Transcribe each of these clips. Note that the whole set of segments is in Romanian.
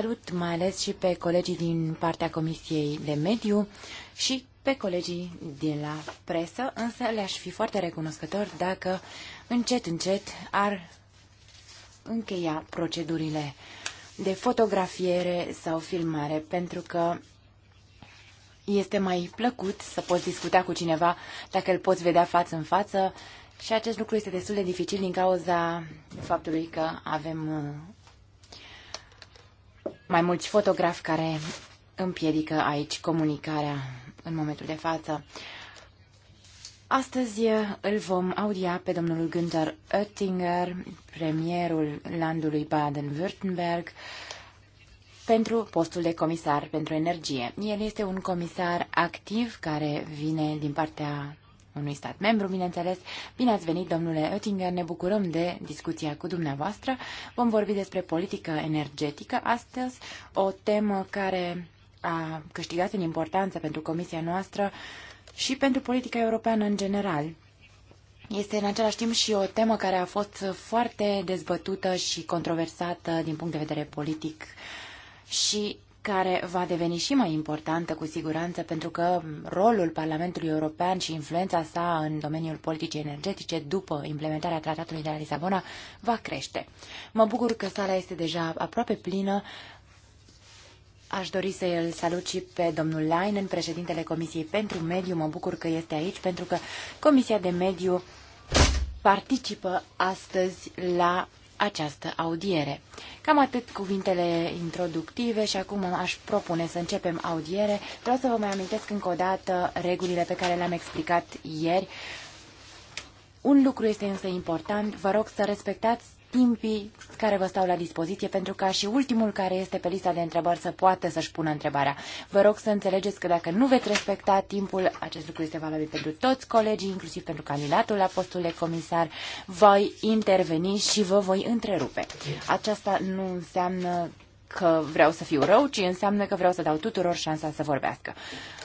Salut mai ales și pe colegii din partea Comisiei de Mediu și pe colegii din la presă, însă le-aș fi foarte recunoscător dacă încet, încet ar încheia procedurile de fotografiere sau filmare, pentru că este mai plăcut să poți discuta cu cineva dacă îl poți vedea față în față și acest lucru este destul de dificil din cauza faptului că avem uh, mai mulți fotografi care împiedică aici comunicarea în momentul de față. Astăzi eh, îl vom audia pe domnul Günther Oettinger, premierul landului Baden-Württemberg, pentru postul de comisar pentru energie. El este un comisar activ care vine din partea unui stat membru, bineînțeles. Bine ați venit, domnule Oettinger, ne bucurăm de discuția cu dumneavoastră. Vom vorbi despre politică energetică astăzi, o temă care a câștigat în importanță pentru comisia noastră și pentru politica europeană în general. Este în același timp și o temă care a fost foarte dezbătută și controversată din punct de vedere politic și care va deveni și mai importantă cu siguranță pentru că rolul Parlamentului European și influența sa în domeniul politicii energetice după implementarea tratatului de la Lisabona va crește. Mă bucur că sala este deja aproape plină. Aș dori să îl salut și pe domnul Leinen, președintele Comisiei pentru Mediu. Mă bucur că este aici pentru că Comisia de Mediu participă astăzi la această audiere. Cam atât cuvintele introductive și acum aș propune să începem audiere. Vreau să vă mai amintesc încă o dată regulile pe care le-am explicat ieri. Un lucru este însă important, vă rog să respectați timpii care vă stau la dispoziție pentru ca și ultimul care este pe lista de întrebări să poată să-și pună întrebarea. Vă rog să înțelegeți că dacă nu veți respecta timpul, acest lucru este valabil pentru toți colegii, inclusiv pentru candidatul la postul de comisar, voi interveni și vă voi întrerupe. Aceasta nu înseamnă că vreau să fiu rău, ci înseamnă că vreau să dau tuturor șansa să vorbească.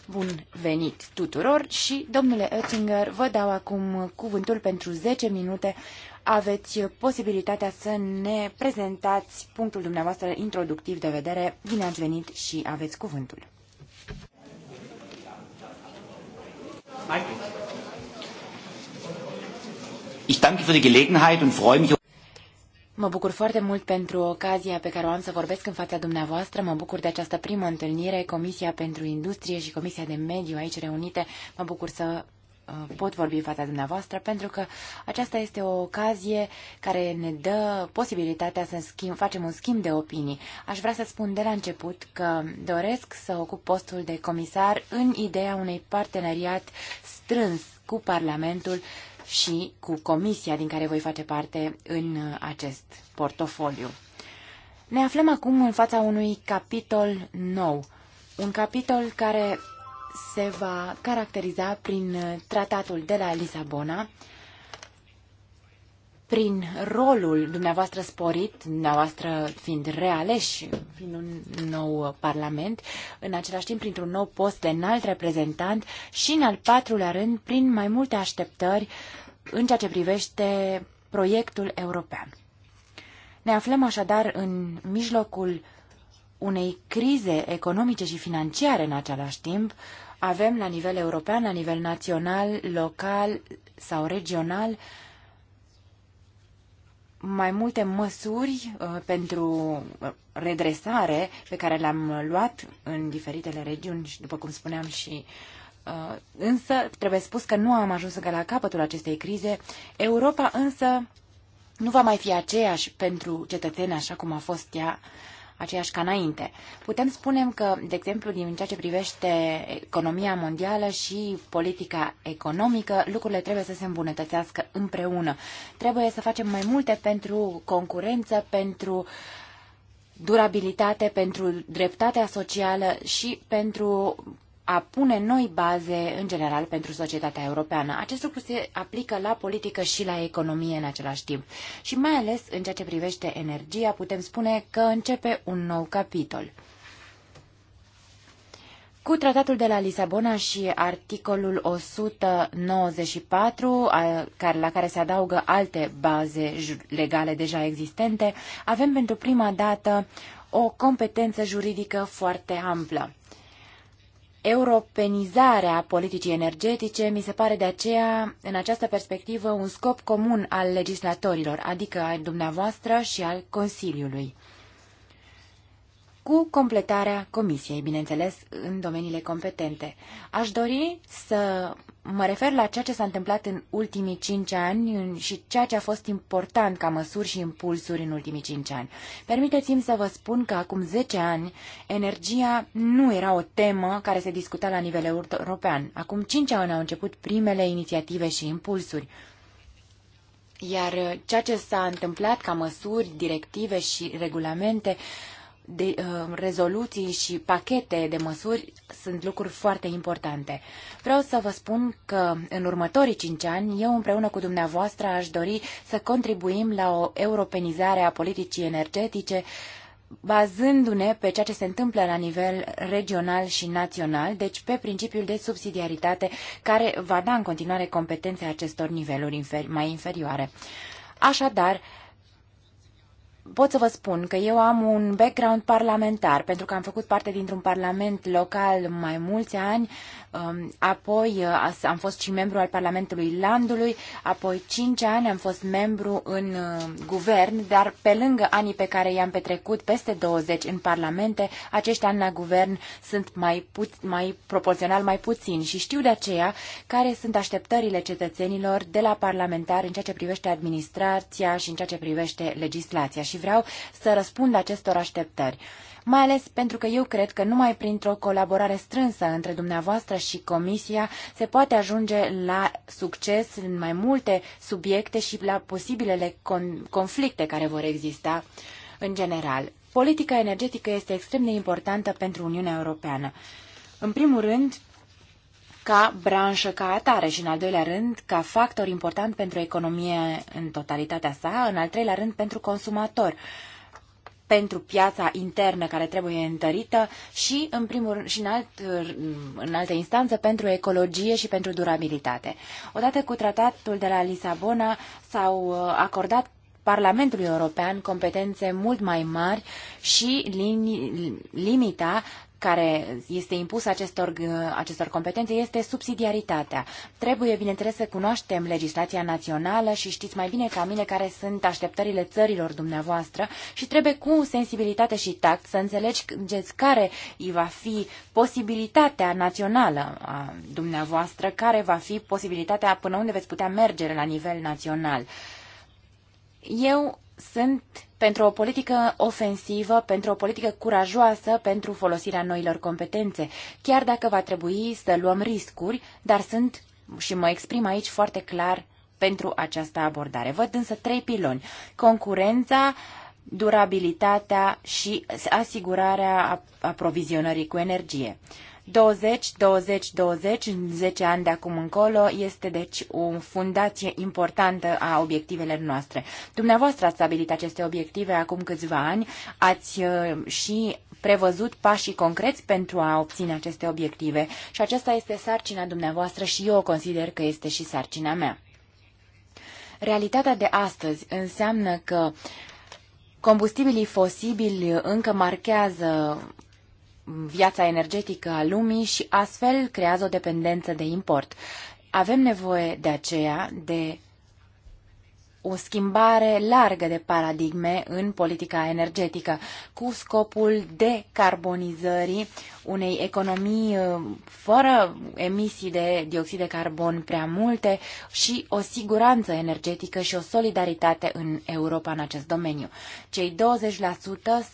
Bun venit tuturor și, domnule Oettinger, vă dau acum cuvântul pentru 10 minute aveți posibilitatea să ne prezentați punctul dumneavoastră introductiv de vedere. Bine ați venit și aveți cuvântul. Ich danke für die Gelegenheit und freue mich. Mă bucur foarte mult pentru ocazia pe care o am să vorbesc în fața dumneavoastră. Mă bucur de această primă întâlnire, Comisia pentru Industrie și Comisia de Mediu aici reunite. Mă bucur să Uh, pot vorbi în fața dumneavoastră, pentru că aceasta este o ocazie care ne dă posibilitatea să schimb, facem un schimb de opinii. Aș vrea să spun de la început că doresc să ocup postul de comisar în ideea unei parteneriat strâns cu Parlamentul și cu comisia din care voi face parte în uh, acest portofoliu. Ne aflăm acum în fața unui capitol nou, un capitol care se va caracteriza prin uh, tratatul de la Lisabona, prin rolul dumneavoastră sporit, dumneavoastră fiind realeși, fiind un nou parlament, în același timp printr-un nou post de înalt reprezentant și în al patrulea rând prin mai multe așteptări în ceea ce privește proiectul european. Ne aflăm așadar în mijlocul unei crize economice și financiare în același timp, avem la nivel european, la nivel național, local sau regional mai multe măsuri uh, pentru uh, redresare pe care le-am luat în diferitele regiuni și, după cum spuneam, și uh, însă trebuie spus că nu am ajuns încă la capătul acestei crize. Europa însă nu va mai fi aceeași pentru cetățeni așa cum a fost ea uh, aceeași ca înainte. Putem spune că, de exemplu, din ceea ce privește economia mondială și politica economică, lucrurile trebuie să se îmbunătățească împreună. Trebuie să facem mai multe pentru concurență, pentru durabilitate, pentru dreptatea socială și pentru a pune noi baze în general pentru societatea europeană. Acest lucru se aplică la politică și la economie în același timp. Și mai ales în ceea ce privește energia, putem spune că începe un nou capitol. Cu tratatul de la Lisabona și articolul 194, la care se adaugă alte baze legale deja existente, avem pentru prima dată o competență juridică foarte amplă europenizarea politicii energetice mi se pare de aceea, în această perspectivă, un scop comun al legislatorilor, adică al dumneavoastră și al Consiliului, cu completarea Comisiei, bineînțeles, în domeniile competente. Aș dori să mă refer la ceea ce s-a întâmplat în ultimii cinci ani și ceea ce a fost important ca măsuri și impulsuri în ultimii cinci ani. Permiteți-mi să vă spun că acum zece ani energia nu era o temă care se discuta la nivel european. Acum cinci ani au început primele inițiative și impulsuri. Iar uh, ceea ce s-a întâmplat ca măsuri, directive și regulamente de, uh, rezoluții și pachete de măsuri sunt lucruri foarte importante. Vreau să vă spun că în următorii cinci ani, eu împreună cu dumneavoastră aș dori să contribuim la o europenizare a politicii energetice, bazându-ne pe ceea ce se întâmplă la nivel regional și național, deci pe principiul de subsidiaritate care va da în continuare competențe acestor niveluri inferi mai inferioare. Așadar, pot să vă spun că eu am un background parlamentar, pentru că am făcut parte dintr-un parlament local mai mulți ani, um, apoi uh, am fost și membru al Parlamentului Landului, apoi 5 ani am fost membru în uh, guvern, dar pe lângă anii pe care i-am petrecut, peste 20 în parlamente, acești ani la guvern sunt mai, pu- mai proporțional mai puțini și știu de aceea care sunt așteptările cetățenilor de la parlamentar în ceea ce privește administrația și în ceea ce privește legislația. Și vreau să răspund acestor așteptări. Mai ales pentru că eu cred că numai printr-o colaborare strânsă între dumneavoastră și Comisia se poate ajunge la succes în mai multe subiecte și la posibilele conflicte care vor exista în general. Politica energetică este extrem de importantă pentru Uniunea Europeană. În primul rând, ca branșă ca atare și, în al doilea rând, ca factor important pentru economie în totalitatea sa, în al treilea rând, pentru consumator pentru piața internă care trebuie întărită și, în primul rând, și în, alt, în altă instanță, pentru ecologie și pentru durabilitate. Odată cu tratatul de la Lisabona s-au uh, acordat Parlamentului European competențe mult mai mari și limita care este impus acestor, acestor competențe este subsidiaritatea. Trebuie, bineînțeles, să cunoaștem legislația națională și știți mai bine ca mine care sunt așteptările țărilor dumneavoastră și trebuie cu sensibilitate și tact să înțelegeți care va fi posibilitatea națională a dumneavoastră, care va fi posibilitatea până unde veți putea merge la nivel național. Eu sunt pentru o politică ofensivă, pentru o politică curajoasă, pentru folosirea noilor competențe, chiar dacă va trebui să luăm riscuri, dar sunt, și mă exprim aici foarte clar, pentru această abordare. Văd însă trei piloni. Concurența, durabilitatea și asigurarea aprovizionării cu energie. 20, 20, 20 în 10 ani de acum încolo este deci o fundație importantă a obiectivelor noastre. Dumneavoastră ați stabilit aceste obiective acum câțiva ani, ați uh, și prevăzut pașii concreți pentru a obține aceste obiective și aceasta este sarcina dumneavoastră și eu o consider că este și sarcina mea. Realitatea de astăzi înseamnă că combustibilii fosibili încă marchează viața energetică a lumii și astfel creează o dependență de import. Avem nevoie de aceea de o schimbare largă de paradigme în politica energetică cu scopul decarbonizării unei economii uh, fără emisii de dioxid de carbon prea multe și o siguranță energetică și o solidaritate în Europa în acest domeniu. Cei 20%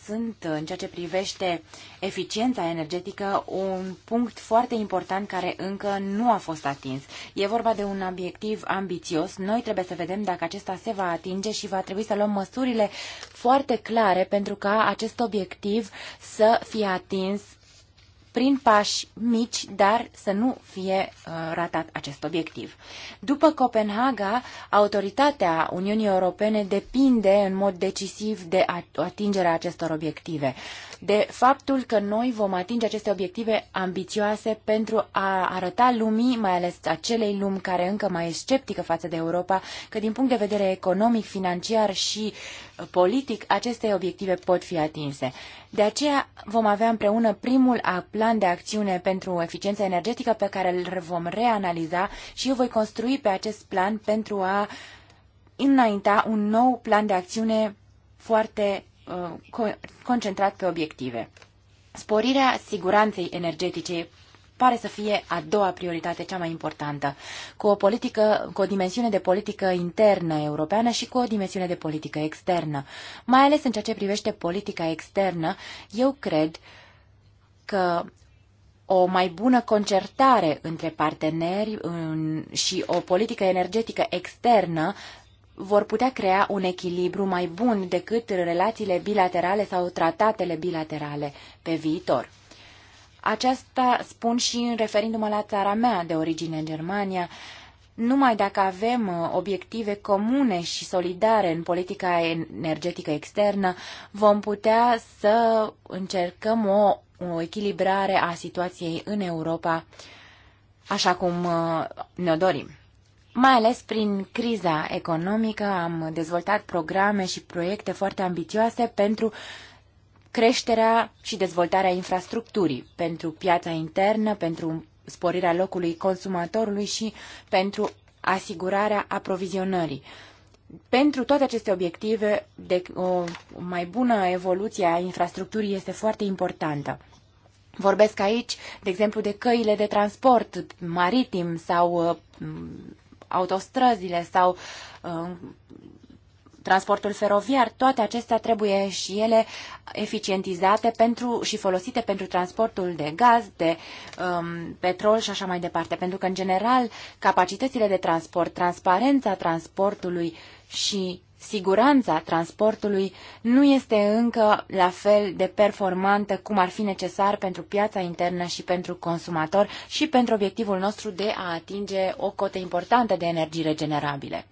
sunt, uh, în ceea ce privește eficiența energetică, un punct foarte important care încă nu a fost atins. E vorba de un obiectiv ambițios. Noi trebuie să vedem dacă acesta se va atinge și va trebui să luăm măsurile foarte clare pentru ca acest obiectiv să fie atins prin pași mici, dar să nu fie uh, ratat acest obiectiv. După Copenhaga, autoritatea Uniunii Europene depinde în mod decisiv de atingerea acestor obiective de faptul că noi vom atinge aceste obiective ambițioase pentru a arăta lumii, mai ales acelei lumi care încă mai e sceptică față de Europa, că din punct de vedere economic, financiar și uh, politic, aceste obiective pot fi atinse. De aceea vom avea împreună primul plan de acțiune pentru eficiența energetică pe care îl vom reanaliza și eu voi construi pe acest plan pentru a înainta un nou plan de acțiune foarte concentrat pe obiective. Sporirea siguranței energetice pare să fie a doua prioritate cea mai importantă, cu o, politică, cu o dimensiune de politică internă europeană și cu o dimensiune de politică externă. Mai ales în ceea ce privește politica externă, eu cred că o mai bună concertare între parteneri și o politică energetică externă vor putea crea un echilibru mai bun decât relațiile bilaterale sau tratatele bilaterale pe viitor. Aceasta spun și referindu-mă la țara mea de origine, Germania, numai dacă avem uh, obiective comune și solidare în politica energetică externă, vom putea să încercăm o, o echilibrare a situației în Europa așa cum uh, ne-o dorim. Mai ales prin criza economică am dezvoltat programe și proiecte foarte ambițioase pentru creșterea și dezvoltarea infrastructurii, pentru piața internă, pentru sporirea locului consumatorului și pentru asigurarea aprovizionării. Pentru toate aceste obiective, de o mai bună evoluție a infrastructurii este foarte importantă. Vorbesc aici, de exemplu, de căile de transport maritim sau uh, autostrăzile sau uh, transportul feroviar, toate acestea trebuie și ele eficientizate pentru, și folosite pentru transportul de gaz, de um, petrol și așa mai departe. Pentru că, în general, capacitățile de transport, transparența transportului și siguranța transportului nu este încă la fel de performantă cum ar fi necesar pentru piața internă și pentru consumator și pentru obiectivul nostru de a atinge o cotă importantă de energii regenerabile.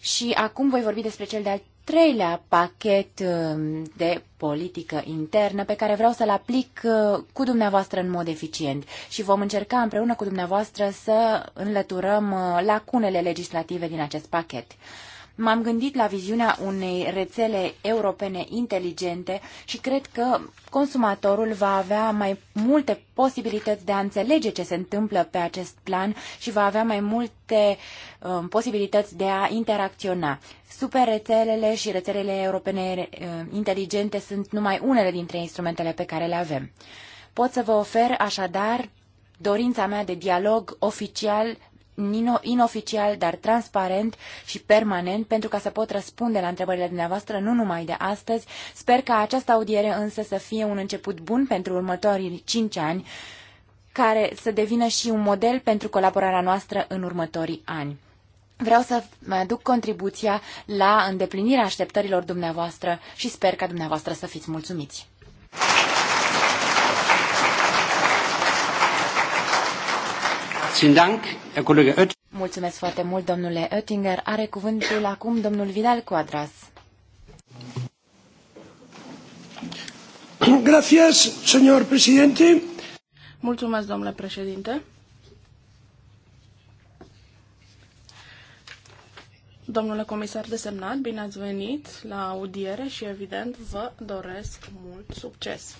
Și acum voi vorbi despre cel de-al treilea pachet um, de politică internă pe care vreau să-l aplic uh, cu dumneavoastră în mod eficient și vom încerca împreună cu dumneavoastră să înlăturăm uh, lacunele legislative din acest pachet. M-am gândit la viziunea unei rețele europene inteligente și cred că consumatorul va avea mai multe posibilități de a înțelege ce se întâmplă pe acest plan și va avea mai multe um, posibilități de a interacționa. Super rețelele și rețelele europene uh, inteligente sunt numai unele dintre instrumentele pe care le avem. Pot să vă ofer așadar dorința mea de dialog oficial inoficial, dar transparent și permanent, pentru ca să pot răspunde la întrebările dumneavoastră, nu numai de astăzi. Sper ca această audiere însă să fie un început bun pentru următorii cinci ani, care să devină și un model pentru colaborarea noastră în următorii ani. Vreau să aduc contribuția la îndeplinirea așteptărilor dumneavoastră și sper ca dumneavoastră să fiți mulțumiți. Mulțumesc foarte mult, domnule Oettinger. Are cuvântul acum domnul Vidal Quadras. Gracias, señor presidente. Mulțumesc, domnule președinte. Domnule comisar desemnat, bine ați venit la audiere și, evident, vă doresc mult succes.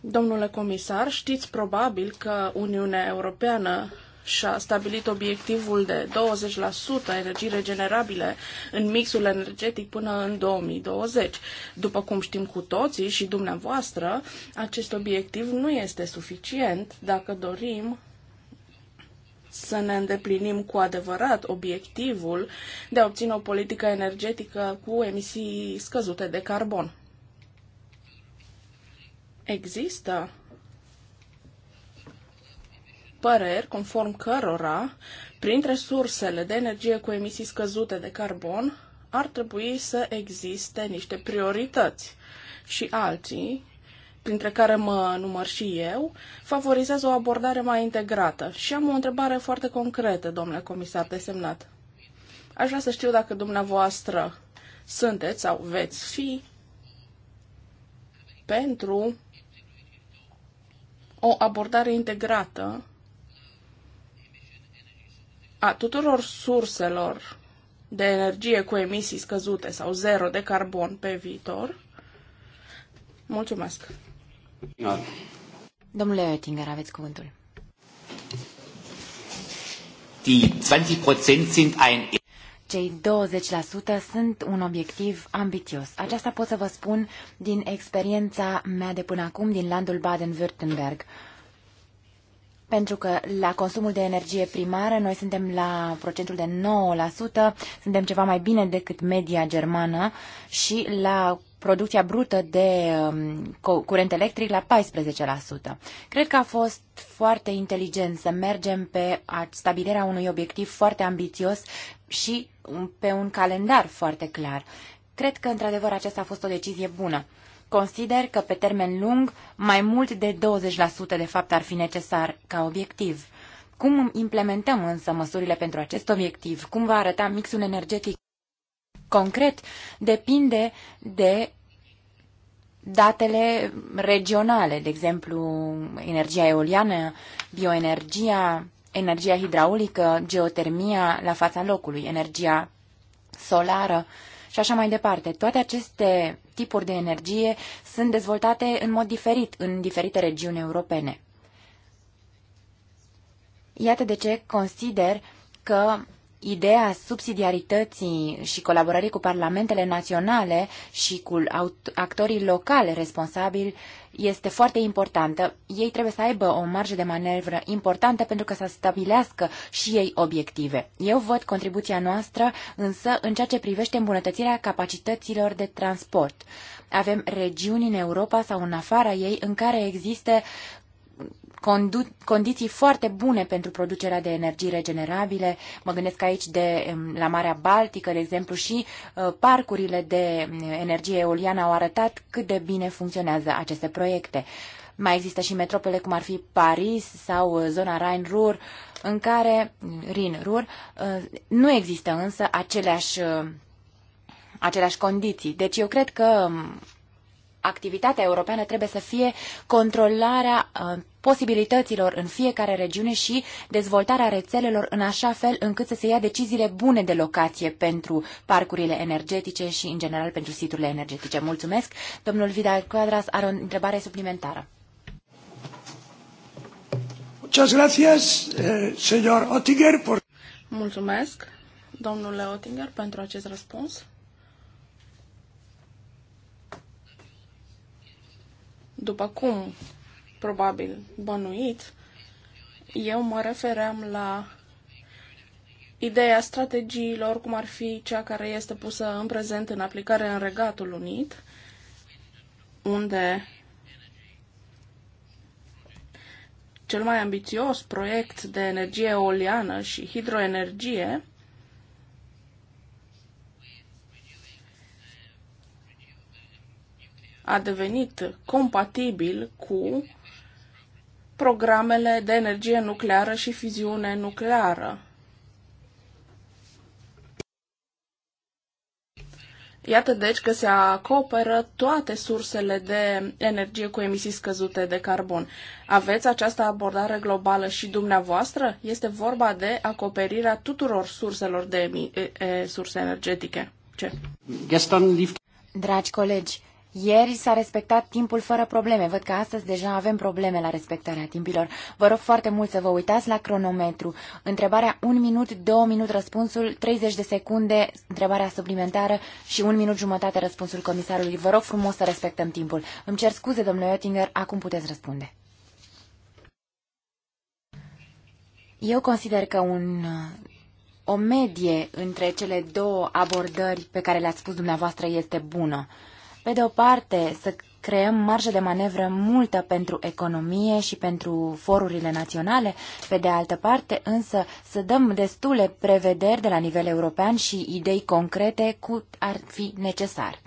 Domnule comisar, știți probabil că Uniunea Europeană și-a stabilit obiectivul de 20% energii regenerabile în mixul energetic până în 2020. După cum știm cu toții și dumneavoastră, acest obiectiv nu este suficient dacă dorim să ne îndeplinim cu adevărat obiectivul de a obține o politică energetică cu emisii scăzute de carbon. Există păreri conform cărora, printre sursele de energie cu emisii scăzute de carbon, ar trebui să existe niște priorități. Și alții, printre care mă număr și eu, favorizează o abordare mai integrată. Și am o întrebare foarte concretă, domnule comisar desemnat. Aș vrea să știu dacă dumneavoastră sunteți sau veți fi pentru o abordare integrată a tuturor surselor de energie cu emisii scăzute sau zero de carbon pe viitor. Mulțumesc! Domnule Oettinger, aveți cuvântul. Die 20% sind ein cei 20% sunt un obiectiv ambițios. Aceasta pot să vă spun din experiența mea de până acum din landul Baden-Württemberg. Pentru că la consumul de energie primară noi suntem la procentul de 9%, suntem ceva mai bine decât media germană și la producția brută de um, curent electric la 14%. Cred că a fost foarte inteligent să mergem pe stabilirea unui obiectiv foarte ambițios și pe un calendar foarte clar. Cred că, într-adevăr, aceasta a fost o decizie bună. Consider că, pe termen lung, mai mult de 20% de fapt ar fi necesar ca obiectiv. Cum implementăm însă măsurile pentru acest obiectiv? Cum va arăta mixul energetic concret depinde de datele regionale, de exemplu energia eoliană, bioenergia, energia hidraulică, geotermia la fața locului, energia solară și așa mai departe. Toate aceste tipuri de energie sunt dezvoltate în mod diferit în diferite regiuni europene. Iată de ce consider că ideea subsidiarității și colaborării cu parlamentele naționale și cu actorii locale responsabili este foarte importantă. Ei trebuie să aibă o marjă de manevră importantă pentru că să stabilească și ei obiective. Eu văd contribuția noastră însă în ceea ce privește îmbunătățirea capacităților de transport. Avem regiuni în Europa sau în afara ei în care există condiții foarte bune pentru producerea de energii regenerabile. Mă gândesc aici de, la Marea Baltică, de exemplu, și ă, parcurile de energie eoliană au arătat cât de bine funcționează aceste proiecte. Mai există și metropole cum ar fi Paris sau ă, zona Rhin-Ruhr, în care, Rhin-Ruhr, ă, nu există însă aceleași, aceleași condiții. Deci eu cred că activitatea europeană trebuie să fie controlarea posibilităților în fiecare regiune și dezvoltarea rețelelor în așa fel încât să se ia deciziile bune de locație pentru parcurile energetice și, în general, pentru siturile energetice. Mulțumesc. Domnul Vidal Cuadras are o întrebare suplimentară. Muchas gracias, eh, señor Oettinger. Por... Mulțumesc, domnule Oettinger, pentru acest răspuns. După cum probabil bănuit, eu mă refeream la ideea strategiilor, cum ar fi cea care este pusă în prezent în aplicare în Regatul Unit, unde cel mai ambițios proiect de energie eoliană și hidroenergie a devenit compatibil cu programele de energie nucleară și fiziune nucleară. Iată deci că se acoperă toate sursele de energie cu emisii scăzute de carbon. Aveți această abordare globală și dumneavoastră? Este vorba de acoperirea tuturor surselor de emi- e, e, surse energetice. Ce? Dragi colegi, ieri s-a respectat timpul fără probleme. Văd că astăzi deja avem probleme la respectarea timpilor. Vă rog foarte mult să vă uitați la cronometru. Întrebarea 1 minut, 2 minut răspunsul, 30 de secunde întrebarea suplimentară și 1 minut jumătate răspunsul comisarului. Vă rog frumos să respectăm timpul. Îmi cer scuze, domnule Oettinger, acum puteți răspunde. Eu consider că un o medie între cele două abordări pe care le-ați spus dumneavoastră este bună pe de o parte, să creăm marjă de manevră multă pentru economie și pentru forurile naționale, pe de altă parte însă să dăm destule prevederi de la nivel european și idei concrete cu ar fi necesar.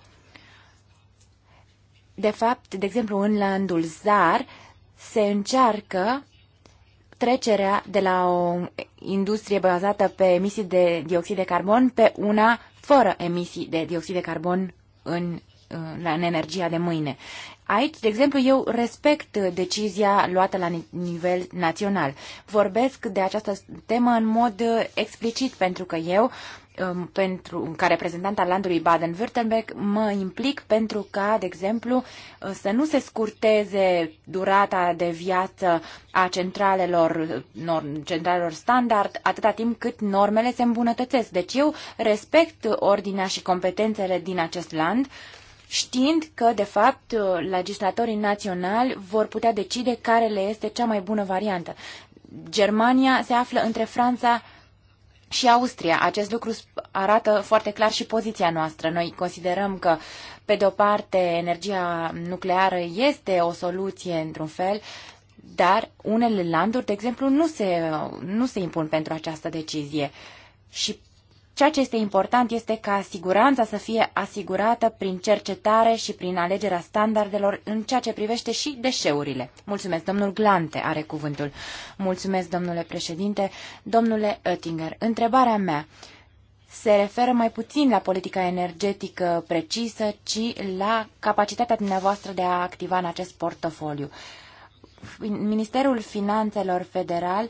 De fapt, de exemplu, în landul ZAR se încearcă trecerea de la o industrie bazată pe emisii de dioxid de carbon pe una fără emisii de dioxid de carbon în Uh, la, în energia de mâine. Aici, de exemplu, eu respect uh, decizia luată la nivel național. Vorbesc de această temă în mod uh, explicit pentru că eu um, pentru, ca reprezentant al landului Baden-Württemberg, mă implic pentru ca, de exemplu, să nu se scurteze durata de viață a centralelor, norm, centralelor standard atâta timp cât normele se îmbunătățesc. Deci eu respect ordinea și competențele din acest land știind că, de fapt, legislatorii naționali vor putea decide care le este cea mai bună variantă. Germania se află între Franța și Austria. Acest lucru arată foarte clar și poziția noastră. Noi considerăm că, pe de o parte, energia nucleară este o soluție, într-un fel, dar unele landuri, de exemplu, nu se, nu se impun pentru această decizie. Și Ceea ce este important este ca siguranța să fie asigurată prin cercetare și prin alegerea standardelor în ceea ce privește și deșeurile. Mulțumesc, domnul Glante are cuvântul. Mulțumesc, domnule președinte. Domnule Oettinger, întrebarea mea se referă mai puțin la politica energetică precisă, ci la capacitatea dumneavoastră de a activa în acest portofoliu. Ministerul Finanțelor Federal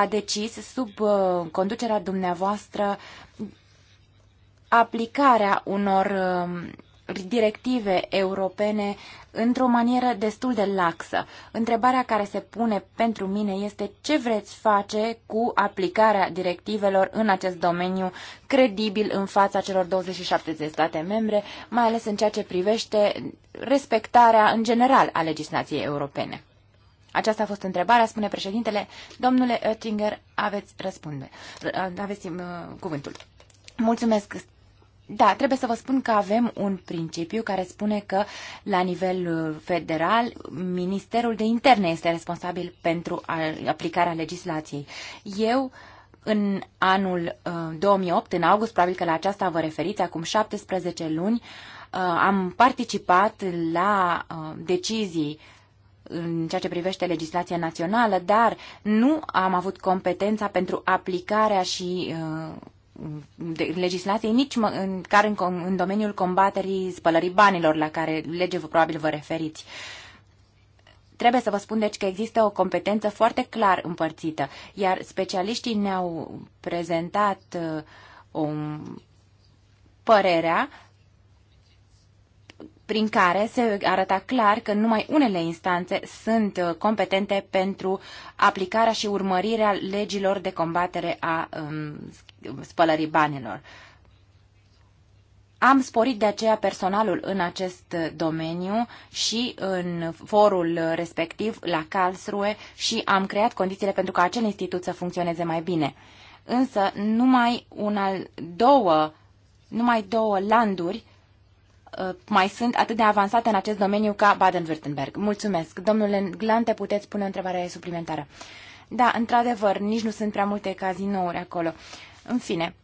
a decis, sub uh, conducerea dumneavoastră, aplicarea unor um, directive europene într-o manieră destul de laxă. Întrebarea care se pune pentru mine este ce vreți face cu aplicarea directivelor în acest domeniu credibil în fața celor 27 de state membre, mai ales în ceea ce privește respectarea în general a legislației europene. Aceasta a fost întrebarea, spune președintele. Domnule Oettinger, aveți răspunde. Aveți uh, cuvântul. Mulțumesc, da, trebuie să vă spun că avem un principiu care spune că la nivel uh, federal Ministerul de Interne este responsabil pentru aplicarea legislației. Eu în anul 2008, uh, în august, probabil că la aceasta vă referiți, acum 17 luni, uh, am participat la decizii în ceea ce privește legislația națională, dar nu am avut competența pentru aplicarea și uh, de legislației nici mă, în, care în, în domeniul combaterii spălării banilor la care lege probabil vă referiți. Trebuie să vă spun deci că există o competență foarte clar împărțită, iar specialiștii ne-au prezentat uh, o părerea prin care se arăta clar că numai unele instanțe sunt uh, competente pentru aplicarea și urmărirea legilor de combatere a um, spălării banilor. Am sporit de aceea personalul în acest uh, domeniu și în forul respectiv la Karlsruhe și am creat condițiile pentru ca acel institut să funcționeze mai bine. Însă numai un al două, numai două landuri Uh, mai sunt atât de avansate în acest domeniu ca Baden-Württemberg. Mulțumesc. Domnule Glante, puteți pune o întrebare suplimentară. Da, într-adevăr, nici nu sunt prea multe cazinouri acolo. În fine,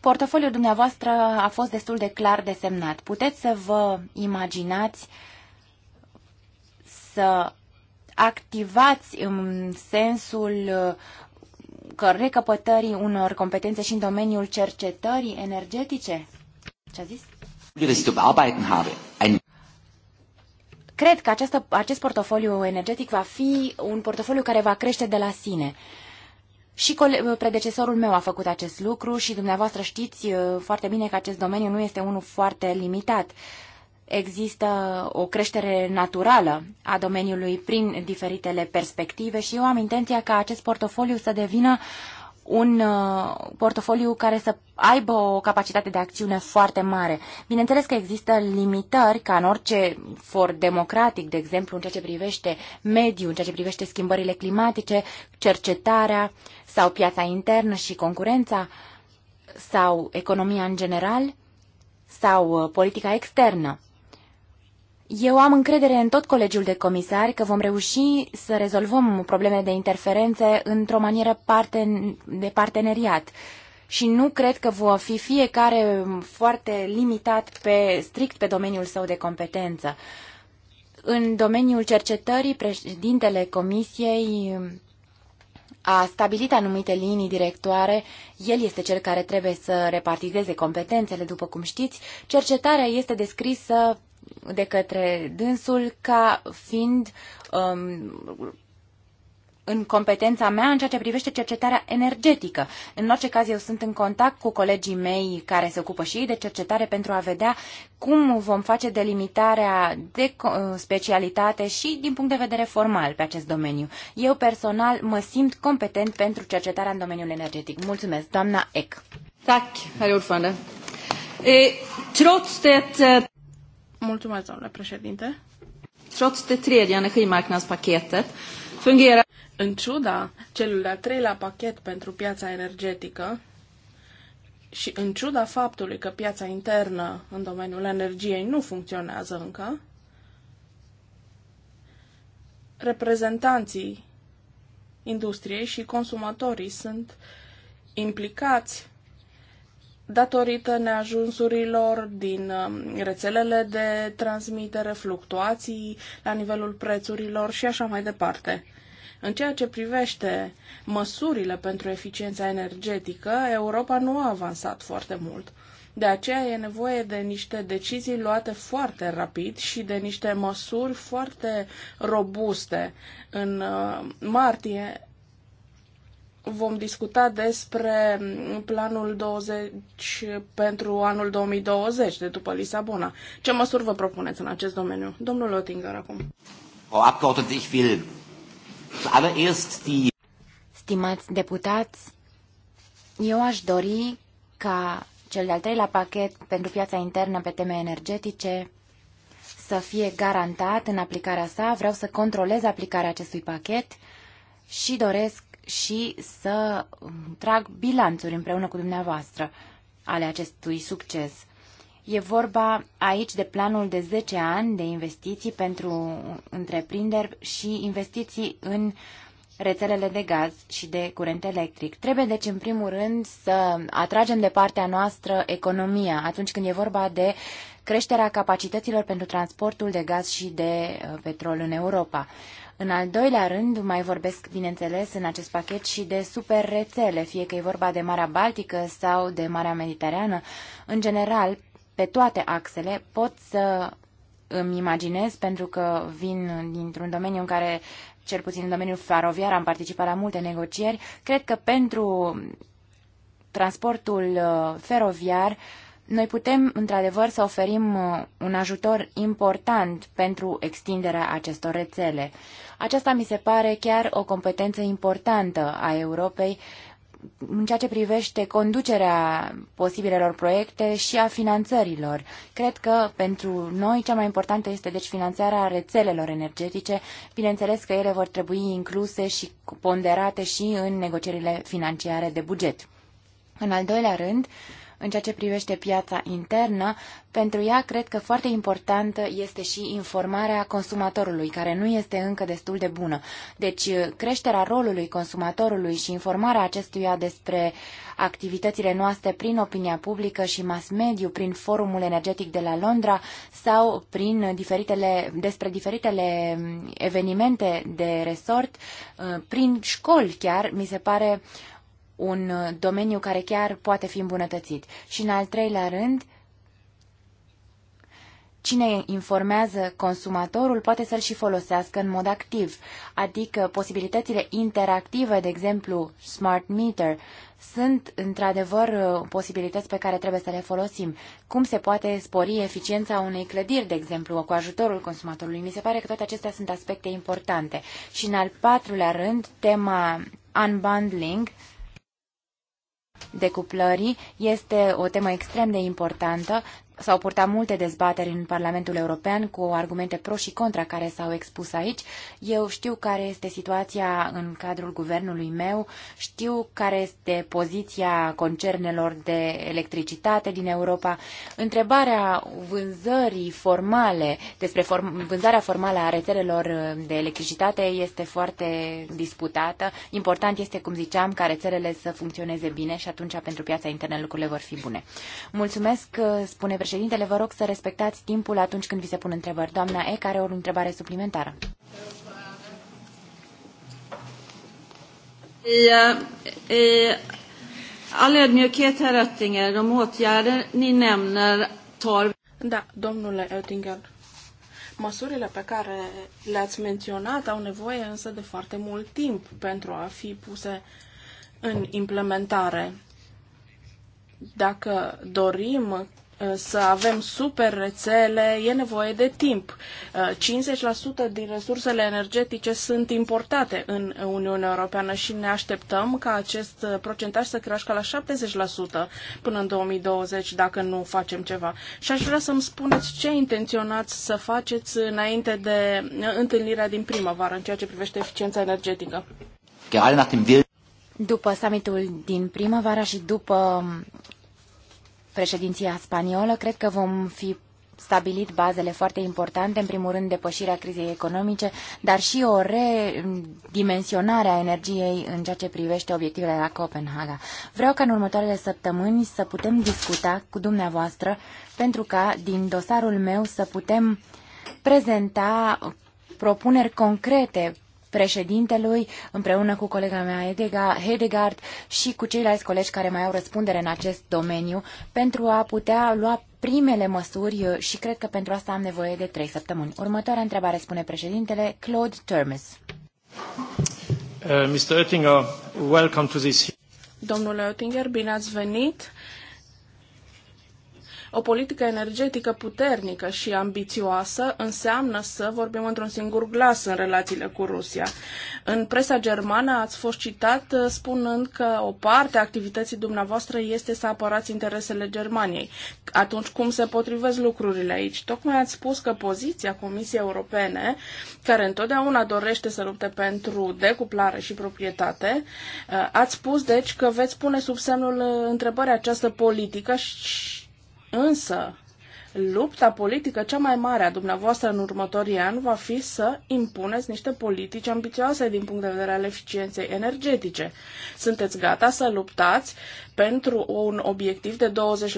portofoliul dumneavoastră a fost destul de clar desemnat. Puteți să vă imaginați să activați în sensul uh, că recapătării unor competențe și în domeniul cercetării energetice? Ce a zis? Cred că această, acest portofoliu energetic va fi un portofoliu care va crește de la sine. Și predecesorul meu a făcut acest lucru și dumneavoastră știți uh, foarte bine că acest domeniu nu este unul foarte limitat există o creștere naturală a domeniului prin diferitele perspective și eu am intenția ca acest portofoliu să devină un uh, portofoliu care să aibă o capacitate de acțiune foarte mare. Bineînțeles că există limitări, ca în orice for democratic, de exemplu, în ceea ce privește mediul, în ceea ce privește schimbările climatice, cercetarea sau piața internă și concurența sau economia în general sau uh, politica externă. Eu am încredere în tot colegiul de comisari că vom reuși să rezolvăm problemele de interferențe într-o manieră parten de parteneriat și nu cred că va fi fiecare foarte limitat pe, strict pe domeniul său de competență. În domeniul cercetării, președintele Comisiei a stabilit anumite linii directoare, el este cel care trebuie să repartizeze competențele, după cum știți. Cercetarea este descrisă de către dânsul ca fiind um, în competența mea în ceea ce privește cercetarea energetică. În orice caz, eu sunt în contact cu colegii mei care se ocupă și ei de cercetare pentru a vedea cum vom face delimitarea de specialitate și din punct de vedere formal pe acest domeniu. Eu personal mă simt competent pentru cercetarea în domeniul energetic. Mulțumesc, doamna Eck. Tack, herr ordförande. Eh, trots det eh, Mulțumesc, domnule președinte. Trots det tredje energimarknadspaketet fungerar... În ciuda celui de-al treilea pachet pentru piața energetică și în ciuda faptului că piața internă în domeniul energiei nu funcționează încă, reprezentanții industriei și consumatorii sunt implicați datorită neajunsurilor din um, rețelele de transmitere, fluctuații la nivelul prețurilor și așa mai departe. În ceea ce privește măsurile pentru eficiența energetică, Europa nu a avansat foarte mult. De aceea e nevoie de niște decizii luate foarte rapid și de niște măsuri foarte robuste. În uh, martie vom discuta despre planul 20 pentru anul 2020 de după Lisabona. Ce măsuri vă propuneți în acest domeniu? Domnul Lottinger, acum. Frau Abgeordnete, ich will zuallererst die Stimați deputați, eu aș dori ca cel de-al treilea pachet pentru piața internă pe teme energetice să fie garantat în aplicarea sa. Vreau să controlez aplicarea acestui pachet și doresc și să trag bilanțuri împreună cu dumneavoastră ale acestui succes. E vorba aici de planul de 10 ani de investiții pentru întreprinderi și investiții în rețelele de gaz și de curent electric. Trebuie deci în primul rând să atragem de partea noastră economia atunci când e vorba de creșterea capacităților pentru transportul de gaz și de uh, petrol în Europa. În al doilea rând, mai vorbesc, bineînțeles, în acest pachet și de super rețele, fie că e vorba de Marea Baltică sau de Marea Mediterană. În general, pe toate axele pot să îmi imaginez, pentru că vin dintr-un domeniu în care, cel puțin în domeniul feroviar, am participat la multe negocieri. Cred că pentru transportul uh, feroviar, noi putem, într-adevăr, să oferim uh, un ajutor important pentru extinderea acestor rețele. Aceasta mi se pare chiar o competență importantă a Europei în ceea ce privește conducerea posibilelor proiecte și a finanțărilor. Cred că pentru noi cea mai importantă este deci finanțarea rețelelor energetice. Bineînțeles că ele vor trebui incluse și ponderate și în negocierile financiare de buget. În al doilea rând, uh, în ceea ce privește piața internă, pentru ea cred că foarte importantă este și informarea consumatorului, care nu este încă destul de bună. Deci creșterea rolului consumatorului și informarea acestuia despre activitățile noastre prin opinia publică și mass mediu, prin forumul energetic de la Londra sau prin diferitele, despre diferitele evenimente de resort, uh, prin școli chiar, mi se pare un uh, domeniu care chiar poate fi îmbunătățit. Și în al treilea rând, cine informează consumatorul poate să-l și folosească în mod activ, adică posibilitățile interactive, de exemplu smart meter, sunt într-adevăr uh, posibilități pe care trebuie să le folosim. Cum se poate spori eficiența unei clădiri, de exemplu, cu ajutorul consumatorului? Mi se pare că toate acestea sunt aspecte importante. Și în al patrulea rând, tema unbundling, decuplării este o temă extrem de importantă. S-au purtat multe dezbateri în Parlamentul European cu argumente pro și contra care s-au expus aici. Eu știu care este situația în cadrul guvernului meu, știu care este poziția concernelor de electricitate din Europa. Întrebarea vânzării formale, despre form, vânzarea formală a rețelelor de electricitate este foarte disputată. Important este, cum ziceam, ca rețelele să funcționeze bine și atunci pentru piața internă lucrurile vor fi bune. Mulțumesc, spune președintele, vă rog să respectați timpul atunci când vi se pun întrebări. Doamna E, care o întrebare suplimentară. I, eh, i all ödmjukhet, herr Oettinger, de åtgärder ni nämner tar... Da, domnule Oettinger, măsurile pe care le-ați menționat au nevoie însă de foarte mult timp pentru a fi puse în implementare. Dacă dorim Uh, să avem super rețele, e nevoie de timp. 50% uh, din resursele energetice sunt importate în Uniunea Europeană și ne așteptăm ca acest uh, procentaj să crească la 70% până în 2020 dacă nu facem ceva. Și aș vrea să-mi spuneți ce intenționați să faceți înainte de întâlnirea din primăvară în ceea ce privește eficiența energetică. După summitul din primăvară și după um, președinția spaniolă, cred că vom fi stabilit bazele foarte importante, în primul rând depășirea crizei economice, dar și o redimensionare a energiei în ceea ce privește obiectivele la Copenhaga. Vreau ca în următoarele săptămâni să putem discuta cu dumneavoastră pentru ca din dosarul meu să putem prezenta propuneri concrete președintelui, împreună cu colega mea Hedegaard și cu ceilalți colegi care mai au răspundere în acest domeniu, pentru a putea lua primele măsuri uh, și cred că pentru asta am nevoie de trei săptămâni. Următoarea întrebare spune președintele Claude Turmes. Uh, Mr. Oettinger, welcome to this. Domnule Oettinger, bine ați venit. O politică energetică puternică și ambițioasă înseamnă să vorbim într-un singur glas în relațiile cu Rusia. În presa germană ați fost citat uh, spunând că o parte a activității dumneavoastră este să apărați interesele Germaniei. Atunci cum se potrivesc lucrurile aici? Tocmai ați spus că poziția Comisiei Europene, care întotdeauna dorește să lupte pentru decuplare și proprietate, uh, ați spus deci că veți pune sub semnul uh, întrebării această politică și Însă, lupta politică cea mai mare a dumneavoastră în următorii ani va fi să impuneți niște politici ambițioase din punct de vedere al eficienței energetice. Sunteți gata să luptați pentru un obiectiv de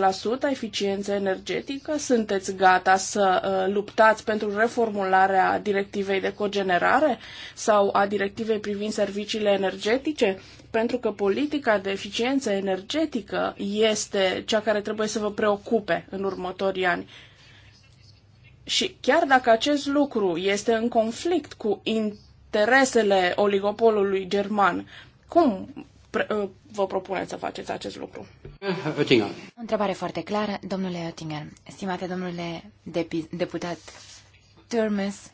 20% eficiență energetică? Sunteți gata să uh, luptați pentru reformularea directivei de cogenerare sau a directivei privind serviciile energetice? pentru că politica de eficiență energetică este cea care trebuie să vă preocupe în următorii ani. Și chiar dacă acest lucru este în conflict cu interesele oligopolului german, cum uh, vă propuneți să faceți acest lucru? Oettinger. O întrebare foarte clară, domnule Oettinger. Stimate domnule deputat Turmes,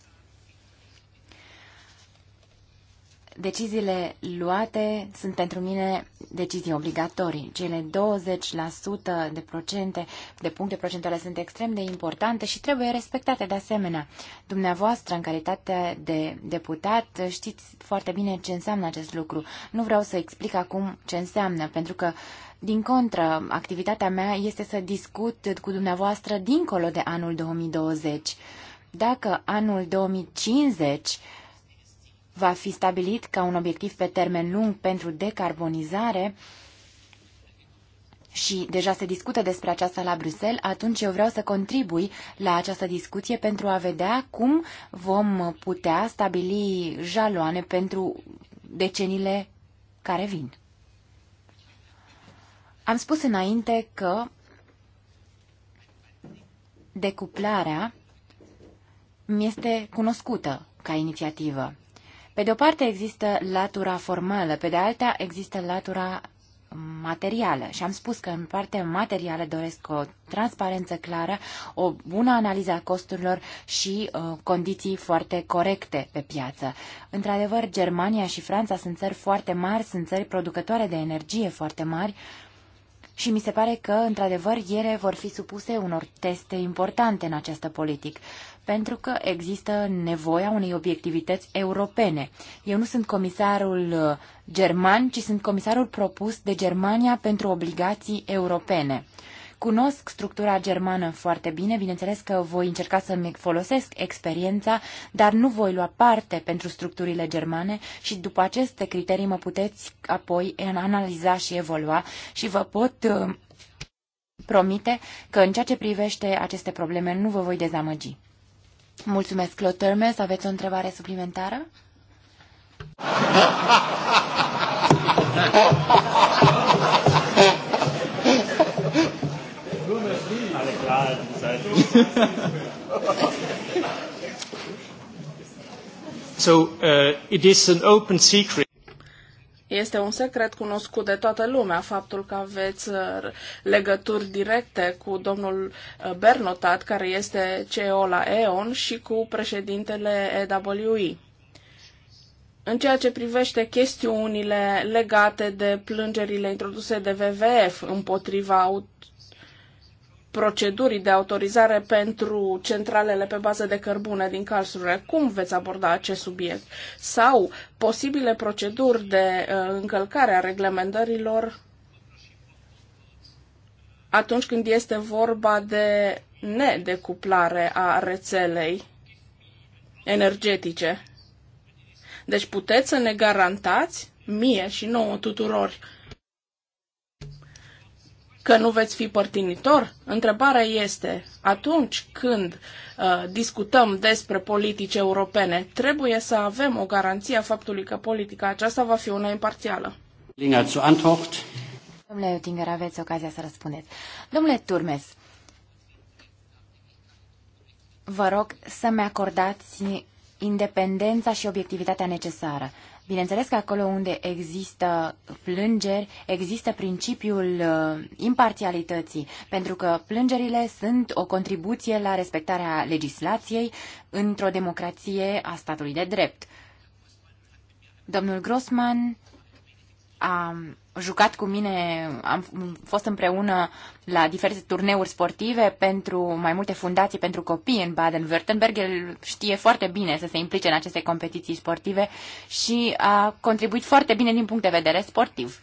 Deciziile luate sunt pentru mine decizii obligatorii. Cele 20% de procente, de puncte procentuale sunt extrem de importante și trebuie respectate de asemenea. Dumneavoastră, în calitate de deputat, știți foarte bine ce înseamnă acest lucru. Nu vreau să explic acum ce înseamnă, pentru că din contră, activitatea mea este să discut cu dumneavoastră dincolo de anul 2020. Dacă anul 2050 va fi stabilit ca un obiectiv pe termen lung pentru decarbonizare și deja se discută despre aceasta la Bruxelles, atunci eu vreau să contribui la această discuție pentru a vedea cum vom putea stabili jaloane pentru deceniile care vin. Am spus înainte că decuplarea mi este cunoscută ca inițiativă. Pe de o parte există latura formală, pe de alta există latura materială și am spus că în partea materială doresc o transparență clară, o bună analiză a costurilor și uh, condiții foarte corecte pe piață. Într-adevăr, Germania și Franța sunt țări foarte mari, sunt țări producătoare de energie foarte mari și mi se pare că, într-adevăr, ele vor fi supuse unor teste importante în această politic, pentru că există nevoia unei obiectivități europene. Eu nu sunt comisarul uh, german, ci sunt comisarul propus de Germania pentru obligații europene. Cunosc structura germană foarte bine, bineînțeles că voi încerca să-mi folosesc experiența, dar nu voi lua parte pentru structurile germane și după aceste criterii mă puteți apoi analiza și evolua și vă pot uh, promite că în ceea ce privește aceste probleme nu vă voi dezamăgi. Mulțumesc, Claude Termes. Aveți o întrebare suplimentară? so uh, it is an open secret. Este un secret cunoscut de toată lumea faptul că aveți uh, legături directe cu domnul uh, Bernotat, care este CEO la E.ON, și cu președintele EWI. În ceea ce privește chestiunile legate de plângerile introduse de WWF împotriva procedurii de autorizare pentru centralele pe bază de cărbune din Karlsruhe. Cum veți aborda acest subiect? Sau posibile proceduri de uh, încălcare a reglementărilor atunci când este vorba de nedecuplare a rețelei energetice. Deci puteți să ne garantați, mie și nouă tuturor, că nu veți fi părtinitor? Întrebarea este, atunci când uh, discutăm despre politici europene, trebuie să avem o garanție a faptului că politica aceasta va fi una imparțială. Domnule Eutinger, aveți ocazia să răspundeți. Domnule Turmes, vă rog să-mi acordați independența și obiectivitatea necesară. Bineînțeles că acolo unde există plângeri, există principiul uh, imparțialității, pentru că plângerile sunt o contribuție la respectarea legislației într-o democrație a statului de drept. Domnul Grossman a jucat cu mine, am fost împreună la diferite turneuri sportive pentru mai multe fundații pentru copii în Baden-Württemberg. El știe foarte bine să se implice în aceste competiții sportive și a contribuit foarte bine din punct de vedere sportiv.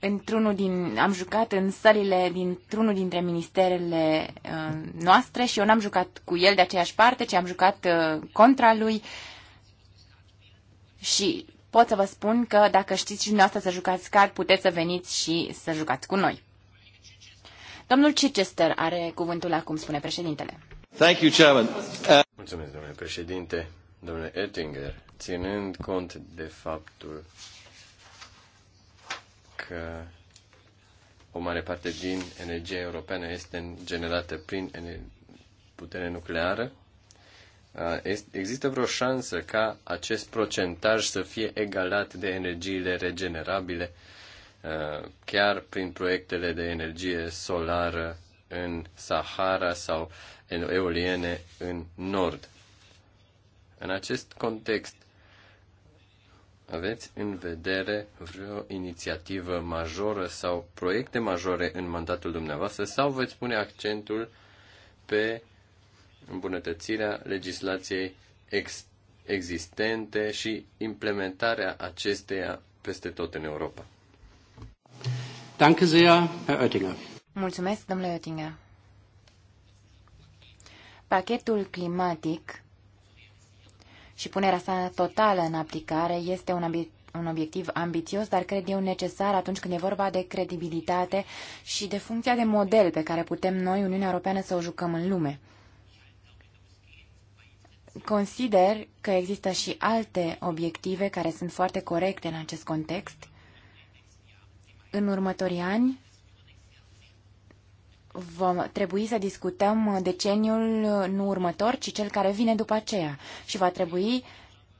Într-unul din, am jucat în sălile dintr-unul dintre ministerele uh, noastre și eu n-am jucat cu el de aceeași parte, ci am jucat uh, contra lui. Uh, și pot să vă spun că dacă știți și dumneavoastră să jucați card, puteți să veniți și să jucați cu noi. Domnul Chichester are cuvântul acum, spune președintele. Thank you, Chairman. Uh... Mulțumesc, domnule președinte. Domnule Ettinger, ținând cont de faptul că o mare parte din energia europeană este generată prin putere nucleară, Există vreo șansă ca acest procentaj să fie egalat de energiile regenerabile, chiar prin proiectele de energie solară în Sahara sau în eoliene în nord. În acest context, aveți în vedere vreo inițiativă majoră sau proiecte majore în mandatul dumneavoastră sau veți pune accentul pe îmbunătățirea legislației ex- existente și implementarea acesteia peste tot în Europa. Danke sehr, Herr Oettinger. Mulțumesc, domnule Oettinger. Pachetul climatic și punerea sa totală în aplicare este un ambi- un obiectiv ambițios, dar cred eu necesar atunci când e vorba de credibilitate și de funcția de model pe care putem noi, Uniunea Europeană, să o jucăm în lume. Consider că există și alte obiective care sunt foarte corecte în acest context. În următorii ani vom trebui să discutăm deceniul nu următor, ci cel care vine după aceea și va trebui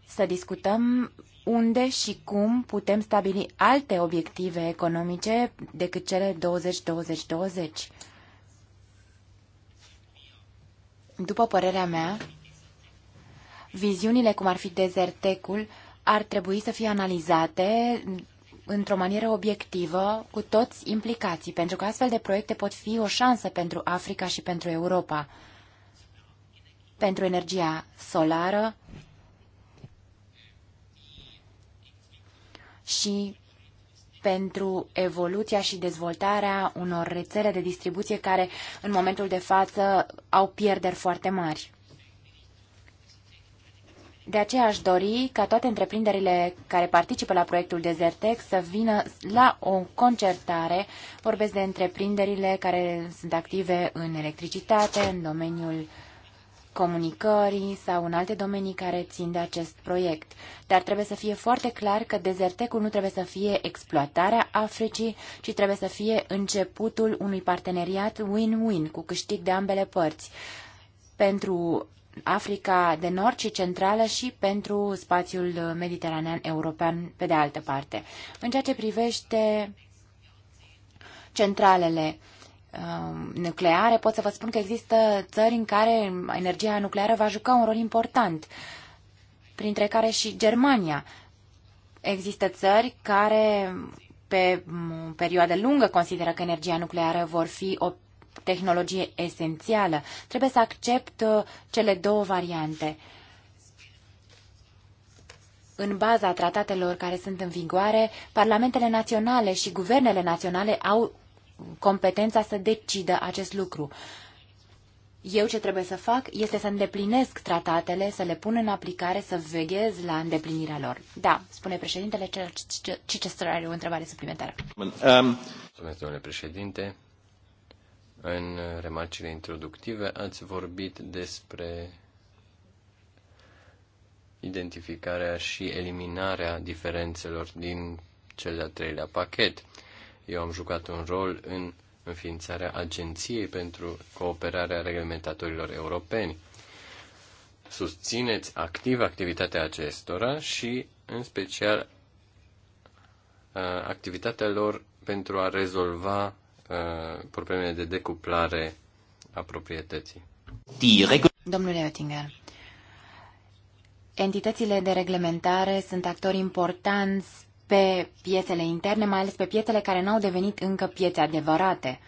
să discutăm unde și cum putem stabili alte obiective economice decât cele 20-20-20. După părerea mea, viziunile, cum ar fi dezertecul, ar trebui să fie analizate într-o manieră obiectivă cu toți implicații, pentru că astfel de proiecte pot fi o șansă pentru Africa și pentru Europa, pentru energia solară și pentru evoluția și dezvoltarea unor rețele de distribuție care în momentul de față au pierderi foarte mari. De aceea aș dori ca toate întreprinderile care participă la proiectul Desertec să vină la o concertare. Vorbesc de întreprinderile care sunt active în electricitate, în domeniul comunicării sau în alte domenii care țin de acest proiect. Dar trebuie să fie foarte clar că dezertecul nu trebuie să fie exploatarea Africii, ci trebuie să fie începutul unui parteneriat win-win cu câștig de ambele părți pentru Africa de Nord și Centrală și pentru spațiul mediteranean european pe de altă parte. În ceea ce privește centralele um, nucleare, pot să vă spun că există țări în care energia nucleară va juca un rol important, printre care și Germania. Există țări care pe mm, perioadă lungă consideră că energia nucleară vor fi o tehnologie esențială. Trebuie să accept uh, cele două variante. În baza tratatelor care sunt în vigoare, parlamentele naționale și guvernele naționale au competența să decidă acest lucru. Eu ce trebuie să fac este să îndeplinesc tratatele, să le pun în aplicare, să veghez la îndeplinirea lor. Da, spune președintele, ce are o întrebare suplimentară. Um. Mulțumesc, domnule președinte. În remarcile introductive ați vorbit despre identificarea și eliminarea diferențelor din cel de-al treilea pachet. Eu am jucat un rol în înființarea Agenției pentru Cooperarea Reglementatorilor Europeni. Susțineți activ activitatea acestora și, în special, activitatea lor pentru a rezolva Uh, problemele de decuplare a proprietății. Domnule Oettinger, entitățile de reglementare sunt actori importanți pe piețele interne, mai ales pe piețele care n-au devenit încă piețe adevărate.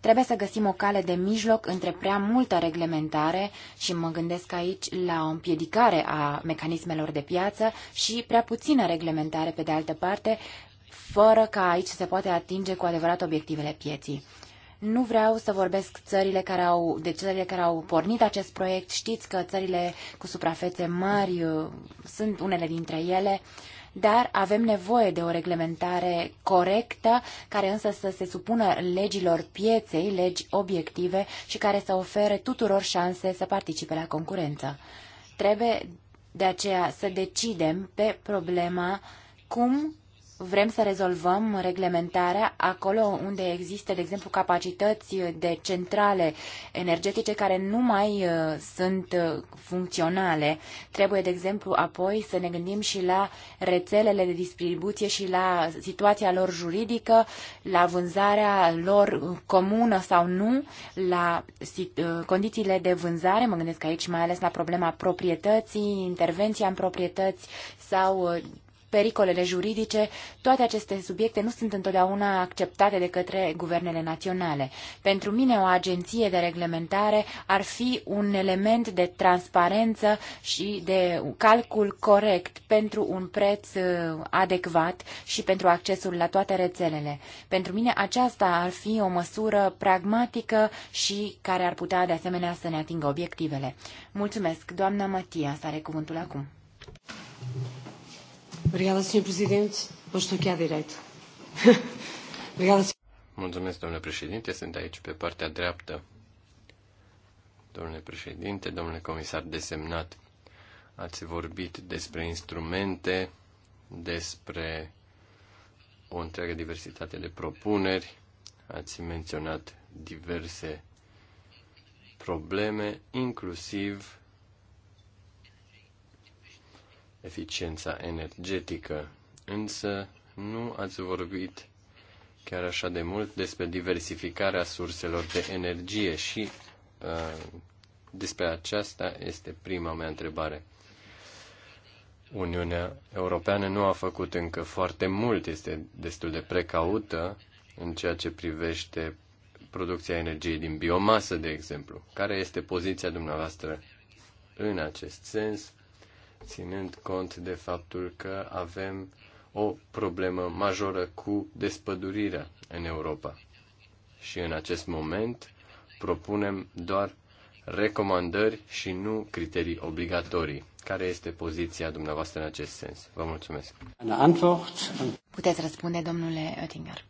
Trebuie să găsim o cale de mijloc între prea multă reglementare și mă gândesc aici la o împiedicare a mecanismelor de piață și prea puțină reglementare pe de altă parte fără ca aici se poate atinge cu adevărat obiectivele pieții. Nu vreau să vorbesc țările care au, de țările care au pornit acest proiect. Știți că țările cu suprafețe mari uh, sunt unele dintre ele, dar avem nevoie de o reglementare corectă, care însă să se supună legilor pieței, legi obiective și care să ofere tuturor șanse să participe la concurență. Trebuie de aceea să decidem pe problema cum vrem să rezolvăm reglementarea acolo unde există, de exemplu, capacități de centrale energetice care nu mai uh, sunt uh, funcționale. Trebuie, de exemplu, apoi să ne gândim și la rețelele de distribuție și la situația lor juridică, la vânzarea lor comună sau nu, la uh, condițiile de vânzare, mă gândesc aici mai ales la problema proprietății, intervenția în proprietăți sau pericolele juridice, toate aceste subiecte nu sunt întotdeauna acceptate de către guvernele naționale. Pentru mine, o agenție de reglementare ar fi un element de transparență și de calcul corect pentru un preț uh, adecvat și pentru accesul la toate rețelele. Pentru mine, aceasta ar fi o măsură pragmatică și care ar putea de asemenea să ne atingă obiectivele. Mulțumesc, doamna Matias are cuvântul acum. Obrigada, Sr. Presidente. Hoje estou aqui à direita. Obrigada, Mulțumesc, domnule președinte. Sunt aici pe partea dreaptă. Domnule președinte, domnule comisar desemnat, ați vorbit despre instrumente, despre o întreagă diversitate de propuneri, ați menționat diverse probleme, inclusiv eficiența energetică, însă nu ați vorbit chiar așa de mult despre diversificarea surselor de energie și uh, despre aceasta este prima mea întrebare. Uniunea Europeană nu a făcut încă foarte mult, este destul de precaută în ceea ce privește producția energiei din biomasă, de exemplu. Care este poziția dumneavoastră în acest sens? ținând cont de faptul că avem o problemă majoră cu despădurirea în Europa. Și în acest moment propunem doar recomandări și nu criterii obligatorii. Care este poziția dumneavoastră în acest sens? Vă mulțumesc. Puteți răspunde, domnule Oettinger.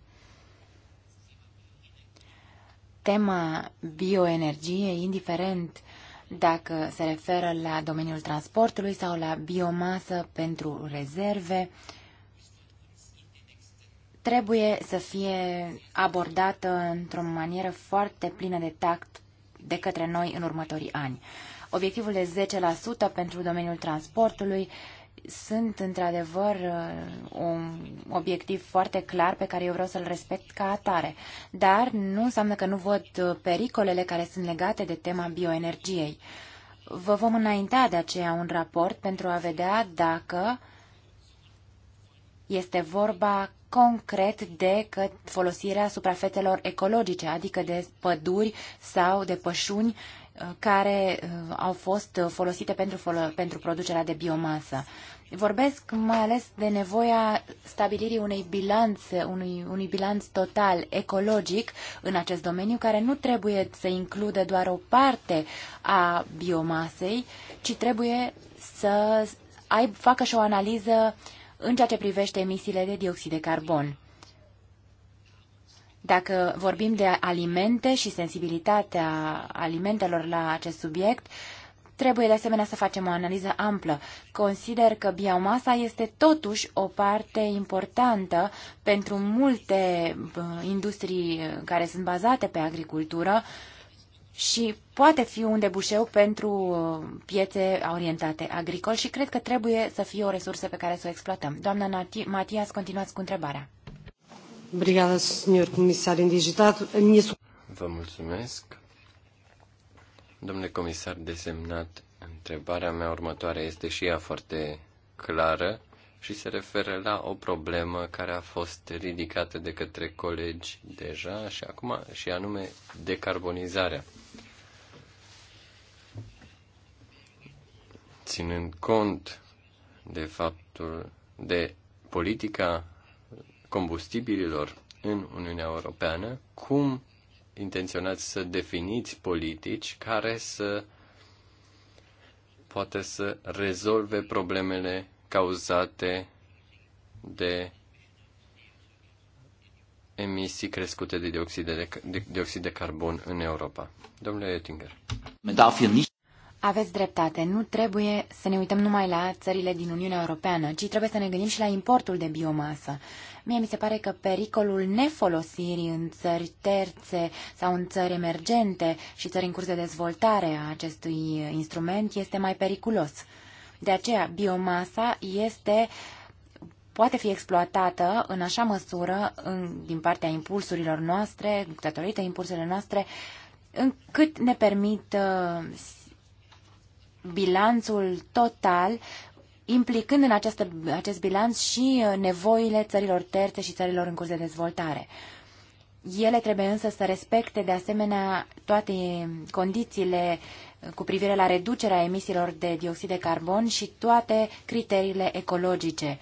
Tema bioenergie, indiferent uh, dacă se referă la domeniul transportului sau la biomasă pentru rezerve, trebuie să fie abordată într-o manieră foarte plină de tact de către noi în următorii ani. Obiectivul de 10% pentru domeniul transportului sunt într-adevăr uh, un obiectiv foarte clar pe care eu vreau să-l respect ca atare, dar nu înseamnă că nu văd uh, pericolele care sunt legate de tema bioenergiei. Vă vom înainta de aceea un raport pentru a vedea dacă este vorba concret de că folosirea suprafețelor ecologice, adică de păduri sau de pășuni uh, care au fost folosite pentru, pentru producerea de biomasă. Vorbesc mai ales de nevoia stabilirii unei bilanțe, unui, unui bilanț total ecologic în acest domeniu, care nu trebuie să includă doar o parte a biomasei, ci trebuie să ai, facă și o analiză în ceea ce privește emisiile de dioxid de carbon. Dacă vorbim de alimente și sensibilitatea alimentelor la acest subiect, uh, Trebuie de asemenea să facem o analiză amplă. Consider că biomasa este totuși o parte importantă pentru multe uh, industrii uh, care sunt bazate pe agricultură și poate fi un debușeu pentru uh, piețe orientate agricol și cred că trebuie să fie o resursă pe care să o exploatăm. Doamna Matias, continuați cu întrebarea. Obrigada, senhor Comisar indigitado. Vă mulțumesc. Domnule comisar desemnat, întrebarea mea următoare este și ea foarte clară și se referă la o problemă care a fost ridicată de către colegi deja și acum și anume decarbonizarea. Ținând cont de faptul de politica combustibililor în Uniunea Europeană, cum intenționați să definiți politici care să poate să rezolve problemele cauzate de emisii crescute de dioxid de, de, dioxid de carbon în Europa. Domnule Oettinger. Aveți dreptate. Nu trebuie să ne uităm numai la țările din Uniunea Europeană, ci trebuie să ne gândim și la importul de biomasă. Mie mi se pare că pericolul nefolosirii în țări terțe sau în țări emergente și țări în curs de dezvoltare a acestui instrument este mai periculos. De aceea, biomasa este poate fi exploatată în așa măsură în, din partea impulsurilor noastre, datorită impulsurilor noastre, încât ne permit uh, bilanțul total implicând în această, acest bilanț și uh, nevoile țărilor terțe și țărilor în curs de dezvoltare. Ele trebuie însă să respecte de asemenea toate condițiile uh, cu privire la reducerea emisiilor de dioxid de carbon și toate criteriile ecologice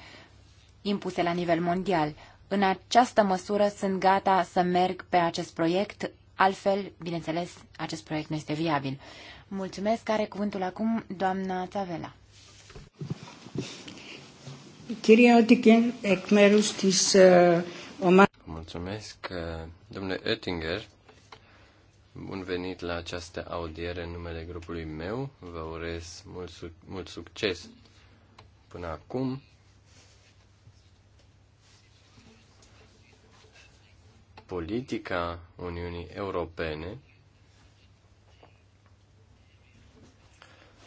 impuse la nivel mondial. În această măsură sunt gata să merg pe acest proiect, altfel, bineînțeles, acest proiect nu este viabil. Mulțumesc, are cuvântul acum doamna Țavela. Κυρία Ότικερ, εκ μέρους της Mulțumesc, domnule Oettinger. Bun venit la această audiere în numele grupului meu. Vă urez mult, suc- mult succes până acum. Politica Uniunii Europene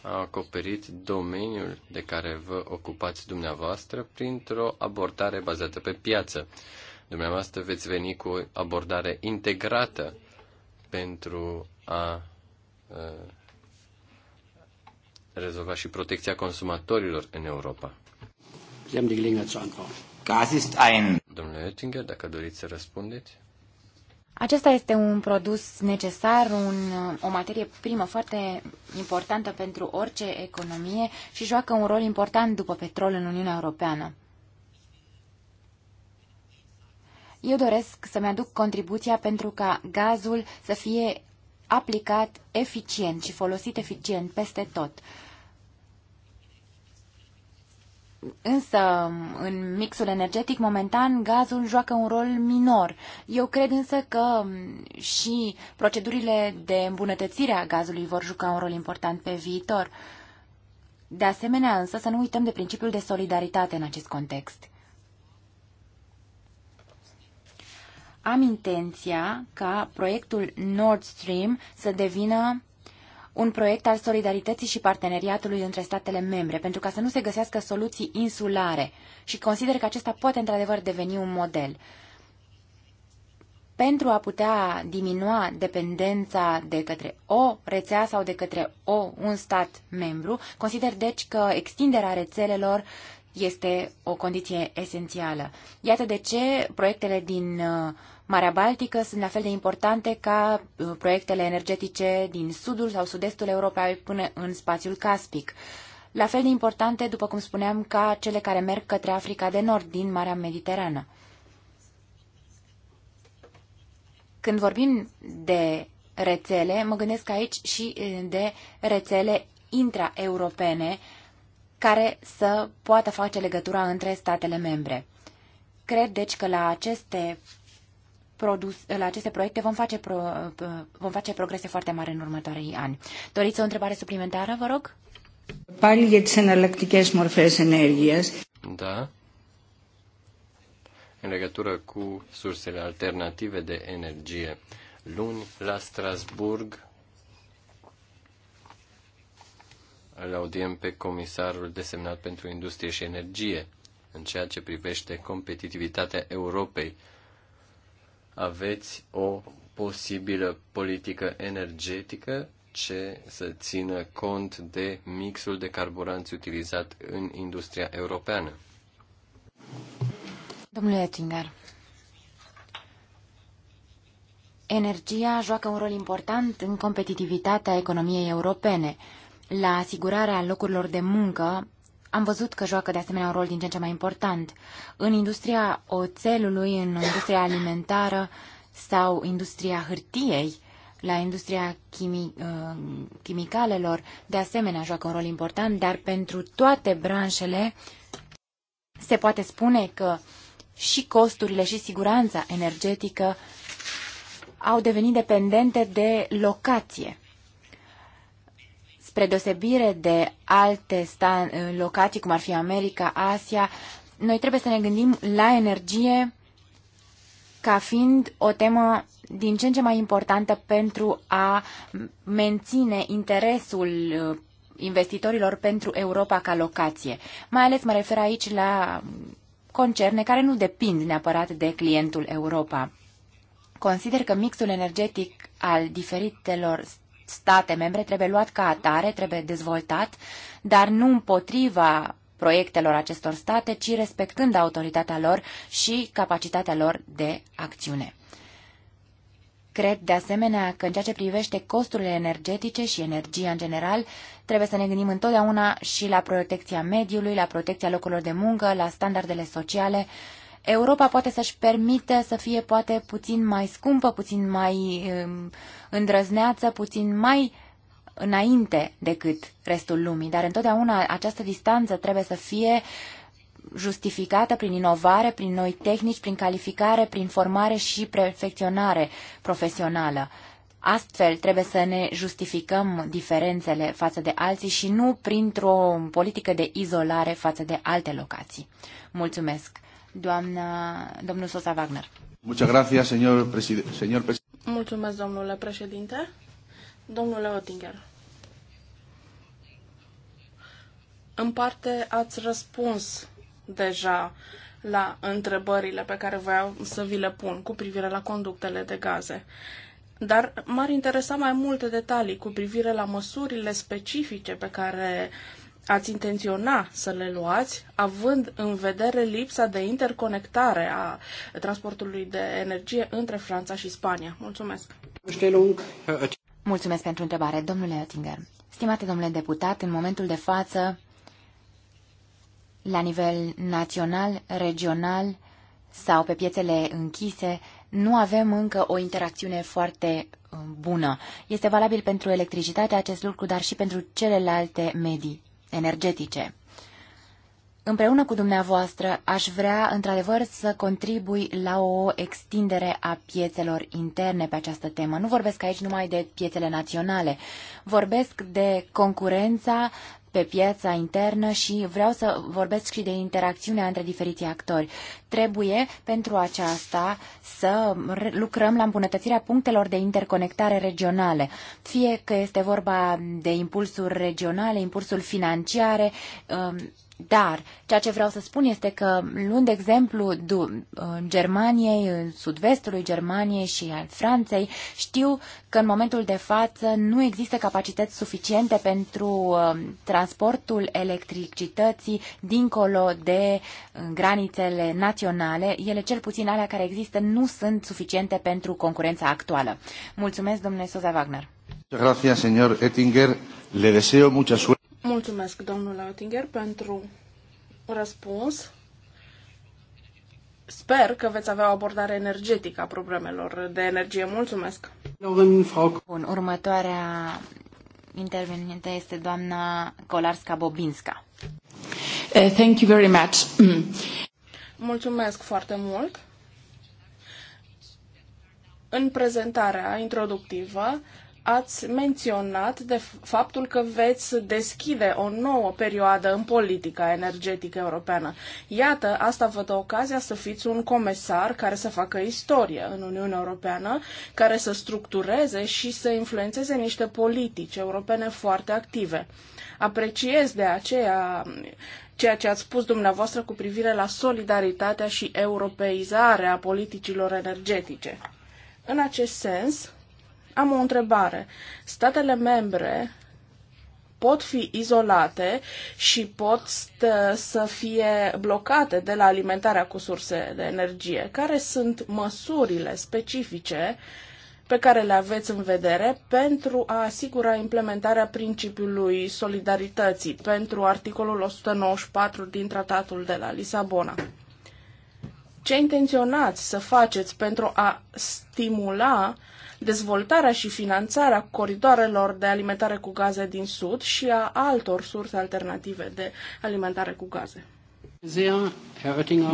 a acoperit domeniul de care vă ocupați dumneavoastră printr-o abordare bazată pe piață. Dumneavoastră veți veni cu o abordare integrată pentru a rezolva și protecția consumatorilor în Europa. Domnule Oettinger, dacă doriți să răspundeți. Acesta este un produs necesar, un, o materie primă foarte importantă pentru orice economie și joacă un rol important după petrol în Uniunea Europeană. Eu doresc să-mi aduc contribuția pentru ca gazul să fie aplicat eficient și folosit eficient peste tot. Însă, în mixul energetic, momentan, gazul joacă un rol minor. Eu cred însă că și procedurile de îmbunătățire a gazului vor juca un rol important pe viitor. De asemenea, însă, să nu uităm de principiul de solidaritate în acest context. Am intenția ca proiectul Nord Stream să devină un proiect al solidarității și parteneriatului între statele membre, pentru ca să nu se găsească soluții insulare și consider că acesta poate într-adevăr deveni un model. Pentru a putea diminua dependența de către o rețea sau de către o, un stat membru, consider deci că extinderea rețelelor este o condiție esențială. Iată de ce proiectele din uh, Marea Baltică sunt la fel de importante ca uh, proiectele energetice din sudul sau sud-estul Europei până în spațiul Caspic. La fel de importante, după cum spuneam, ca cele care merg către Africa de Nord din Marea Mediterană. Când vorbim de rețele, mă gândesc aici și uh, de rețele intraeuropene care să poată face legătura între statele membre. Cred deci că la aceste produs, la aceste proiecte vom face, pro, vom face progrese foarte mari în următorii ani. Doriți o întrebare suplimentară, vă rog? Πάλι για electrice εναλλακτικές μορφές Da. În legătură cu sursele alternative de energie. Luni, la Strasburg, îl audiem pe comisarul desemnat pentru industrie și energie în ceea ce privește competitivitatea Europei aveți o posibilă politică energetică ce să țină cont de mixul de carburanți utilizat în industria europeană. Domnule Ettinger, energia joacă un rol important în competitivitatea economiei europene, la asigurarea locurilor de muncă am văzut că joacă de asemenea un rol din ce în ce mai important. În industria oțelului, în industria alimentară sau industria hârtiei, la industria chimi, uh, chimicalelor, de asemenea joacă un rol important, dar pentru toate branșele se poate spune că și costurile și siguranța energetică au devenit dependente de locație spre deosebire de alte stan, locații, cum ar fi America, Asia, noi trebuie să ne gândim la energie ca fiind o temă din ce în ce mai importantă pentru a menține interesul uh, investitorilor pentru Europa ca locație. Mai ales mă refer aici la concerne care nu depind neapărat de clientul Europa. Consider că mixul energetic al diferitelor state membre trebuie luat ca atare, trebuie dezvoltat, dar nu împotriva proiectelor acestor state, ci respectând autoritatea lor și capacitatea lor de acțiune. Cred, de asemenea, că în ceea ce privește costurile energetice și energia în general, trebuie să ne gândim întotdeauna și la protecția mediului, la protecția locurilor de muncă, la standardele sociale, Europa poate să-și permite să fie poate puțin mai scumpă, puțin mai um, îndrăzneață, puțin mai înainte decât restul lumii, dar întotdeauna această distanță trebuie să fie justificată prin inovare, prin noi tehnici, prin calificare, prin formare și perfecționare profesională. Astfel trebuie să ne justificăm diferențele față de alții și nu printr-o politică de izolare față de alte locații. Mulțumesc! doamna, domnul Sosa Wagner. Muchas gracias, señor señor Mulțumesc, domnule președinte. Domnule Oettinger, în parte ați răspuns deja la întrebările pe care voiam să vi le pun cu privire la conductele de gaze. Dar m-ar interesa mai multe detalii cu privire la măsurile specifice pe care uh, ați intenționa să le luați, având în vedere lipsa de interconectare a transportului de energie între Franța și Spania? Mulțumesc! Mulțumesc pentru întrebare, domnule Oettinger. Stimate domnule deputat, în momentul de față, la nivel național, regional sau pe piețele închise, nu avem încă o interacțiune foarte uh, bună. Este valabil pentru electricitate acest lucru, dar și pentru celelalte medii energetice. Împreună cu dumneavoastră aș vrea într-adevăr să contribui la o extindere a piețelor interne pe această temă. Nu vorbesc aici numai de piețele naționale, vorbesc de concurența pe piața internă și vreau să vorbesc și de interacțiunea între diferiții actori. Trebuie pentru aceasta să lucrăm la îmbunătățirea punctelor de interconectare regionale, fie că este vorba de impulsuri regionale, impulsuri financiare, um, dar ceea ce vreau să spun este că, luând exemplu Germaniei, sud-vestului Germaniei și al Franței, știu că în momentul de față nu există capacități suficiente pentru um, transportul electricității dincolo de um, granițele naționale. Ele, cel puțin alea care există, nu sunt suficiente pentru concurența actuală. Mulțumesc, domnule Soza Wagner. Grazie, señor Ettinger. Le deseo mucha suerte. Mulțumesc, domnule Oettinger, pentru răspuns. Sper că veți avea o abordare energetică a problemelor de energie. Mulțumesc! Bun, următoarea intervenientă este doamna Kolarska-Bobinska. Uh, thank you very much. Mulțumesc foarte mult! În prezentarea introductivă ați menționat de faptul că veți deschide o nouă perioadă în politica energetică europeană. Iată, asta vă dă ocazia să fiți un comisar care să facă istorie în Uniunea Europeană, care să structureze și să influențeze niște politici europene foarte active. Apreciez de aceea ceea ce ați spus dumneavoastră cu privire la solidaritatea și europeizarea politicilor energetice. În acest sens, am o întrebare. Statele membre pot fi izolate și pot să fie blocate de la alimentarea cu surse de energie. Care sunt măsurile specifice pe care le aveți în vedere pentru a asigura implementarea principiului solidarității pentru articolul 194 din Tratatul de la Lisabona? Ce intenționați să faceți pentru a stimula uh, dezvoltarea și finanțarea coridoarelor de alimentare cu gaze din Sud și a altor surse alternative de alimentare cu gaze.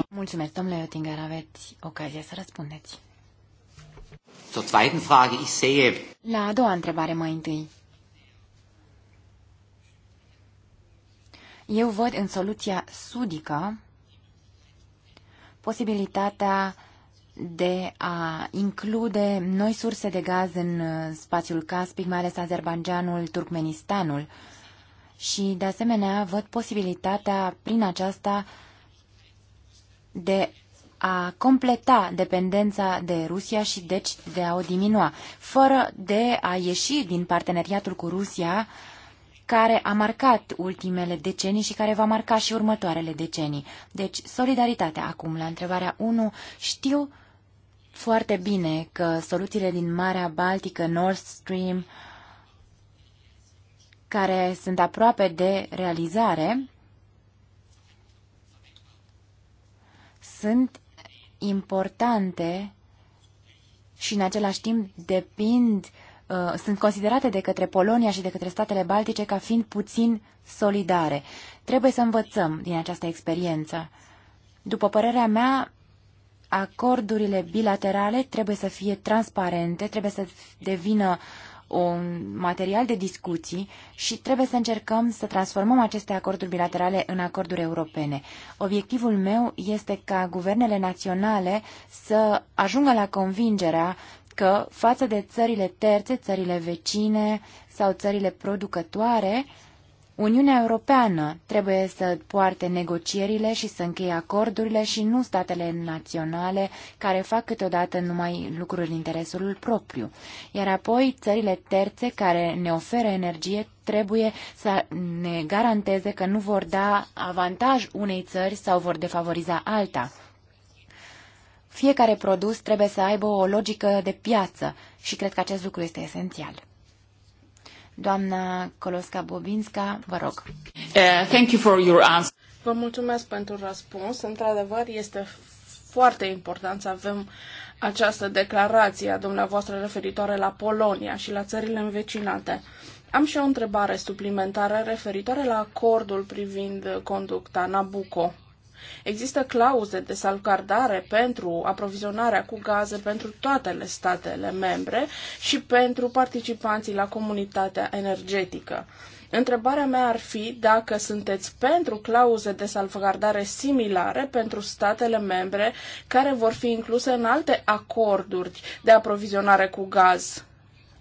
Mulțumesc, domnule Oettinger, aveți ocazia să răspundeți. La a doua întrebare mai întâi. Eu văd în soluția sudică posibilitatea de a include noi surse de gaz în uh, spațiul Caspic, mai ales Azerbaijanul, Turkmenistanul. Și, de asemenea, văd posibilitatea prin aceasta de a completa dependența de Rusia și deci de a o diminua, fără de a ieși din parteneriatul cu Rusia care a marcat ultimele decenii și care va marca și următoarele decenii. Deci, solidaritatea acum, la întrebarea 1, știu foarte bine că soluțiile din Marea Baltică, Nord Stream, care sunt aproape de realizare, sunt importante și în același timp depind, uh, sunt considerate de către Polonia și de către statele baltice ca fiind puțin solidare. Trebuie să învățăm din această experiență. După părerea mea, acordurile bilaterale trebuie să fie transparente, trebuie să devină un material de discuții și trebuie să încercăm să transformăm aceste acorduri bilaterale în acorduri europene. Obiectivul meu este ca guvernele naționale să ajungă la convingerea că față de țările terțe, țările vecine sau țările producătoare, uh, Uniunea Europeană trebuie să poarte negocierile și să încheie acordurile și nu statele naționale care fac câteodată numai lucruri în interesul propriu. Iar apoi țările terțe care ne oferă energie trebuie să ne garanteze că nu vor da avantaj unei țări sau vor defavoriza alta. Fiecare produs trebuie să aibă o logică de piață și cred că acest lucru este esențial. Doamna Coloska bobinska vă rog. Uh, thank you for your answer. Vă mulțumesc pentru răspuns. Într-adevăr, este foarte important să avem această declarație a dumneavoastră referitoare la Polonia și la țările învecinate. Am și o întrebare suplimentară referitoare la acordul privind conducta Nabucco. Există clauze de salvgardare pentru aprovizionarea cu gaze pentru toate statele membre și pentru participanții la comunitatea energetică. Întrebarea mea ar fi dacă sunteți pentru clauze de salvgardare similare pentru statele membre care vor fi incluse în alte acorduri de aprovizionare cu gaz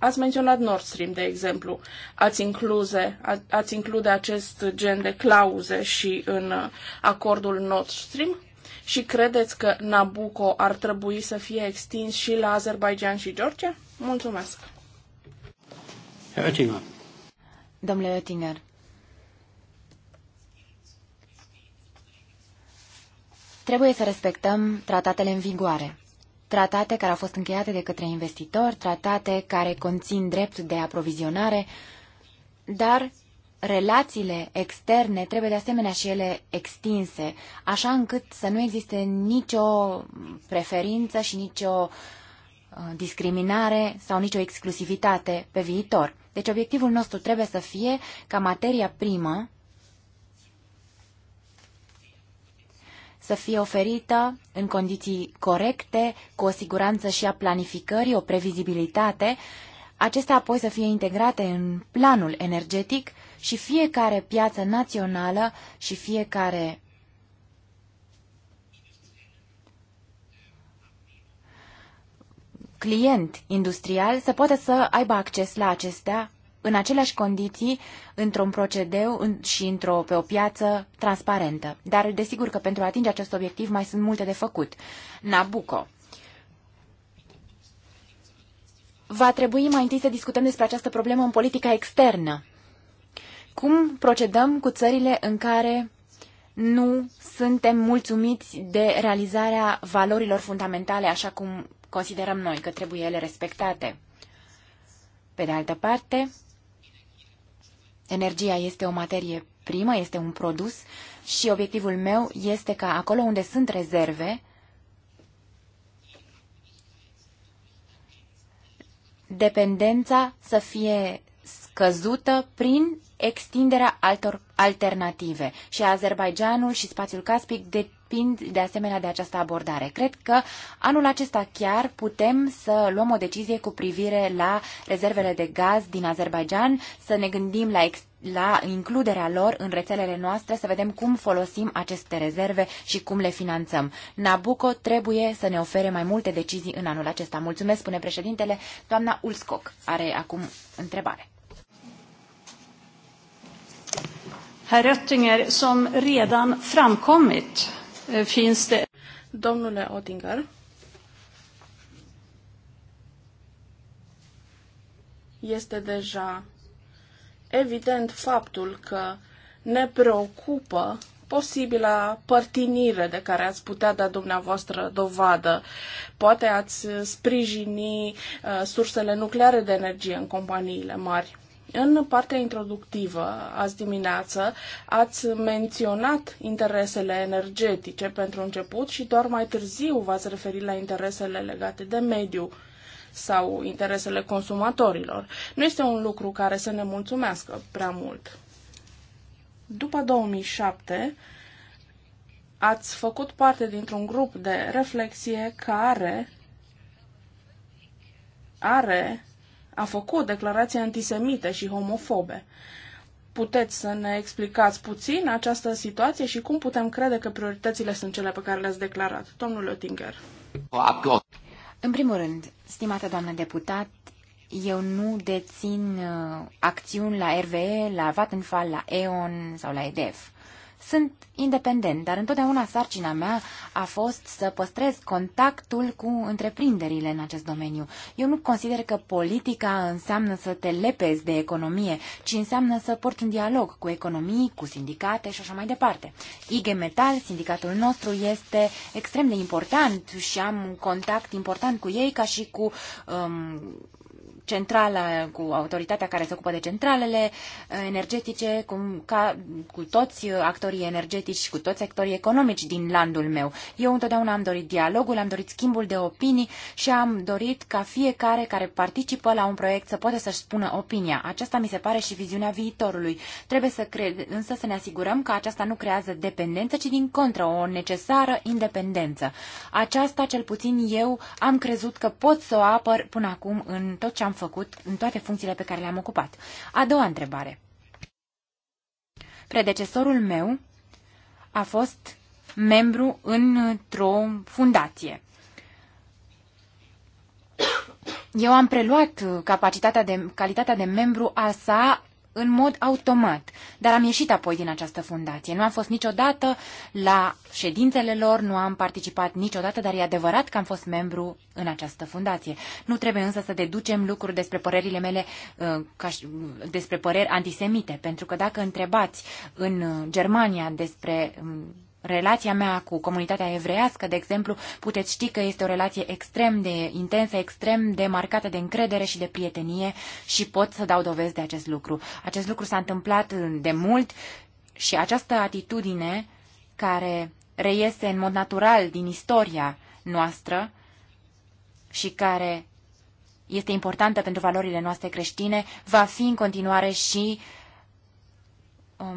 Ați menționat Nord Stream, de exemplu. Ați, incluze, a, ați include acest gen de clauze și în uh, acordul Nord Stream? Și credeți că Nabucco ar trebui să fie extins și la Azerbaijan și Georgia? Mulțumesc! Domnule Oettinger, trebuie să respectăm tratatele în vigoare tratate care au fost încheiate de către investitori, tratate care conțin drept de aprovizionare, dar relațiile externe trebuie de asemenea și ele extinse, așa încât să nu existe nicio preferință și nicio uh, discriminare sau nicio exclusivitate pe viitor. Deci obiectivul nostru trebuie să fie ca materia primă să fie oferită în condiții corecte, cu o siguranță și a planificării, o previzibilitate, acestea apoi să fie integrate în planul energetic și fiecare piață națională și fiecare client industrial să poată să aibă acces la acestea în aceleași condiții, într-un procedeu și într-o, pe o piață transparentă. Dar desigur că pentru a atinge acest obiectiv mai sunt multe de făcut. Nabucco. Va trebui mai întâi să discutăm despre această problemă în politica externă. Cum procedăm cu țările în care nu suntem mulțumiți de realizarea valorilor fundamentale așa cum considerăm noi că trebuie ele respectate? Pe de altă parte, Energia este o materie primă, este un produs și obiectivul meu este ca acolo unde sunt rezerve, dependența să fie scăzută prin extinderea altor alternative și Azerbaijanul și spațiul Caspic depind de asemenea de această abordare. Cred că anul acesta chiar putem să luăm o decizie cu privire la rezervele de gaz din Azerbaijan, să ne gândim la ex- la includerea lor în rețelele noastre, să vedem cum folosim aceste rezerve și cum le finanțăm. Nabucco trebuie să ne ofere mai multe decizii în anul acesta. Mulțumesc, spune președintele. Doamna Ulscoc are acum întrebare. Herr Röttinger, som redan framkommit eh, finns det... Domnule Odinger. este deja evident faptul că ne preocupă posibila părtinire de care ați putea da dumneavoastră dovadă. Poate ați sprijini uh, sursele nucleare de energie în companiile mari. În partea introductivă, azi dimineață, ați menționat interesele energetice pentru început și doar mai târziu v-ați referit la interesele legate de mediu sau interesele consumatorilor. Nu este un lucru care să ne mulțumească prea mult. După 2007, ați făcut parte dintr-un grup de reflexie care are a făcut declarații antisemite și homofobe. Puteți să ne explicați puțin această situație și cum putem crede că prioritățile sunt cele pe care le-ați declarat, domnul Oettinger? În primul rând, stimată doamnă deputat, eu nu dețin uh, acțiuni la RVE, la Vattenfall, la E.ON sau la EDF. Sunt independent, dar întotdeauna sarcina mea a fost să păstrez contactul cu întreprinderile în acest domeniu. Eu nu consider că politica înseamnă să te lepezi de economie, ci înseamnă să porți un dialog cu economii, cu sindicate și așa mai departe. IG Metal, sindicatul nostru, este extrem de important și am un contact important cu ei ca și cu um, centrala, cu autoritatea care se ocupă de centralele uh, energetice, cu, ca, cu toți actorii energetici și cu toți actorii economici din landul meu. Eu întotdeauna am dorit dialogul, am dorit schimbul de opinii și am dorit ca fiecare care participă la un proiect să poată să-și spună opinia. Aceasta mi se pare și viziunea viitorului. Trebuie să cre- însă să ne asigurăm că aceasta nu creează dependență, ci din contră o necesară independență. Aceasta, cel puțin eu, am crezut că pot să o apăr până acum în tot ce am am făcut în toate funcțiile pe care le-am ocupat. A doua întrebare. Predecesorul meu a fost membru într-o fundație. Eu am preluat capacitatea de, calitatea de membru a sa în mod automat. Dar am ieșit apoi din această fundație. Nu am fost niciodată la ședințele lor, nu am participat niciodată, dar e adevărat că am fost membru în această fundație. Nu trebuie însă să deducem lucruri despre părerile mele, uh, ca și, uh, despre păreri antisemite, pentru că dacă întrebați în uh, Germania despre um, relația mea cu comunitatea evreiască, de exemplu, puteți ști că este o relație extrem de intensă, extrem de marcată de încredere și de prietenie și pot să dau dovezi de acest lucru. Acest lucru s-a întâmplat de mult și această atitudine care reiese în mod natural din istoria noastră și care este importantă pentru valorile noastre creștine, va fi în continuare și uh,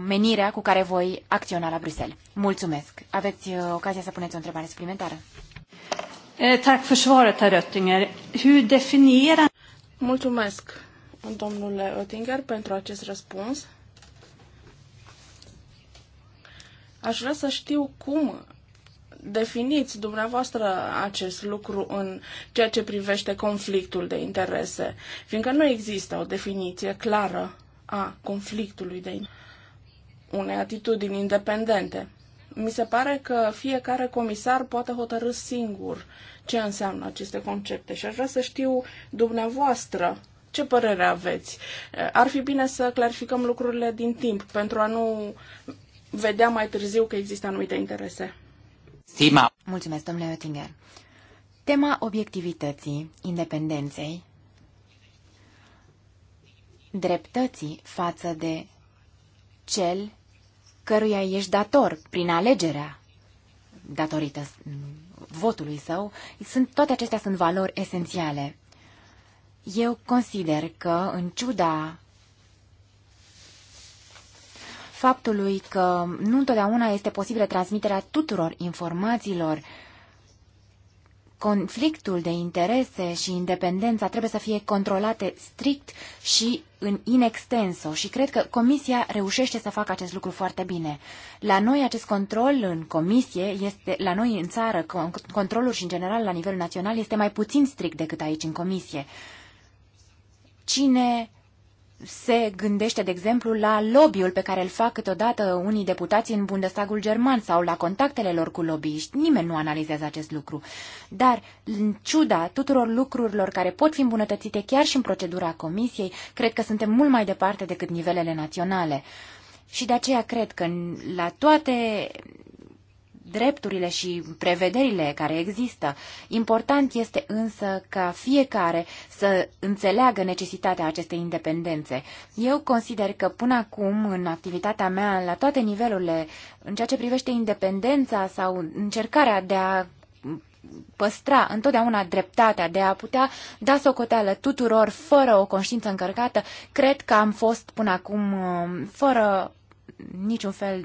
menirea cu care voi acționa la Bruxelles. Mulțumesc. Aveți uh, ocazia să puneți o întrebare suplimentară. Eh, tack för svaret, herr Röttinger. Hur definierar... Mulțumesc, domnule Oettinger, pentru acest răspuns. Aș vrea să știu cum definiți dumneavoastră acest lucru în ceea ce privește conflictul de interese, fiindcă nu există o definiție clară a conflictului de interese unei atitudini independente. Mi se pare că fiecare comisar poate hotărâ singur ce înseamnă aceste concepte și aș vrea să știu dumneavoastră ce părere aveți. Ar fi bine să clarificăm lucrurile din timp pentru a nu vedea mai târziu că există anumite interese. Sima. Mulțumesc, domnule Oettinger. Tema obiectivității, independenței, dreptății față de cel căruia ești dator prin alegerea datorită votului său, sunt, toate acestea sunt valori esențiale. Eu consider că, în ciuda faptului că nu întotdeauna este posibilă transmiterea tuturor informațiilor conflictul de interese și independența trebuie să fie controlate strict și în inextenso și cred că Comisia reușește să facă acest lucru foarte bine. La noi acest control în Comisie, este, la noi în țară, controlul și în general la nivel național este mai puțin strict decât aici în Comisie. Cine se gândește, de exemplu, la lobby-ul pe care îl fac câteodată unii deputați în Bundestagul german sau la contactele lor cu lobbyiști. Nimeni nu analizează acest lucru. Dar, în ciuda tuturor lucrurilor care pot fi îmbunătățite chiar și în procedura comisiei, cred că suntem mult mai departe decât nivelele naționale. Și de aceea cred că la toate drepturile și prevederile care există. Important este însă ca fiecare să înțeleagă necesitatea acestei independențe. Eu consider că până acum, în activitatea mea, la toate nivelurile, în ceea ce privește independența sau încercarea de a păstra întotdeauna dreptatea de a putea da socoteală tuturor fără o conștiință încărcată, cred că am fost până acum um, fără niciun fel,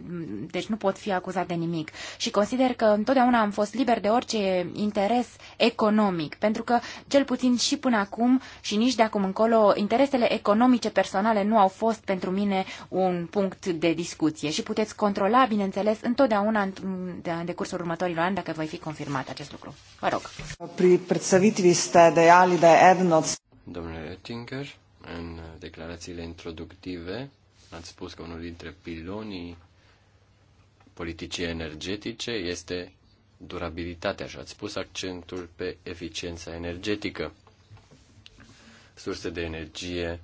deci nu pot fi acuzat de nimic. Și consider că întotdeauna am fost liber de orice interes economic, pentru că cel puțin și până acum și nici de acum încolo interesele economice personale nu au fost pentru mine un punct de discuție și puteți controla, bineînțeles, întotdeauna în decursul următorilor ani dacă voi fi confirmat acest lucru. Vă rog. Da Domnule Oettinger, în declarațiile introductive, Ați spus că unul dintre pilonii politicii energetice este durabilitatea și ați pus accentul pe eficiența energetică. Surse de energie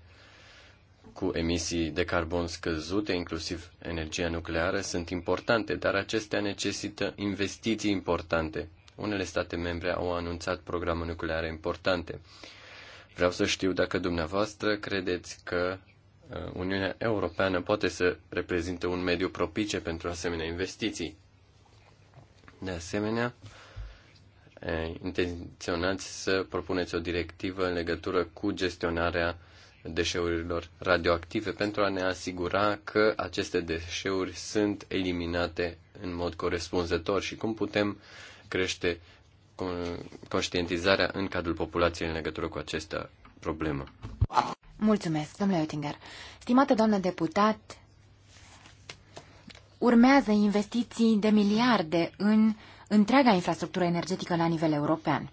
cu emisii de carbon scăzute, inclusiv energia nucleară, sunt importante, dar acestea necesită investiții importante. Unele state membre au anunțat programe nucleare importante. Vreau să știu dacă dumneavoastră credeți că Uh, Uniunea Europeană poate să reprezinte un mediu propice pentru asemenea investiții. De asemenea, eh, intenționați să propuneți o directivă în legătură cu gestionarea deșeurilor radioactive pentru a ne asigura că aceste deșeuri sunt eliminate în mod corespunzător și cum putem crește conștientizarea în cadrul populației în legătură cu această problemă. Mulțumesc, domnule Oettinger. Stimată doamnă deputat, urmează investiții de miliarde în întreaga infrastructură energetică la nivel european.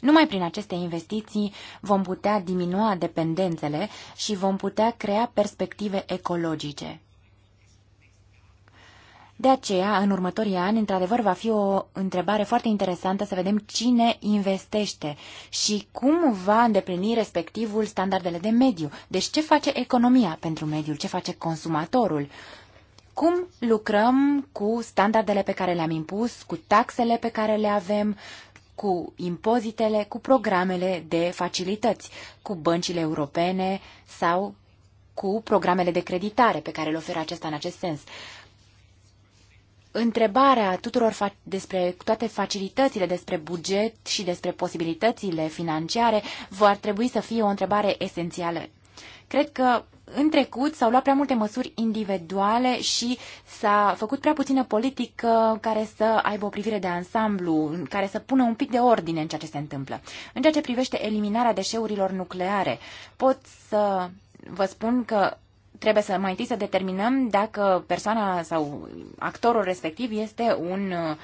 Numai prin aceste investiții vom putea diminua dependențele și vom putea crea perspective ecologice. De aceea, în următorii ani, într-adevăr, va fi o întrebare foarte interesantă să vedem cine investește și cum va îndeplini respectivul standardele de mediu. Deci ce face economia pentru mediul, ce face consumatorul, cum lucrăm cu standardele pe care le-am impus, cu taxele pe care le avem, cu impozitele, cu programele de facilități, cu băncile europene sau cu programele de creditare pe care le oferă acesta în acest sens întrebarea tuturor despre toate facilitățile, despre buget și despre posibilitățile financiare va trebui să fie o întrebare esențială. Cred că în trecut s-au luat prea multe măsuri individuale și s-a făcut prea puțină politică care să aibă o privire de ansamblu, care să pună un pic de ordine în ceea ce se întâmplă. În ceea ce privește eliminarea deșeurilor nucleare, pot să vă spun că trebuie să mai întâi să determinăm dacă persoana sau actorul respectiv este un uh,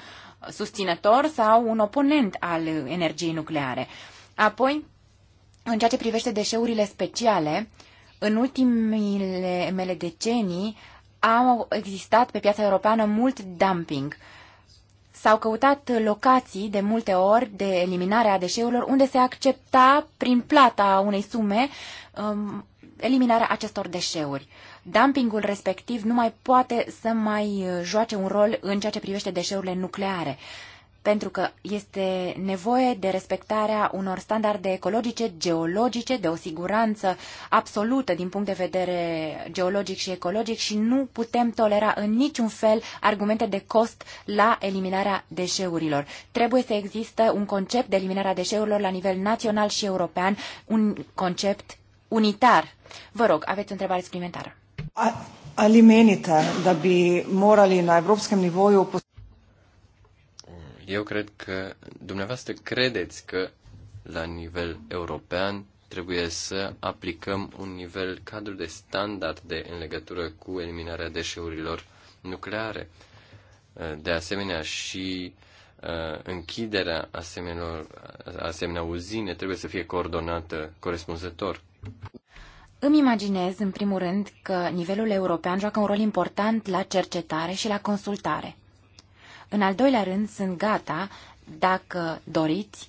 susținător sau un oponent al energiei nucleare. Apoi, în ceea ce privește deșeurile speciale, în ultimile mele decenii au existat pe piața europeană mult dumping. S-au căutat locații de multe ori de eliminare a deșeurilor unde se accepta prin plata unei sume um, eliminarea acestor deșeuri. Dumpingul respectiv nu mai poate să mai uh, joace un rol în ceea ce privește deșeurile nucleare, pentru că este nevoie de respectarea unor standarde ecologice, geologice, de o siguranță absolută din punct de vedere geologic și ecologic și nu putem tolera în niciun fel argumente de cost la eliminarea deșeurilor. Trebuie să există un concept de eliminarea deșeurilor la nivel național și european, un concept unitar. Vă rog, aveți o întrebare suplimentară. A, ali menite da bi morali na evropskem nivoju... Eu cred că dumneavoastră credeți că la nivel european trebuie să aplicăm un nivel cadru de standarde în legătură cu eliminarea deșeurilor nucleare. De asemenea, și uh, închiderea asemenea, asemenea uzine trebuie să fie coordonată corespunzător. Îmi imaginez, în primul rând, că nivelul european joacă un rol important la cercetare și la consultare. În al doilea rând, sunt gata, dacă doriți,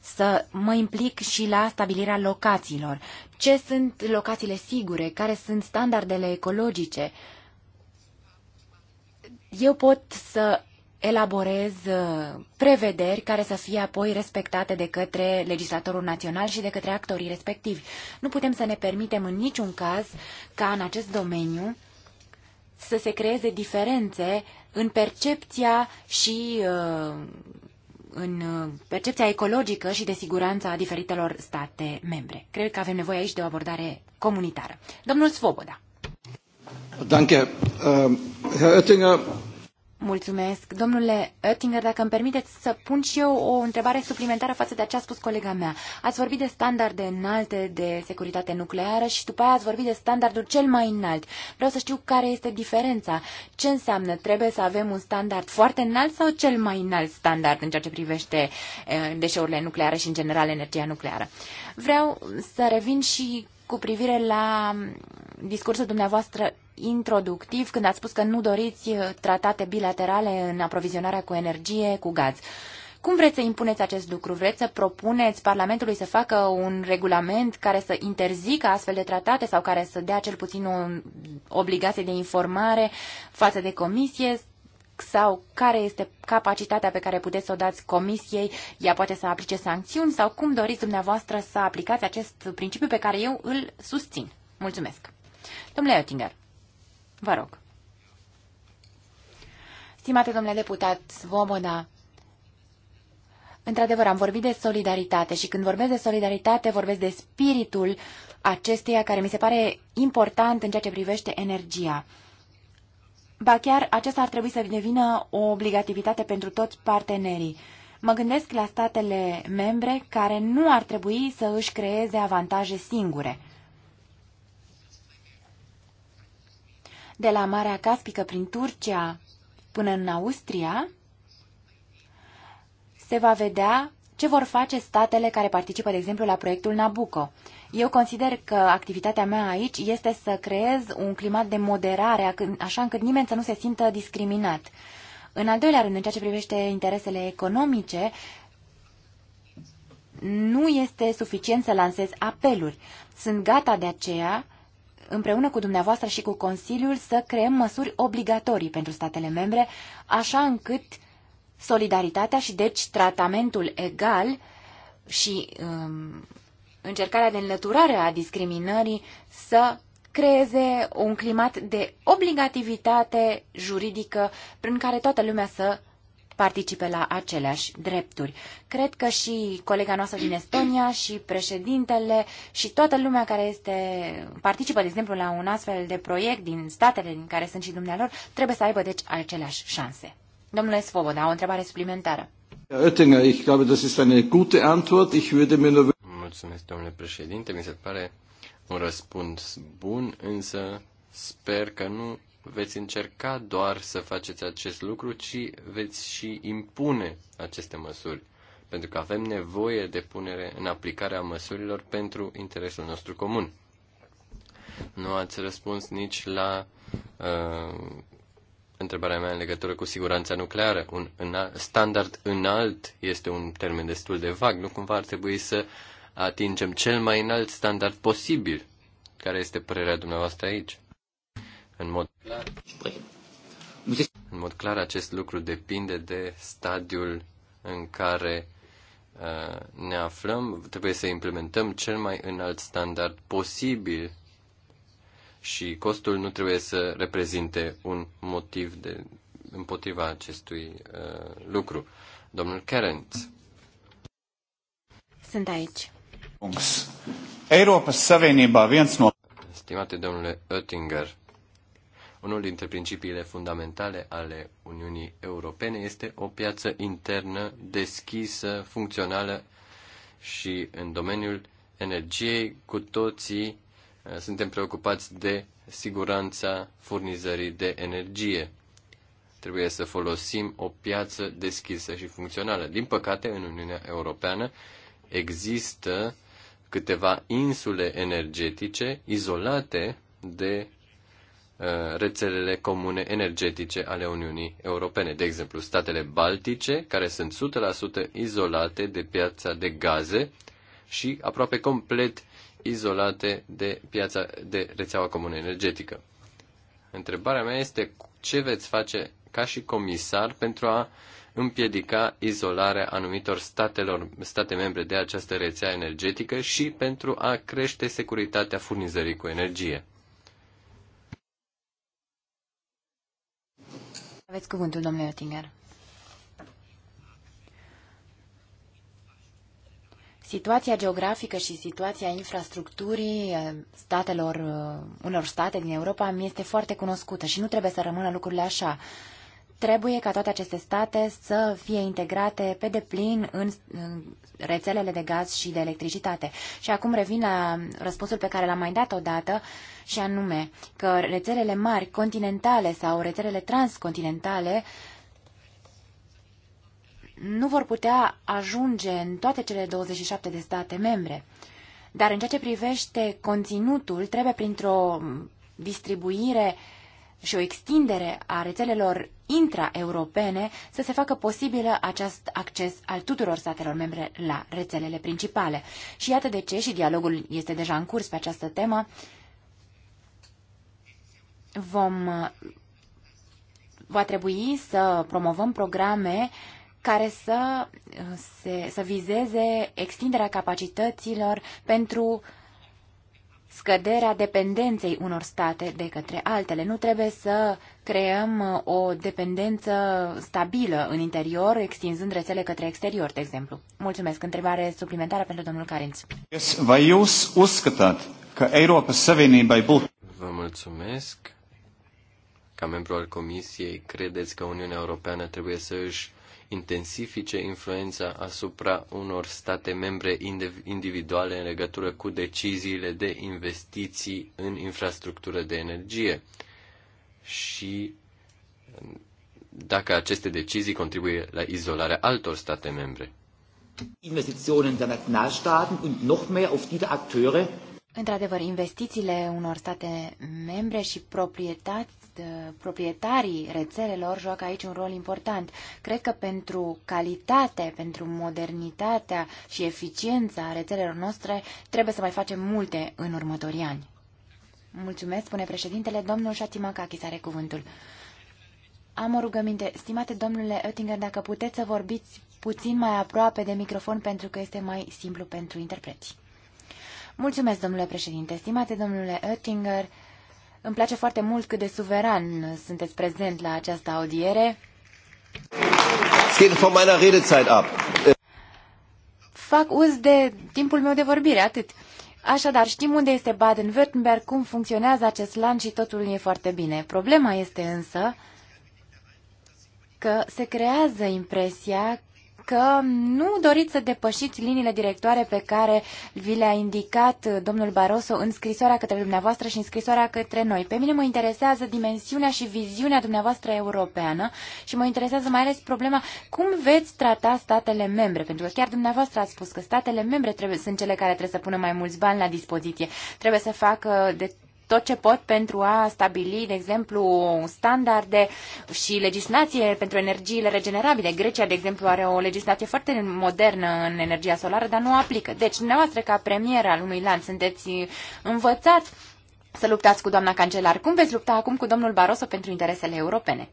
să mă implic și la stabilirea locațiilor. Ce sunt locațiile sigure? Care sunt standardele ecologice? Eu pot să elaborez uh, prevederi care să fie apoi respectate de către legislatorul național și de către actorii respectivi. Nu putem să ne permitem în niciun caz ca în acest domeniu să se creeze diferențe în percepția și uh, în uh, percepția ecologică și de siguranță a diferitelor state membre. Cred că avem nevoie aici de o abordare comunitară. Domnul Svoboda. Danke. Herr Oettinger, Mulțumesc. Domnule Oettinger, dacă îmi permiteți să pun și eu o întrebare suplimentară față de ce a spus colega mea. Ați vorbit de standarde înalte de securitate nucleară și după aia ați vorbit de standardul cel mai înalt. Vreau să știu care este diferența. Ce înseamnă? Trebuie să avem un standard foarte înalt sau cel mai înalt standard în ceea ce privește eh, deșeurile nucleare și în general energia nucleară? Vreau să revin și cu privire la discursul dumneavoastră introductiv când ați spus că nu doriți uh, tratate bilaterale în aprovizionarea cu energie, cu gaz. Cum vreți să impuneți acest lucru? Vreți să propuneți Parlamentului să facă un regulament care să interzică astfel de tratate sau care să dea cel puțin o obligație de informare față de comisie? sau care este capacitatea pe care puteți să o dați comisiei, ea poate să aplice sancțiuni sau cum doriți dumneavoastră să aplicați acest principiu pe care eu îl susțin. Mulțumesc. Domnule Oettinger, vă rog. Stimate domnule deputat Svoboda, Într-adevăr, am vorbit de solidaritate și când vorbesc de solidaritate, vorbesc de spiritul acesteia care mi se pare important în ceea ce privește energia. Ba chiar acesta ar trebui să devină o obligativitate pentru toți partenerii. Mă gândesc la statele membre care nu ar trebui să își creeze avantaje singure. De la Marea Caspică prin Turcia până în Austria, se va vedea ce vor face statele care participă, de exemplu, la proiectul Nabucco? Eu consider că activitatea mea aici este să creez un climat de moderare, așa încât nimeni să nu se simtă discriminat. În al doilea rând, în ceea ce privește interesele economice, nu este suficient să lansez apeluri. Sunt gata de aceea, împreună cu dumneavoastră și cu Consiliul, să creăm măsuri obligatorii pentru statele membre, așa încât uh, solidaritatea și deci tratamentul egal și um, încercarea de înlăturare a discriminării să creeze un climat de obligativitate juridică prin care toată lumea să participe la aceleași drepturi. Cred că și colega noastră din Estonia și președintele și toată lumea care este, participă, de exemplu, la un astfel de proiect din statele din care sunt și dumnealor, trebuie să aibă, deci, aceleași șanse. Domnule Svoboda, o întrebare suplimentară. Oettinger, ich glaube, das ist eine gute Antwort. Ich würde mir nur... Mulțumesc, domnule președinte. Mi se pare un răspuns bun, însă sper că nu veți încerca doar să faceți acest lucru, ci veți și impune aceste măsuri. Pentru că avem nevoie de punere în aplicare a măsurilor pentru interesul nostru comun. Nu ați răspuns nici la uh, întrebarea mea în legătură cu siguranța nucleară. Un standard înalt este un termen destul de vag. Nu cumva ar trebui să atingem cel mai înalt standard posibil? Care este părerea dumneavoastră aici? În mod clar, în mod clar acest lucru depinde de stadiul în care uh, ne aflăm. Trebuie să implementăm cel mai înalt standard posibil și costul nu trebuie să reprezinte un motiv de, împotriva acestui uh, lucru. Domnul Kerenț. Sunt aici. Europa Savienībā viens no... Stimate domnule Oettinger, unul dintre principiile fundamentale ale Uniunii Europene este o piață internă deschisă, funcțională și în domeniul energiei cu toții suntem preocupați de siguranța furnizării de energie. Trebuie să folosim o piață deschisă și funcțională. Din păcate, în Uniunea Europeană există câteva insule energetice izolate de uh, rețelele comune energetice ale Uniunii Europene, de exemplu statele baltice, care sunt 100% izolate de piața de gaze și aproape complet izolate de, piața, de rețeaua comună energetică. Întrebarea mea este ce veți face ca și comisar pentru a împiedica izolarea anumitor statelor, state membre de această rețea energetică și pentru a crește securitatea furnizării cu energie. Aveți cuvântul, domnule Oettinger. Situația geografică și situația infrastructurii eh, statelor, eh, unor state din Europa mi este foarte cunoscută și nu trebuie să rămână lucrurile așa. Trebuie ca toate aceste state să fie integrate pe deplin în rețelele de gaz și de electricitate. Și acum revin la răspunsul pe care l-am mai dat odată, și anume că rețelele mari, continentale sau rețelele transcontinentale uh, nu vor putea ajunge în toate cele 27 de state membre. Dar în ceea ce privește conținutul, trebuie printr-o distribuire și o extindere a rețelelor intraeuropene să se facă posibilă acest acces al tuturor statelor membre la rețelele principale. Și iată de ce, și dialogul este deja în curs pe această temă, vom va trebui să promovăm programe care să, se, să vizeze extinderea capacităților pentru scăderea dependenței unor state de către altele. Nu trebuie să creăm uh, o dependență stabilă în interior, extinzând rețele către exterior, de exemplu. Mulțumesc. Întrebare suplimentară pentru domnul Carinț. Vă mulțumesc. Ca membru al Comisiei, credeți că Uniunea Europeană trebuie să își intensifice influența asupra unor state membre individuale în legătură cu deciziile de investiții în infrastructură de energie și dacă aceste decizii contribuie la izolarea altor state membre. Într-adevăr, investițiile unor state membre și proprietarii rețelelor joacă aici un rol important. Cred că pentru calitate, pentru modernitatea și eficiența rețelelor noastre trebuie să mai facem multe în următorii ani. Mulțumesc, spune președintele, domnul Șatimakakis are cuvântul. Am o rugăminte. Stimate domnule Oettinger, dacă puteți să vorbiți puțin mai aproape de microfon pentru că este mai simplu pentru interpreți. Mulțumesc, domnule președinte. Stimate domnule Oettinger, îmi place foarte mult cât de suveran sunteți prezent la această audiere. Fac uz de timpul meu de vorbire, atât. Așadar, știm unde este Baden-Württemberg, cum funcționează acest lan și totul e foarte bine. Problema este însă că se creează impresia că nu doriți să depășiți liniile directoare pe care vi le-a indicat domnul Barroso în scrisoarea către dumneavoastră și în scrisoarea către noi. Pe mine mă interesează dimensiunea și viziunea dumneavoastră europeană și mă interesează mai ales problema cum veți trata statele membre, pentru că chiar dumneavoastră ați spus că statele membre trebuie, sunt cele care trebuie să pună mai mulți bani la dispoziție, trebuie să facă de tot ce pot pentru a stabili, de exemplu, standarde și legislație pentru energiile regenerabile. Grecia, de exemplu, are o legislație foarte modernă în energia solară, dar nu o aplică. Deci, dumneavoastră, ca premier al unui lanț, sunteți învățați să luptați cu doamna cancelar. Cum veți lupta acum cu domnul Barroso pentru interesele europene?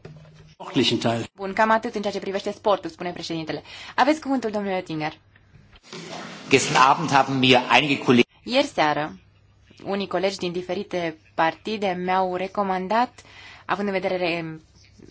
Bun, cam atât în ceea ce privește sportul, spune președintele. Aveți cuvântul, domnule Tinger. Ieri seară, unii colegi din diferite partide mi-au recomandat, având în vedere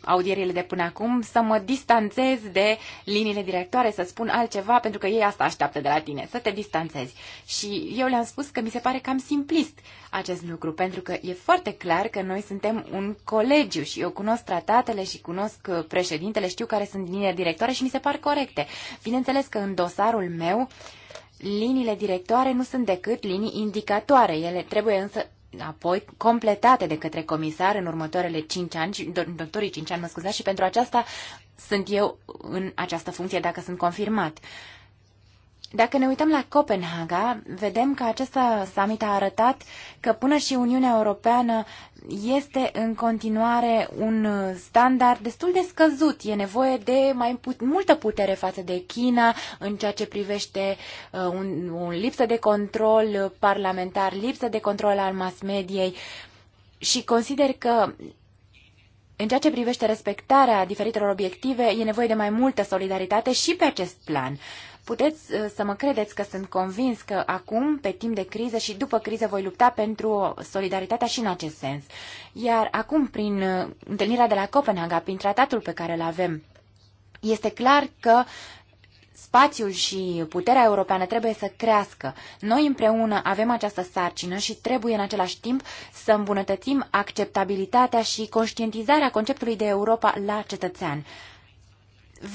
audierile de până acum, să mă distanțez de liniile directoare, să spun altceva, pentru că ei asta așteaptă de la tine, să te distanțezi. Și eu le-am spus că mi se pare cam simplist acest lucru, pentru că e foarte clar că noi suntem un colegiu și eu cunosc tratatele și cunosc președintele, știu care sunt liniile directoare și mi se par corecte. Bineînțeles că în dosarul meu uh, liniile directoare nu sunt decât linii indicatoare. Ele trebuie însă apoi completate de către comisar în următoarele 5 ani, doctorii 5 ani, mă scuzați, și pentru aceasta sunt eu în această funcție dacă sunt confirmat. Uh, dacă ne uităm la Copenhaga, vedem că acest summit a arătat că până și Uniunea Europeană este în continuare un standard destul de scăzut. E nevoie de mai put- multă putere față de China în ceea ce privește uh, un, un lipsă de control parlamentar, lipsă de control al mass mediei și consider că în ceea ce privește respectarea diferitelor obiective, e nevoie de mai multă solidaritate și pe acest plan. Uh, Puteți uh, să mă credeți că sunt convins că acum, pe timp de criză și după criză, voi lupta pentru solidaritatea și în acest sens. Iar acum, prin uh, întâlnirea de la Copenhaga, prin tratatul pe care îl avem, este clar că spațiul și puterea europeană trebuie să crească. Noi împreună avem această sarcină și trebuie în același timp să îmbunătățim acceptabilitatea și conștientizarea conceptului de Europa la cetățean.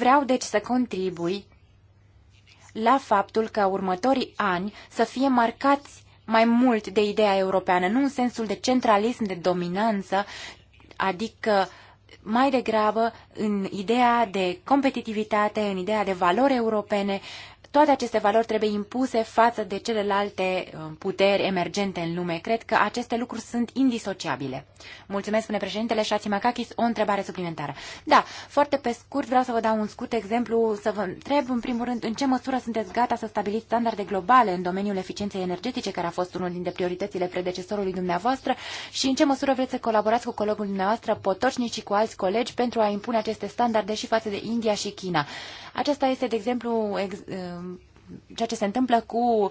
Vreau deci să contribui la faptul că următorii ani să fie marcați mai mult de ideea europeană, nu în sensul de centralism, de dominanță, adică mai degrabă în ideea de competitivitate, în ideea de valori europene, toate aceste valori trebuie impuse față de celelalte um, puteri emergente în lume. Cred că aceste lucruri sunt indisociabile. Mulțumesc, spune președintele Șați Macachis, o întrebare suplimentară. Da, foarte pe scurt vreau să vă dau un scurt exemplu, să vă întreb în primul rând în ce măsură sunteți gata să stabiliți standarde globale în domeniul eficienței energetice, care a fost unul dintre prioritățile predecesorului dumneavoastră, și în ce măsură vreți să colaborați cu colegul dumneavoastră Potocnici și cu alți colegi pentru a impune aceste standarde și față de India și China. Acesta este, de exemplu, ex- ceea ce se întâmplă cu um,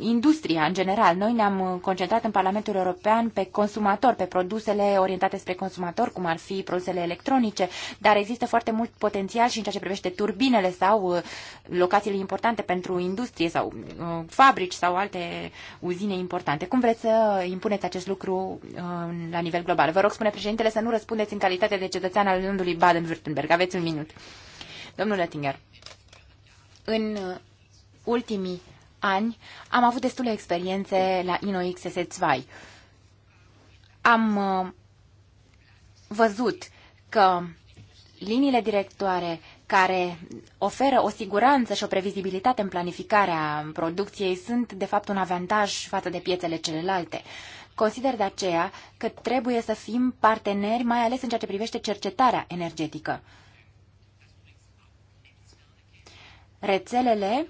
industria în general. Noi ne-am uh, concentrat în Parlamentul European pe consumator, pe produsele orientate spre consumator, cum ar fi produsele electronice, dar există foarte mult potențial și în ceea ce privește turbinele sau uh, locațiile importante pentru industrie sau uh, fabrici sau alte uzine importante. Cum vreți să impuneți acest lucru la nivel global? Vă rog, spune președintele, să nu răspundeți în calitate de cetățean al landului Baden-Württemberg. Aveți un minut. domnule Tinger. în ultimii ani am avut destule experiențe la INOX 2 Am uh, văzut că liniile directoare care oferă o siguranță și o previzibilitate în planificarea producției sunt, de fapt, un avantaj față de piețele celelalte. Consider de aceea că trebuie să fim parteneri, mai ales în ceea ce privește cercetarea energetică. Rețelele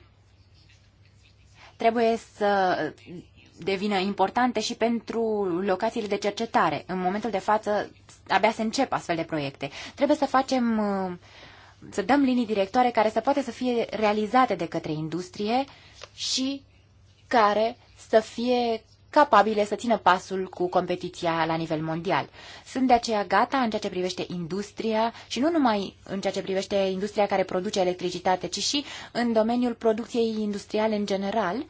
trebuie să devină importante și pentru locațiile de cercetare. În momentul de față abia se încep astfel de proiecte. Trebuie să facem, uh, să dăm linii directoare care să poate să fie realizate de către industrie și care să fie capabile să țină pasul cu competiția la nivel mondial. Sunt de aceea gata în ceea ce privește industria și nu numai în ceea ce privește industria care produce electricitate, ci și în domeniul producției industriale în general,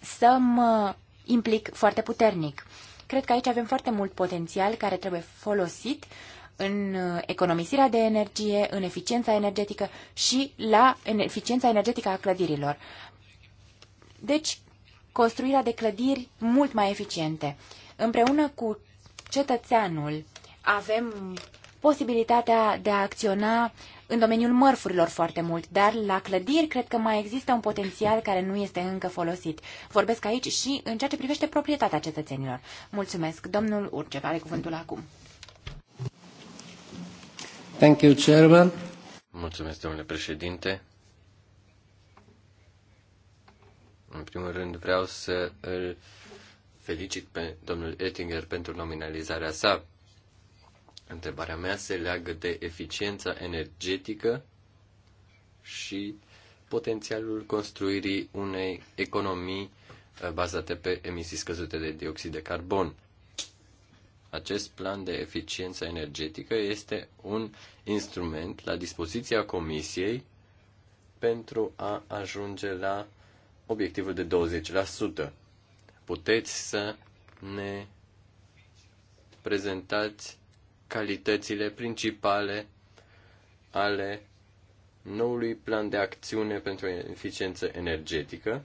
să mă uh, implic foarte puternic. Cred că aici avem foarte mult potențial care trebuie folosit în uh, economisirea de energie, în eficiența energetică și la eficiența energetică a clădirilor. Deci, construirea de clădiri mult mai eficiente. Împreună cu cetățeanul avem posibilitatea de a acționa în domeniul mărfurilor foarte mult, dar la clădiri cred că mai există un potențial care nu este încă folosit. Vorbesc aici și în ceea ce privește proprietatea cetățenilor. Mulțumesc. Domnul Urce, are cuvântul acum. Thank you, Chairman. Mulțumesc, domnule președinte. În primul rând vreau să îl felicit pe domnul Ettinger pentru nominalizarea sa. Întrebarea mea se leagă de eficiența energetică și potențialul construirii unei economii uh, bazate pe emisii scăzute de dioxid de carbon. Acest plan de eficiență energetică este un instrument la dispoziția Comisiei pentru a ajunge la obiectivul de 20%. Puteți să ne prezentați calitățile principale ale noului plan de acțiune pentru eficiență energetică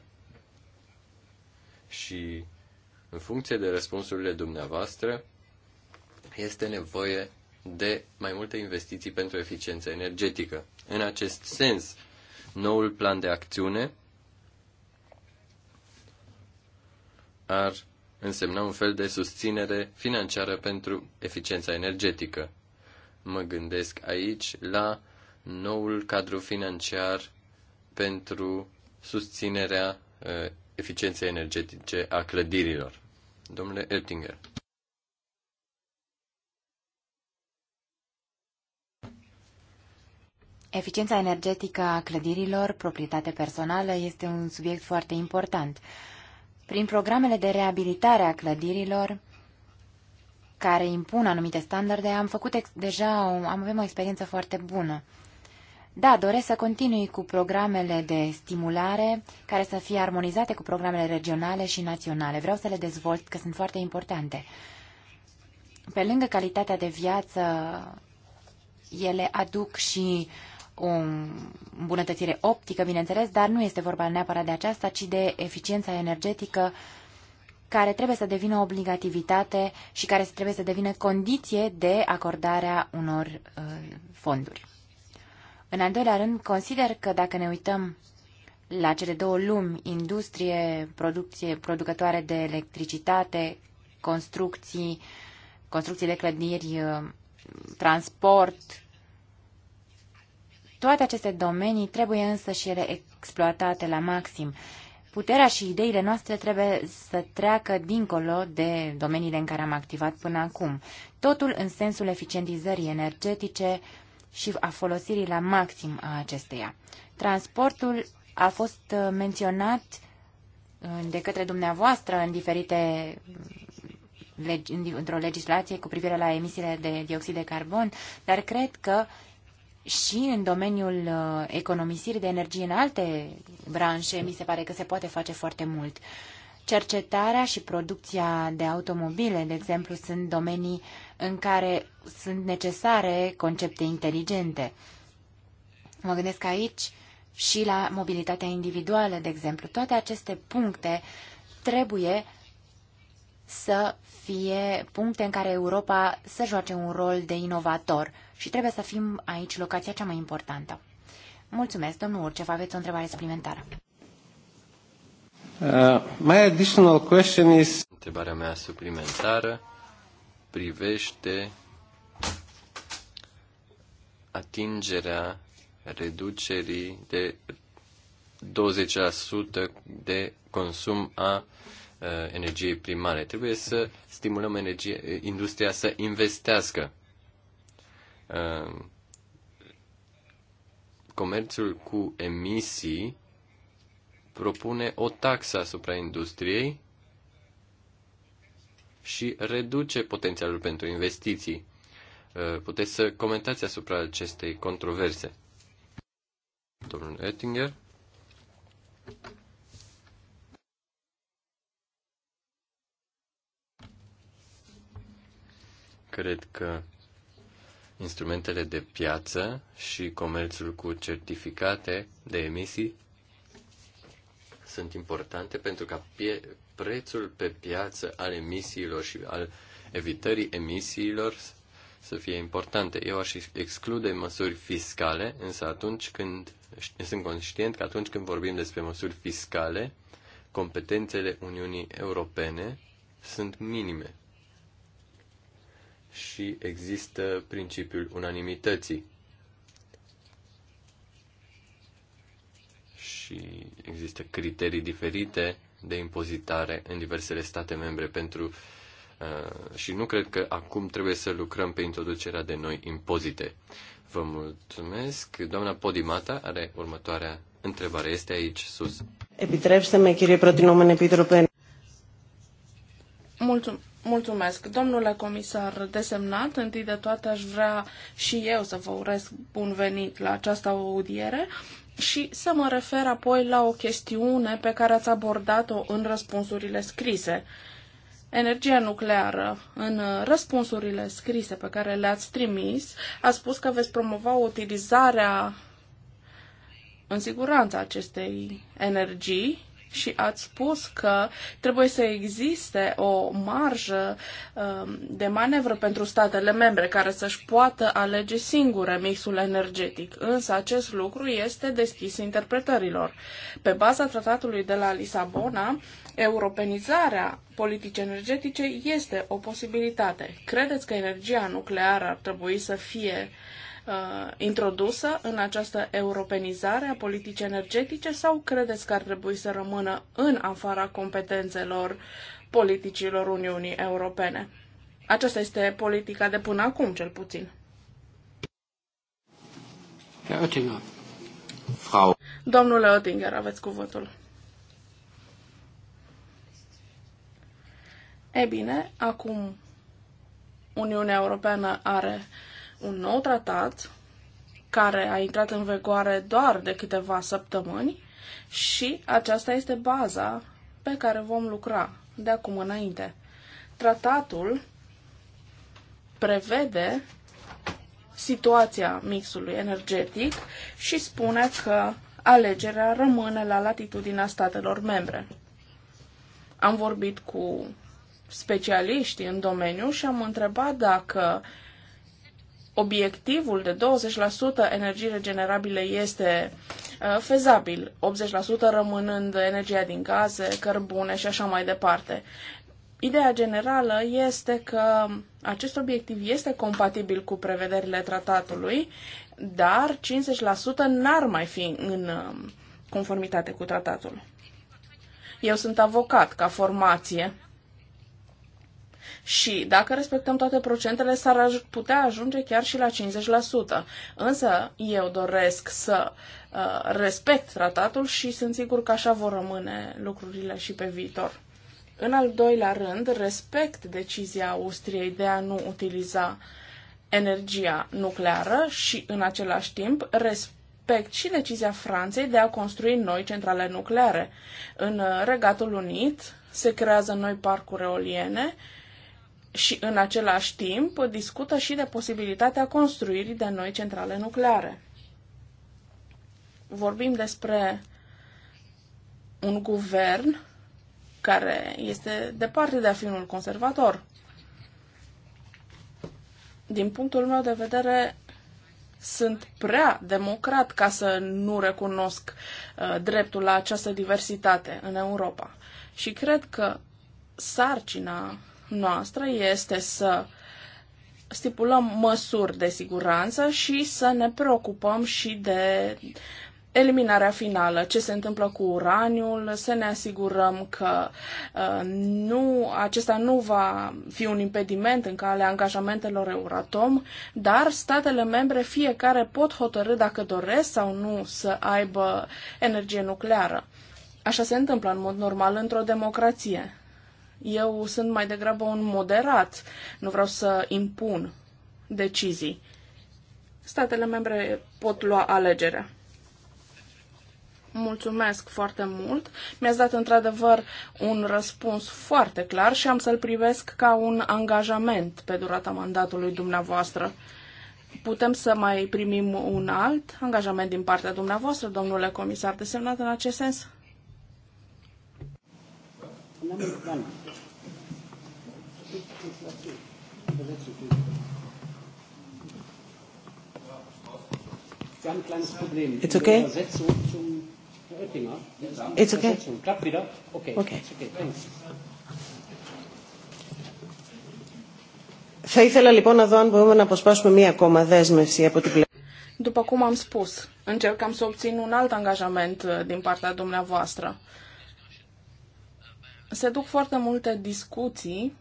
și în funcție de răspunsurile dumneavoastră este nevoie de mai multe investiții pentru eficiență energetică. În acest sens, noul plan de acțiune ar însemna un fel de susținere financiară pentru eficiența energetică. Mă gândesc aici la noul cadru financiar pentru susținerea uh, eficienței energetice a clădirilor. Domnule Eltinger. Eficiența energetică a clădirilor, proprietate personală, este un subiect foarte important prin programele de reabilitare a clădirilor, care impun anumite standarde, am făcut deja o, am avem o experiență foarte bună. Da, doresc să continui cu programele de stimulare care să fie armonizate cu programele regionale și naționale. Vreau să le dezvolt că sunt foarte importante. Pe lângă calitatea de viață, ele aduc și uh, o îmbunătățire optică, bineînțeles, dar nu este vorba neapărat de aceasta, ci de eficiența energetică care trebuie să devină obligativitate și care trebuie să devină condiție de acordarea unor uh, fonduri. În al doilea rând, consider că dacă ne uităm la cele două lumi, industrie, producție, producătoare de electricitate, construcții, construcții de clădiri, uh, transport, toate aceste domenii trebuie însă și ele exploatate la maxim. Puterea și ideile noastre trebuie să treacă dincolo de domeniile în care am activat până acum. Totul în sensul eficientizării energetice și a folosirii la maxim a acesteia. Transportul a fost uh, menționat uh, de către dumneavoastră în diferite mm, într-o legislație cu privire la emisiile de dioxid de carbon, dar cred că și în domeniul uh, economisirii de energie în alte branșe, mi se pare că se poate face foarte mult. Cercetarea și producția de automobile, de exemplu, sunt domenii în care sunt necesare concepte inteligente. Mă gândesc aici și la mobilitatea individuală, de exemplu. Toate aceste puncte trebuie să fie puncte în care Europa să joace un rol de inovator – și trebuie să fim aici locația cea mai importantă. Mulțumesc, domnul Urcev, aveți o întrebare suplimentară. Uh, my additional question is... Întrebarea mea suplimentară privește atingerea reducerii de 20% de consum a uh, energiei primare. Trebuie să stimulăm energie, industria să investească. Uh, comerțul cu emisii propune o taxă asupra industriei și reduce potențialul pentru investiții. Uh, puteți să comentați asupra acestei controverse. Domnul Oettinger. Cred că instrumentele de piață și comerțul cu certificate de emisii sunt importante pentru ca prețul pe piață al emisiilor și al evitării emisiilor să fie importante. Eu aș exclude măsuri fiscale, însă atunci când sunt conștient că atunci când vorbim despre măsuri fiscale, competențele Uniunii Europene sunt minime și există principiul unanimității. Și există criterii diferite de impozitare în diversele state membre pentru uh, și nu cred că acum trebuie să lucrăm pe introducerea de noi impozite. Vă mulțumesc. Doamna Podimata are următoarea întrebare. Este aici sus. Mulțumesc. Mulțumesc. Domnule comisar desemnat, întâi de toate aș vrea și eu să vă urez bun venit la această audiere și să mă refer apoi la o chestiune pe care ați abordat-o în răspunsurile scrise. Energia nucleară. În răspunsurile scrise pe care le-ați trimis, a spus că veți promova utilizarea în siguranță acestei energii și ați spus că trebuie să existe o marjă um, de manevră pentru statele membre care să-și poată alege singure mixul energetic, însă acest lucru este deschis interpretărilor. Pe baza tratatului de la Lisabona, europenizarea politice energetice este o posibilitate. Credeți că energia nucleară ar trebui să fie uh, uh, introdusă în această europenizare a politicii energetice sau credeți că ar trebui să rămână în afara competențelor politicilor Uniunii Europene? Aceasta este politica de până acum, cel puțin. Herr Oettinger. Frau. Domnule Oettinger, aveți cuvântul. E bine, acum Uniunea Europeană are un nou tratat care a intrat în vigoare doar de câteva săptămâni și aceasta este baza pe care vom lucra de acum înainte. Tratatul prevede situația mixului energetic și spune că alegerea rămâne la latitudinea statelor membre. Am vorbit cu specialiști în domeniu și am întrebat dacă uh, obiectivul de 20% energii regenerabile este uh, fezabil, 80% rămânând energia din gaze, cărbune și așa mai departe. Ideea generală este că acest obiectiv este compatibil cu prevederile tratatului, dar 50% n-ar mai fi în um, conformitate cu tratatul. Eu sunt avocat ca formație și dacă respectăm toate procentele, s-ar putea ajunge chiar și la 50%. Însă eu doresc să uh, respect tratatul și sunt sigur că așa vor rămâne lucrurile și pe viitor. În al doilea rând, respect decizia Austriei de a nu utiliza energia nucleară și, în același timp, respect și decizia Franței de a construi noi centrale nucleare. În Regatul Unit se creează noi parcuri eoliene și în același timp discută și de posibilitatea construirii de noi centrale nucleare. Vorbim despre un guvern care este departe de a fi unul conservator. Din punctul meu de vedere, sunt prea democrat ca să nu recunosc uh, dreptul la această diversitate în Europa. Și cred că sarcina noastră este să stipulăm măsuri de siguranță și să ne preocupăm și de eliminarea finală, ce se întâmplă cu uraniul, să ne asigurăm că uh, nu, acesta nu va fi un impediment în calea angajamentelor Euratom, dar statele membre fiecare pot hotărâ dacă doresc sau nu să aibă energie nucleară. Așa se întâmplă în mod normal într-o democrație. Eu sunt mai degrabă un moderat, nu vreau să impun decizii. Statele membre pot lua alegerea. Mulțumesc foarte mult. Mi-ați dat într-adevăr un răspuns foarte clar și am să-l privesc ca un angajament pe durata mandatului dumneavoastră. Putem să mai primim un alt angajament din partea dumneavoastră, domnule comisar, desemnat în acest sens? Wir haben ein kleines Problem. It's okay. Übersetzung zum Oettinger. It's okay. Klappt wieder? Okay. Okay. It's okay. Thanks. Θα ήθελα λοιπόν να δω αν μπορούμε να αποσπάσουμε μία ακόμα δέσμευση από την πλευρά. După cum am spus, încercam să obțin un alt angajament din partea dumneavoastră se duc foarte multe discuții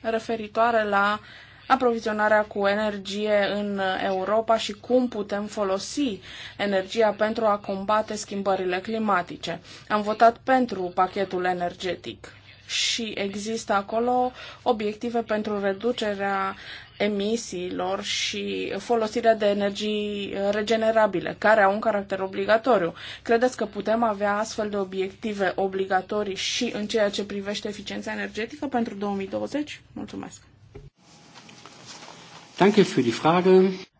referitoare la aprovizionarea cu energie în Europa și cum putem folosi energia pentru a combate schimbările climatice. Am votat pentru pachetul energetic și există acolo obiective pentru reducerea emisiilor și folosirea de energii regenerabile, care au un caracter obligatoriu. Credeți că putem avea astfel de obiective obligatorii și în ceea ce privește eficiența energetică pentru 2020? Mulțumesc! Danke für die Frage.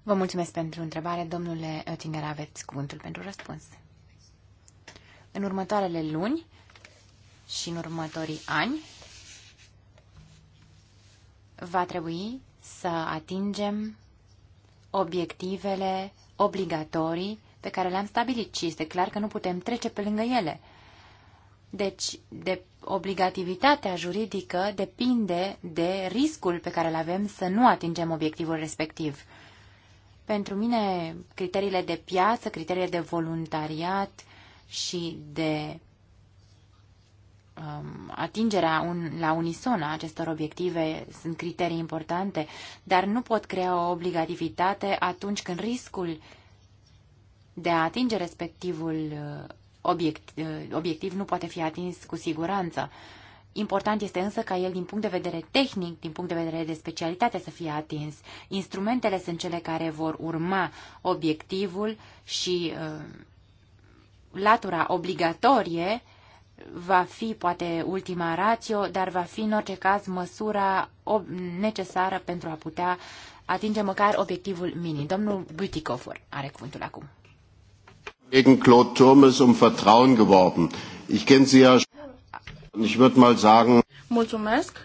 Vă mulțumesc pentru întrebare, domnule Oettinger, aveți cuvântul pentru răspuns. În următoarele luni, și în următorii ani va trebui să atingem obiectivele obligatorii pe care le-am stabilit și este clar că nu putem trece pe lângă ele. Deci, de obligativitatea juridică depinde de riscul pe care îl avem să nu atingem obiectivul respectiv. Pentru mine, criteriile de piață, criteriile de voluntariat și de Um, atingerea un, la unison a acestor obiective sunt criterii importante, dar nu pot crea o obligativitate atunci când riscul de a atinge respectivul uh, obiect, uh, obiectiv nu poate fi atins cu siguranță. Important este însă ca el, din punct de vedere tehnic, din punct de vedere de specialitate, să fie atins. Instrumentele sunt cele care vor urma obiectivul și uh, latura obligatorie uh, va fi poate ultima rațio, dar va fi în orice caz măsura necesară pentru a putea atinge măcar obiectivul mini. Domnul Bütikofer are cuvântul acum. Gegen Claude Turmes um Vertrauen geworben. Ich kenne Sie ja schon. Ich würde mal sagen. Mulțumesc.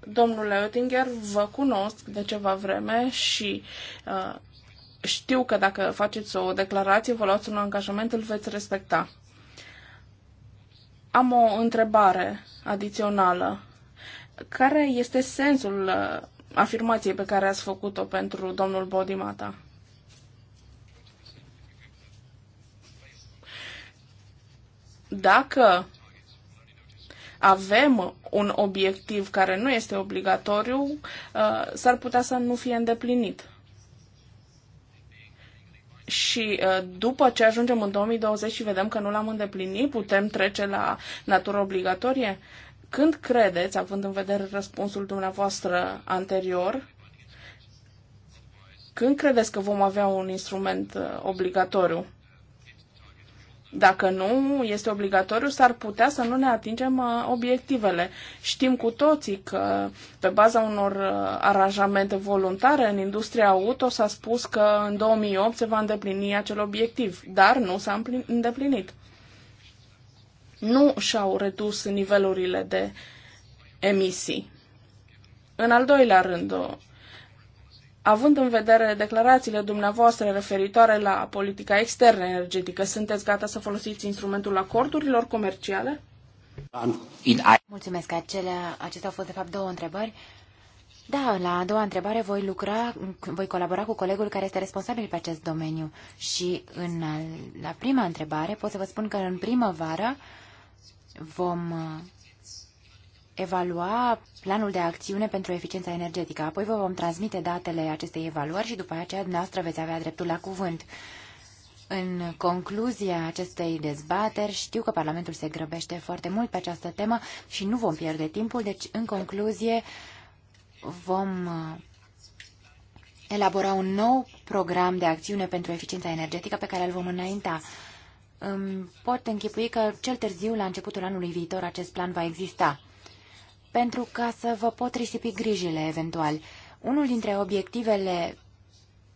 Domnule Oettinger, vă cunosc de ceva vreme și uh, știu că dacă faceți o declarație, vă luați un angajament, îl veți respecta. Am o întrebare adițională. Care este sensul uh, afirmației pe care ați făcut-o pentru domnul Bodimata? Dacă avem un obiectiv care nu este obligatoriu, uh, s-ar putea să nu fie îndeplinit și uh, după ce ajungem în 2020 și vedem că nu l-am îndeplinit, putem trece la natură obligatorie? Când credeți, având în vedere răspunsul dumneavoastră anterior, când credeți că vom avea un instrument uh, obligatoriu? Dacă nu este obligatoriu, s-ar putea să nu ne atingem uh, obiectivele. Știm cu toții că pe baza unor uh, aranjamente voluntare în industria auto s-a spus că în 2008 se va îndeplini acel obiectiv, dar nu s-a îndeplinit. Nu și-au redus nivelurile de emisii. În al doilea rând, Având în vedere declarațiile dumneavoastră referitoare la politica externă energetică, sunteți gata să folosiți instrumentul acordurilor comerciale? Mulțumesc. acelea. acestea au fost, de fapt, două întrebări. Da, la a doua întrebare voi lucra, voi colabora cu colegul care este responsabil pe acest domeniu. Și în, la prima întrebare pot să vă spun că în primăvară vom evalua planul de acțiune pentru eficiența energetică. Apoi vă vom transmite datele acestei evaluări și după aceea dumneavoastră veți avea dreptul la cuvânt. În concluzia acestei dezbateri, știu că Parlamentul se grăbește foarte mult pe această temă și nu vom pierde timpul, deci în concluzie vom uh, elabora un nou program de acțiune pentru eficiența energetică pe care îl vom înainta. Îmi pot închipui că cel târziu, la începutul anului viitor, acest plan va exista pentru ca să vă pot risipi grijile eventual. Unul dintre obiectivele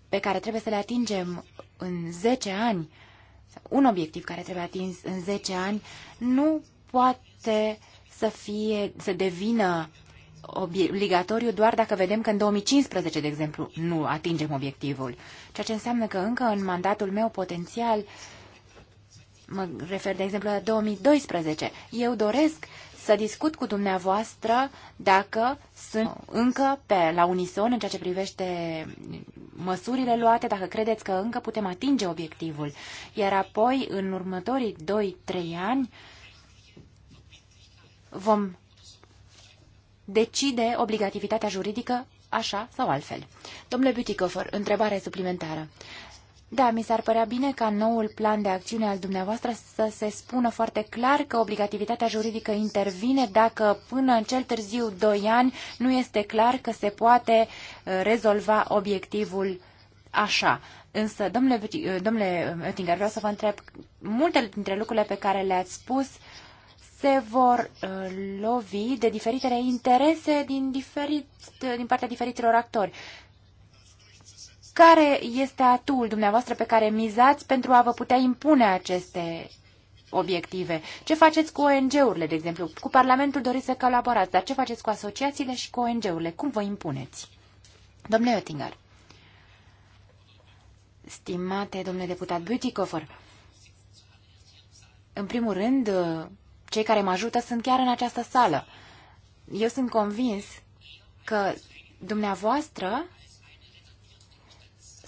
pe care trebuie să le atingem în 10 ani, un obiectiv care trebuie atins în 10 ani, nu poate să, fie, să devină obligatoriu doar dacă vedem că în 2015, de exemplu, nu atingem obiectivul. Ceea ce înseamnă că încă în mandatul meu potențial, mă refer de exemplu la 2012, eu doresc să discut cu dumneavoastră dacă sunt încă pe la unison în ceea ce privește măsurile luate, dacă credeți că încă putem atinge obiectivul. Iar apoi, în următorii 2-3 ani, vom decide obligativitatea juridică așa sau altfel. Domnule Butikofer, întrebare suplimentară. Da, mi s-ar părea bine ca noul plan de acțiune al dumneavoastră să se spună foarte clar că obligativitatea juridică intervine dacă până în cel târziu 2 ani nu este clar că se poate uh, rezolva obiectivul așa. Însă, domnule, uh, domnule Oettinger, vreau să vă întreb, multe dintre lucrurile pe care le-ați spus se vor uh, lovi de diferitele interese din, diferit, uh, din partea diferiților actori. Care este atul dumneavoastră pe care mizați pentru a vă putea impune aceste obiective? Ce faceți cu ONG-urile, de exemplu? Cu Parlamentul doriți să colaborați, dar ce faceți cu asociațiile și cu ONG-urile? Cum vă impuneți? Domnule Oettinger, stimate domnule deputat Butikofer, în primul rând, cei care mă ajută sunt chiar în această sală. Eu sunt convins că dumneavoastră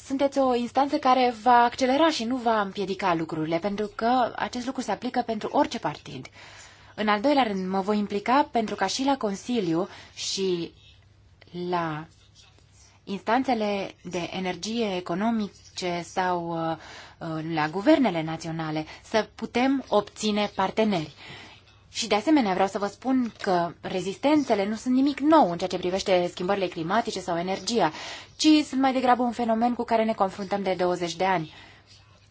sunteți o instanță care va accelera și nu va împiedica lucrurile, pentru că acest lucru se aplică pentru orice partid. În al doilea rând, mă voi implica pentru ca și la Consiliu și la instanțele de energie economice sau uh, uh, la guvernele naționale să putem obține parteneri. Și de asemenea vreau să vă spun că rezistențele nu sunt nimic nou în ceea ce privește schimbările climatice sau energia, ci sunt mai degrabă un fenomen cu care ne confruntăm de 20 de ani.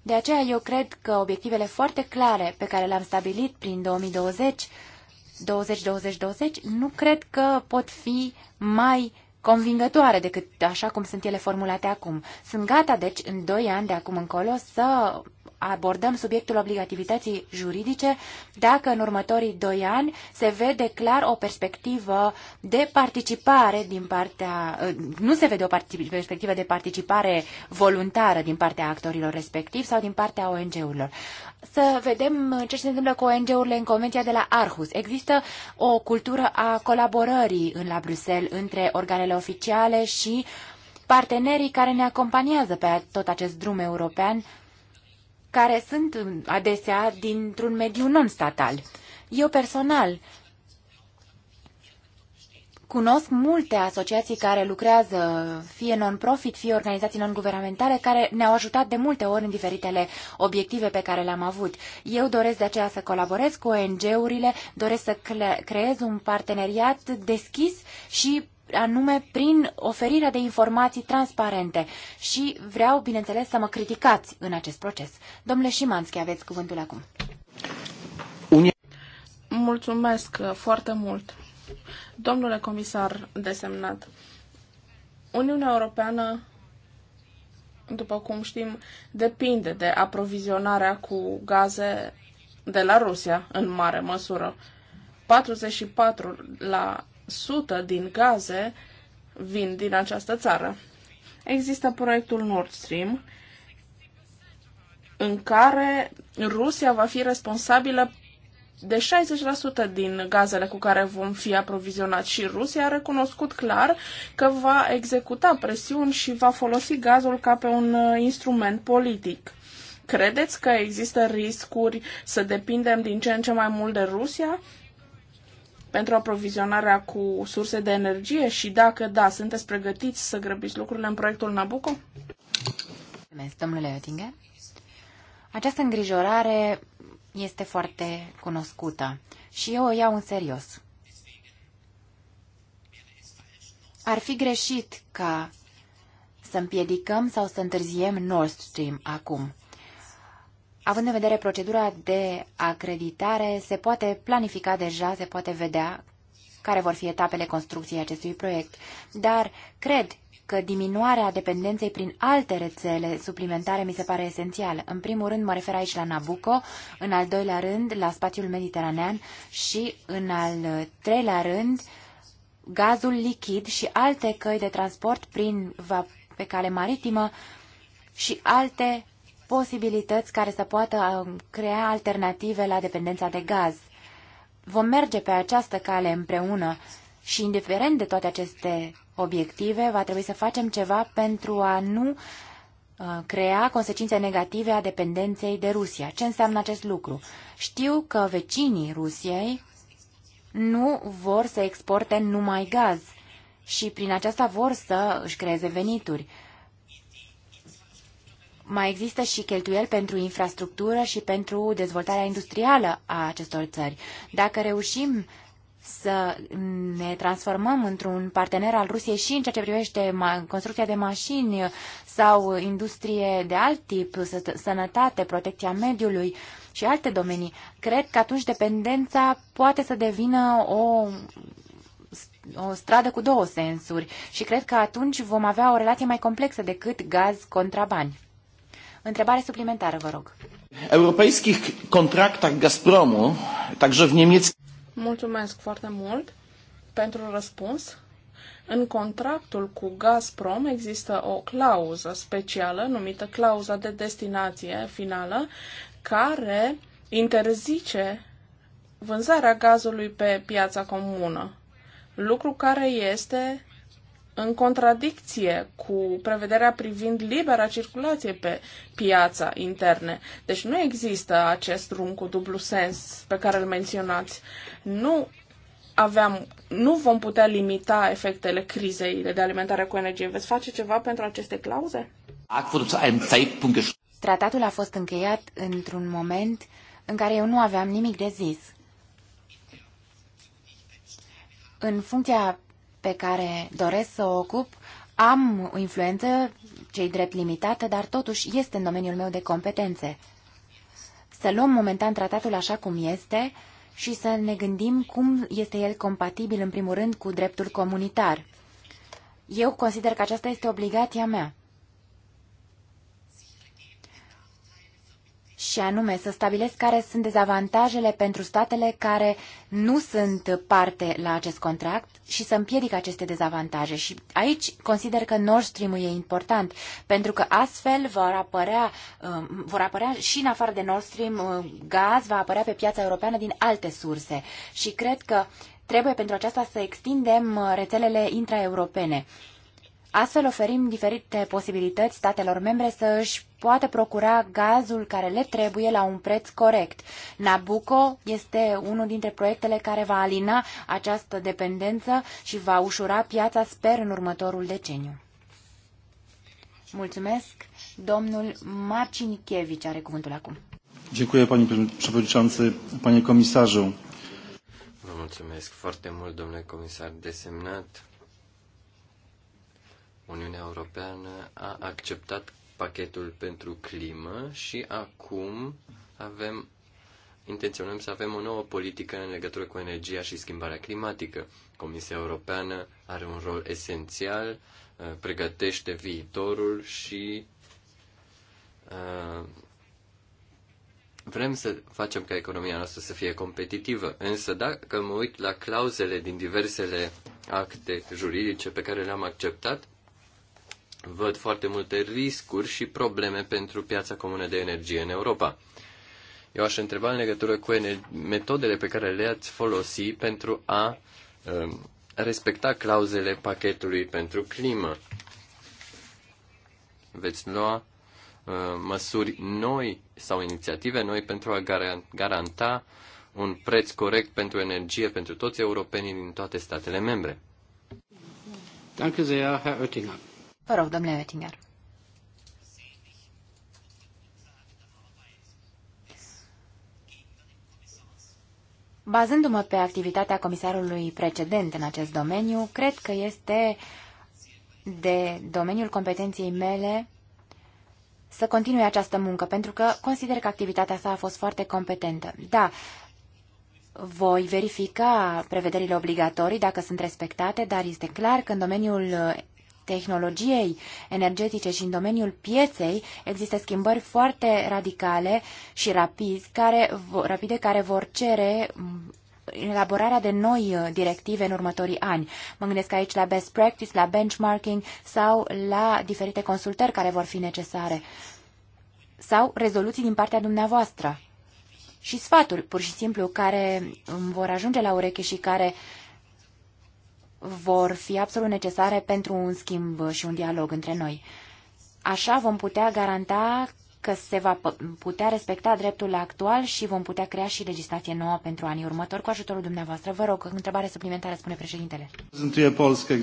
De aceea eu cred că obiectivele foarte clare pe care le-am stabilit prin 2020, 20-20-20, nu cred că pot fi mai convingătoare decât așa cum sunt ele formulate acum. Sunt gata, deci, în 2 ani de acum încolo să abordăm subiectul obligativității juridice dacă în următorii doi ani se vede clar o perspectivă de participare din partea, uh, nu se vede o perspectivă de participare voluntară din partea actorilor respectivi sau din partea ONG-urilor. Să vedem uh, ce se întâmplă cu ONG-urile în Convenția de la Arhus. Există o cultură a colaborării în la Bruxelles între organele oficiale și partenerii care ne acompaniază pe tot acest drum european care sunt adesea dintr-un mediu non-statal. Eu personal Cunosc multe asociații care lucrează, fie non-profit, fie organizații non-guvernamentale, care ne-au ajutat de multe ori în diferitele obiective pe care le-am avut. Eu doresc de aceea să colaborez cu ONG-urile, doresc să creez un parteneriat deschis și anume prin oferirea de informații transparente și vreau, bineînțeles, să mă criticați în acest proces. Domnule Șimanski, aveți cuvântul acum. Mulțumesc foarte mult. Domnule comisar desemnat, Uniunea Europeană, după cum știm, depinde de aprovizionarea cu gaze de la Rusia, în mare măsură. 44% la 100 din gaze vin din această țară. Există proiectul Nord Stream, în care Rusia va fi responsabilă de 60% din gazele cu care vom fi aprovizionați și Rusia a recunoscut clar că va executa presiuni și va folosi gazul ca pe un uh, instrument politic. Credeți că există riscuri să depindem din ce în ce mai mult de Rusia? pentru aprovizionarea cu surse de energie și dacă da, sunteți pregătiți să grăbiți lucrurile în proiectul Nabucco? Mulțumesc, domnule Oettinger. Această îngrijorare este foarte cunoscută și eu o iau în serios. Ar fi greșit ca să împiedicăm sau să întârziem Nord Stream acum. Având în vedere procedura de acreditare, se poate planifica deja, se poate vedea care vor fi etapele construcției acestui proiect, dar cred că diminuarea dependenței prin alte rețele suplimentare mi se pare esențială. În primul rând mă refer aici la Nabucco, în al doilea rând la spațiul mediteranean și în al treilea rând gazul lichid și alte căi de transport prin, pe cale maritimă și alte posibilități care să poată um, crea alternative la dependența de gaz. Vom merge pe această cale împreună și, indiferent de toate aceste obiective, va trebui să facem ceva pentru a nu uh, crea consecințe negative a dependenței de Rusia. Ce înseamnă acest lucru? Știu că vecinii Rusiei nu vor să exporte numai gaz și prin aceasta vor să își creeze venituri mai există și cheltuieli pentru infrastructură și pentru dezvoltarea industrială a acestor țări. Dacă reușim să ne transformăm într-un partener al Rusiei și în ceea ce privește construcția de mașini sau industrie de alt tip, sănătate, protecția mediului și alte domenii, cred că atunci dependența poate să devină o o stradă cu două sensuri și cred că atunci vom avea o relație mai complexă decât gaz contra bani. Întrebare suplimentară, vă rog. Europejskich contractach Gazpromu, także w niemieckim... Mulțumesc foarte mult pentru răspuns. În contractul cu Gazprom există o clauză specială numită clauza de destinație finală care interzice vânzarea gazului pe piața comună, lucru care este în contradicție cu prevederea privind libera circulație pe piața interne. Deci nu există acest drum cu dublu sens pe care îl menționați. Nu aveam, nu vom putea limita efectele crizei de alimentare cu energie. Veți face ceva pentru aceste clauze? Tratatul a fost încheiat într-un moment în care eu nu aveam nimic de zis. În funcția pe care doresc să o ocup, am o influență, cei drept limitată, dar totuși este în domeniul meu de competențe. Să luăm momentan tratatul așa cum este și să ne gândim cum este el compatibil, în primul rând, cu dreptul comunitar. Eu consider că aceasta este obligația mea. și anume să stabilesc care sunt dezavantajele pentru statele care nu sunt parte la acest contract și să împiedic aceste dezavantaje. Și aici consider că Nord Stream e important, pentru că astfel vor apărea, um, vor apărea și în afară de Nord Stream uh, gaz, va apărea pe piața europeană din alte surse. Și cred că trebuie pentru aceasta să extindem uh, rețelele intraeuropene. europene Astfel oferim diferite posibilități statelor membre să își poată procura gazul care le trebuie la un preț corect. Nabucco este unul dintre proiectele care va alina această dependență și va ușura piața, sper, în următorul deceniu. Mulțumesc. Domnul Marcin Chievici are cuvântul acum. Dziękuję, panie przewodniczący, panie komisarzu. Vă mulțumesc foarte mult, domnule comisar desemnat. Uniunea Europeană a acceptat pachetul pentru climă și acum avem intenționăm să avem o nouă politică în legătură cu energia și schimbarea climatică. Comisia Europeană are un rol esențial, uh, pregătește viitorul și uh, vrem să facem ca economia noastră să fie competitivă. Însă dacă mă uit la clauzele din diversele acte juridice pe care le-am acceptat, văd foarte multe riscuri și probleme pentru piața comună de energie în Europa. Eu aș întreba în legătură cu metodele pe care le-ați folosi pentru a um, respecta clauzele pachetului pentru climă. Veți lua uh, măsuri noi sau inițiative noi pentru a garanta un preț corect pentru energie pentru toți europenii din toate statele membre. Danke sehr, Herr Oettinger. Vă rog, domnule Oettinger. Bazându-mă pe activitatea comisarului precedent în acest domeniu, cred că este de domeniul competenției mele să continui această muncă, pentru că consider că activitatea sa a fost foarte competentă. Da, voi verifica prevederile obligatorii dacă sunt respectate, dar este clar că în domeniul tehnologiei energetice și în domeniul pieței există schimbări foarte radicale și rapide care, rapide care vor cere mm, elaborarea de noi uh, directive în următorii ani. Mă gândesc aici la best practice, la benchmarking sau la diferite consultări care vor fi necesare sau rezoluții din partea dumneavoastră și sfaturi, pur și simplu, care vor ajunge la ureche și care vor fi absolut necesare pentru un schimb și un dialog între noi. Așa vom putea garanta că se va putea respecta dreptul actual și vom putea crea și legislație nouă pentru anii următori cu ajutorul dumneavoastră. Vă rog, întrebare suplimentară, spune președintele. Reprezintuie Polska,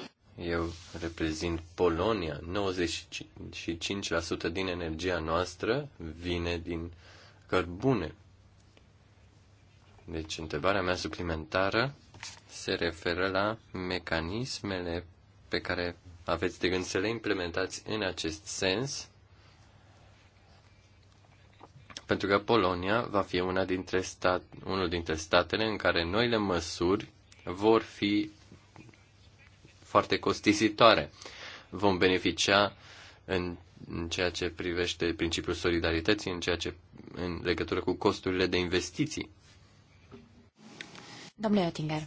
95%... Eu reprezint Polonia. 95% din energia noastră vine din cărbune. Deci, întrebarea mea suplimentară se referă la mecanismele pe care aveți de gând să le implementați în acest sens, pentru că Polonia va fi una dintre stat, unul dintre statele în care noile măsuri vor fi foarte costisitoare. Vom beneficia în, în ceea ce privește principiul solidarității, în ceea ce în legătură cu costurile de investiții. Domnule Oettinger,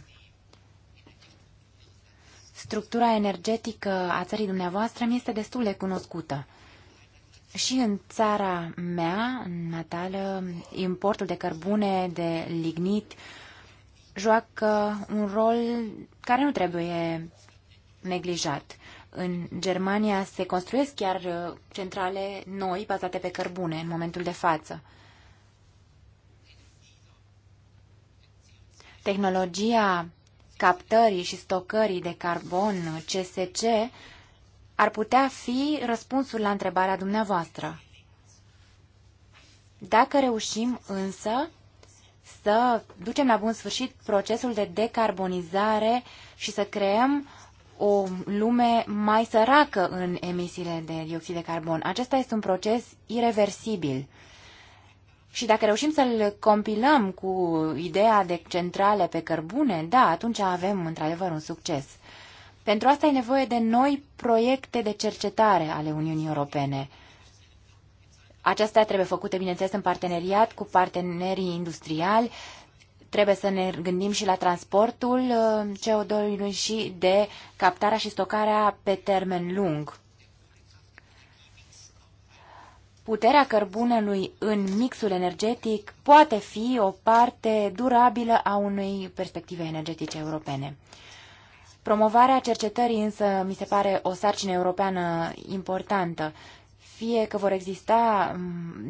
structura energetică a țării dumneavoastră mi este destul de cunoscută. Și în țara mea, natală, importul de cărbune, de lignit, joacă un rol care nu trebuie neglijat. În Germania se construiesc chiar uh, centrale noi bazate pe cărbune în momentul de față. Tehnologia captării și stocării de carbon, CSC, ar putea fi răspunsul la întrebarea dumneavoastră. Dacă reușim însă să ducem la bun sfârșit procesul de decarbonizare și să creăm o lume mai săracă în emisiile de dioxid de carbon. Acesta este un proces irreversibil și dacă reușim să-l compilăm cu ideea de centrale pe cărbune, da, atunci avem într-adevăr un succes. Pentru asta e nevoie de noi proiecte de cercetare ale Uniunii Europene. Acestea trebuie făcute, bineînțeles, în parteneriat cu partenerii industriali. Trebuie să ne gândim și la transportul uh, CO2-ului și de captarea și stocarea pe termen lung puterea cărbunelui în mixul energetic poate fi o parte durabilă a unei perspective energetice europene. Promovarea cercetării însă mi se pare o sarcină europeană importantă, fie că vor exista,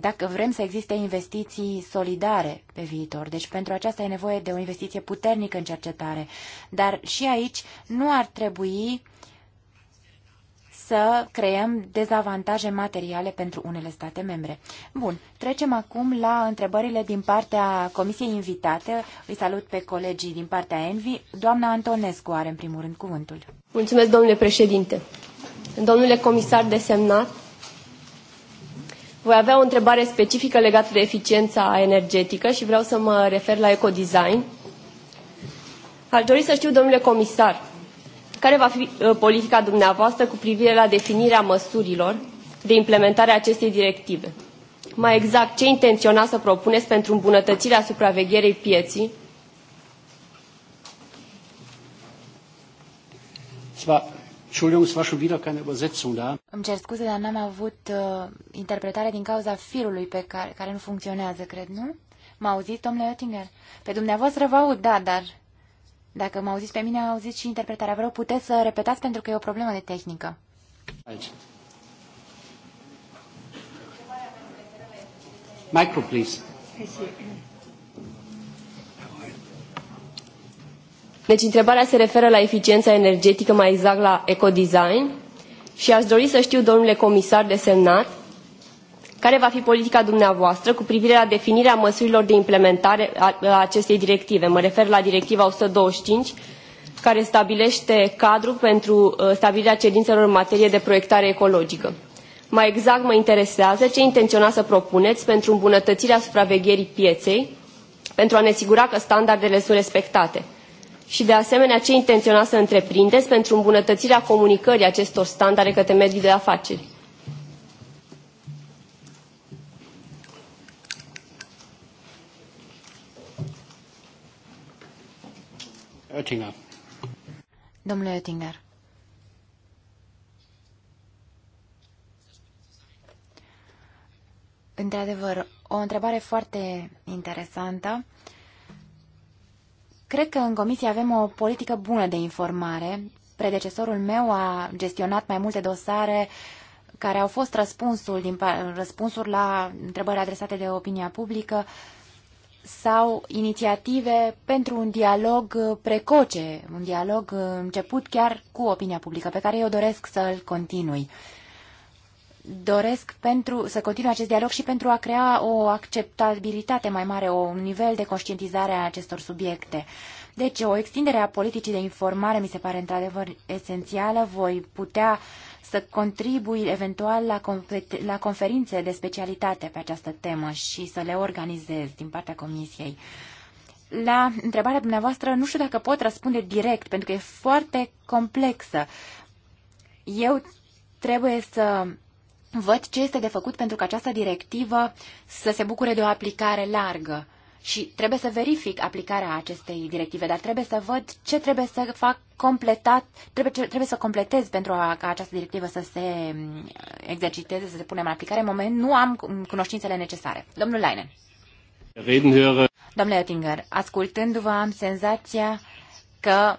dacă vrem să existe investiții solidare pe viitor. Deci pentru aceasta e nevoie de o investiție puternică în cercetare. Dar și aici nu ar trebui uh, să creăm dezavantaje materiale pentru unele state membre. Bun, trecem acum la întrebările din partea comisiei invitate. Îi salut pe colegii din partea Envi. Doamna Antonescu are în primul rând cuvântul. Mulțumesc, domnule președinte. Domnule comisar desemnat, voi avea o întrebare specifică legată de eficiența energetică și vreau să mă refer la ecodesign. Aș dori să știu, domnule comisar, care va fi uh, politica dumneavoastră cu privire la definirea măsurilor de implementare a acestei directive? Mai exact, ce intenționați să propuneți pentru îmbunătățirea supravegherii pieții? Îmi cer scuze, dar n-am avut uh, interpretare din cauza firului pe care, care nu funcționează, cred, nu? M-auziți, domnule Oettinger? Pe dumneavoastră vă aud, da, dar dacă mă auziți pe mine, auziți și interpretarea. Vreau puteți să repetați pentru că e o problemă de tehnică. Aici. Micro, please. Deci întrebarea se referă la eficiența energetică, mai exact la ecodesign. Și aș dori să știu, domnule comisar de semnat, care va fi politica dumneavoastră cu privire la definirea măsurilor de implementare a acestei directive? Mă refer la Directiva 125, care stabilește cadrul pentru uh, stabilirea cerințelor în materie de proiectare ecologică. Mai exact mă interesează ce intenționați să propuneți pentru îmbunătățirea supravegherii pieței, pentru a ne asigura că standardele sunt respectate. Și de asemenea, ce intenționați să întreprindeți pentru îmbunătățirea comunicării acestor standarde către mediul de afaceri. Oettinger. Domnule Oettinger. Într-adevăr, o întrebare foarte interesantă. Cred că în comisie avem o politică bună de informare. Predecesorul meu a gestionat mai multe dosare care au fost răspunsul din, răspunsuri la întrebări adresate de opinia publică. Uh, sau inițiative pentru un dialog uh, precoce, un dialog uh, început chiar cu opinia publică, pe care eu doresc să-l continui. Doresc pentru, să continui acest dialog și pentru a crea o acceptabilitate mai mare, un nivel de conștientizare a acestor subiecte. deci, o extindere a politicii de informare mi se pare într-adevăr esențială. Voi putea uh, să contribui eventual la, la conferințe de specialitate pe această temă și să le organizez din partea Comisiei. La întrebarea dumneavoastră, nu știu dacă pot răspunde direct, pentru că e foarte complexă. Eu trebuie să văd ce este de făcut pentru ca această directivă să se bucure de o aplicare largă și trebuie să verific aplicarea acestei directive, dar trebuie să văd ce trebuie să fac completat, trebuie, ce, trebuie să completez pentru a, ca această directivă să se mm, exerciteze, să se punem în aplicare. În moment nu am mm, cunoștințele necesare. Domnul Leinen. Äh, Domnule Oettinger, ascultându-vă am senzația că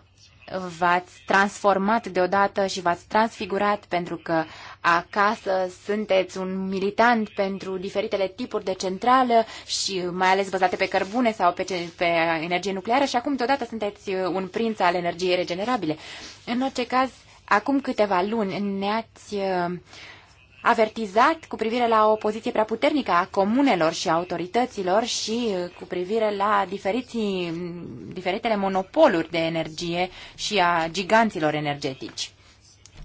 v-ați transformat deodată și v-ați transfigurat pentru că acasă sunteți un militant pentru diferitele tipuri de centrală și mai ales bazate pe cărbune sau pe, pe energie nucleară și acum deodată sunteți un prinț al energiei regenerabile. În orice caz, acum câteva luni ne-ați uh, avertizat cu privire la o poziție prea puternică a comunelor și a autorităților și uh, cu privire la diferitele monopoluri de energie și a giganților energetici.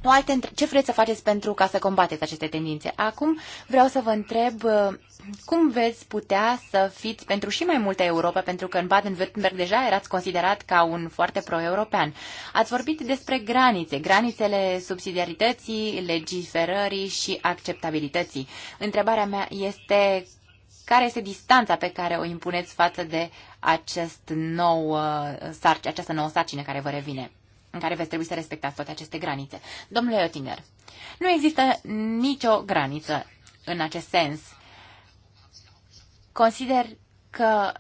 Alte, ce vreți să faceți pentru ca să combateți aceste tendințe? Acum vreau să vă întreb uh, cum veți putea să fiți pentru și mai multă Europa, pentru că în Baden-Württemberg deja erați considerat ca un foarte pro-european. Ați vorbit despre granițe, granițele subsidiarității, legiferării și acceptabilității. Întrebarea mea este care este distanța pe care o impuneți față de acest nou, uh, această nouă sarcină care vă revine? în care veți trebui să respectați toate aceste granițe. Domnule Oettinger, nu există nicio graniță în acest sens. Consider că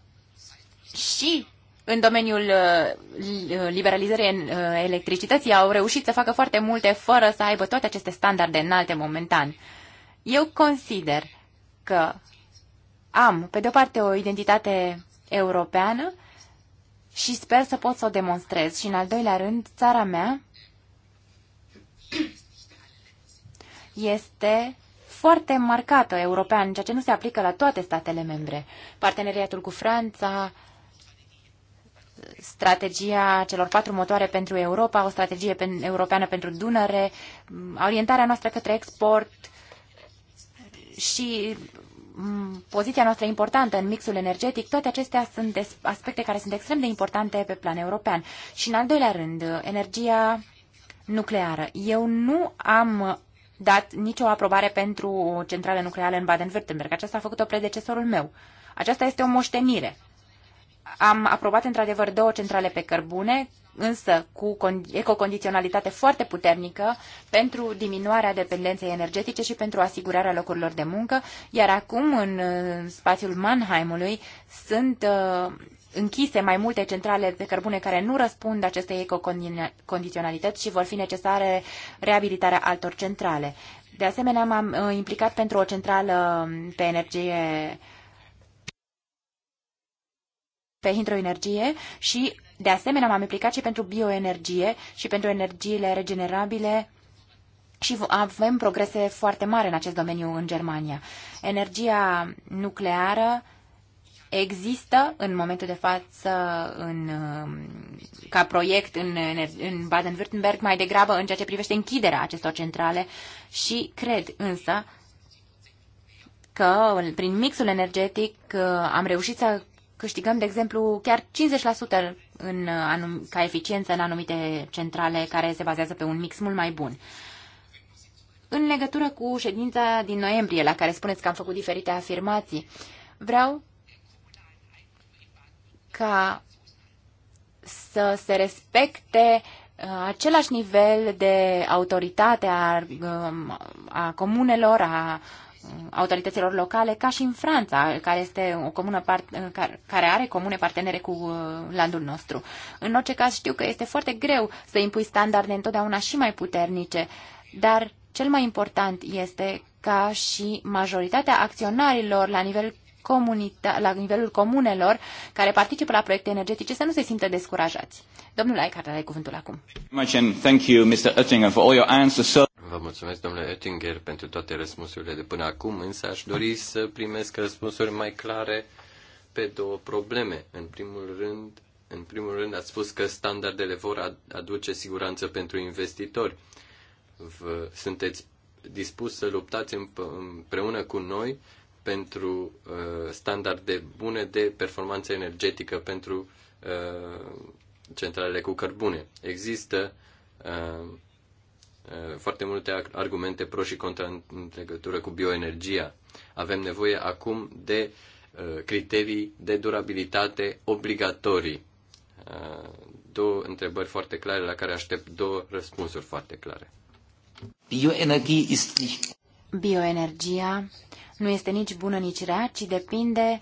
și în domeniul uh, liberalizării uh, electricității au reușit să facă foarte multe fără să aibă toate aceste standarde înalte momentan. Eu consider că am, pe de o parte, o identitate europeană și sper să pot să o demonstrez. Și în al doilea rând, țara mea este foarte marcată european, ceea ce nu se aplică la toate statele membre. Parteneriatul cu Franța, strategia celor patru motoare pentru Europa, o strategie europeană pentru Dunăre, orientarea noastră către export și poziția noastră importantă în mixul energetic, toate acestea sunt aspecte care sunt extrem de importante pe plan european. Și în al doilea rând, energia nucleară. Eu nu am dat nicio aprobare pentru o centrală nucleară în Baden-Württemberg. Aceasta a făcut-o predecesorul meu. Aceasta este o moștenire am aprobat într-adevăr două centrale pe cărbune, însă cu ecocondiționalitate foarte puternică pentru diminuarea dependenței energetice și pentru asigurarea locurilor de muncă, iar acum în spațiul Mannheimului sunt uh, închise mai multe centrale de cărbune care nu răspund acestei ecocondiționalități și vor fi necesare reabilitarea altor centrale. De asemenea, m-am uh, implicat pentru o centrală pe energie uh, pe hidroenergie și, de asemenea, m-am implicat și pentru bioenergie și pentru energiile regenerabile și avem progrese foarte mari în acest domeniu în Germania. Energia nucleară există în momentul de față în, um, ca proiect în, în Baden-Württemberg, mai degrabă în ceea ce privește închiderea acestor centrale și cred însă că prin mixul energetic uh, am reușit să câștigăm, de exemplu, chiar 50% în uh, anum, ca eficiență în anumite centrale care se bazează pe un mix mult mai bun. În legătură cu ședința din noiembrie, la care spuneți că am făcut diferite afirmații, vreau ca să se respecte uh, același nivel de autoritate a, um, a comunelor, a autorităților locale, ca și în Franța, care este o comună part- care are comune partenere cu uh, landul nostru. În orice caz știu că este foarte greu să impui standarde întotdeauna și mai puternice, dar cel mai important este ca și majoritatea acționarilor la nivel comunita- la nivelul comunelor care participă la proiecte energetice să nu se simtă descurajați. Domnul Eichhardt are cuvântul acum. Vă mulțumesc, domnule Oettinger, pentru toate răspunsurile de până acum, însă aș dori să primesc răspunsuri mai clare pe două probleme. În primul rând, în primul rând ați spus că standardele vor aduce siguranță pentru investitori. Vă, sunteți dispus să luptați împreună cu noi pentru uh, standarde bune de performanță energetică pentru uh, centralele cu cărbune. Există uh, Eh, foarte multe argumente pro și contra în legătură cu bioenergia. Avem nevoie acum de eh, criterii de durabilitate obligatorii. Eh, două întrebări foarte clare la care aștept două răspunsuri foarte clare. Bioenergie Bioenergia nu este nici bună, nici rea, ci depinde